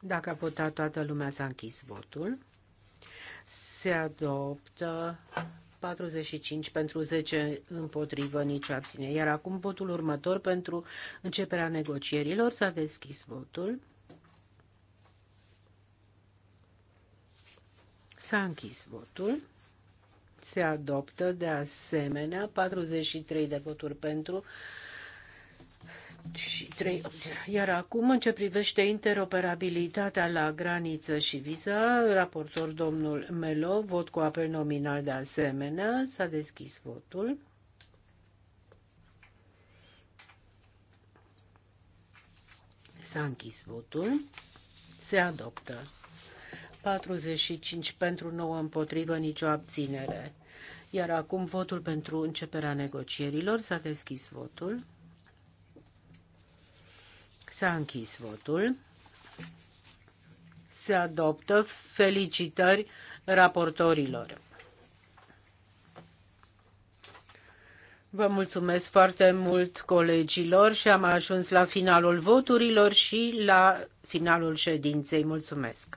Speaker 5: Dacă a votat toată lumea, s-a închis votul. Se adoptă 45 pentru 10 împotrivă, nici abține. Iar acum votul următor pentru începerea negocierilor. S-a deschis votul. S-a închis votul. Se adoptă de asemenea 43 de voturi pentru, 83. Iar acum, în ce privește interoperabilitatea la graniță și viză, raportor domnul Melo, vot cu apel nominal de asemenea, s-a deschis votul. S-a închis votul. Se adoptă. 45 pentru 9 împotrivă, nicio abținere. Iar acum votul pentru începerea negocierilor. S-a deschis votul. S-a închis votul. Se adoptă. Felicitări raportorilor. Vă mulțumesc foarte mult colegilor și am ajuns la finalul voturilor și la finalul ședinței. Mulțumesc!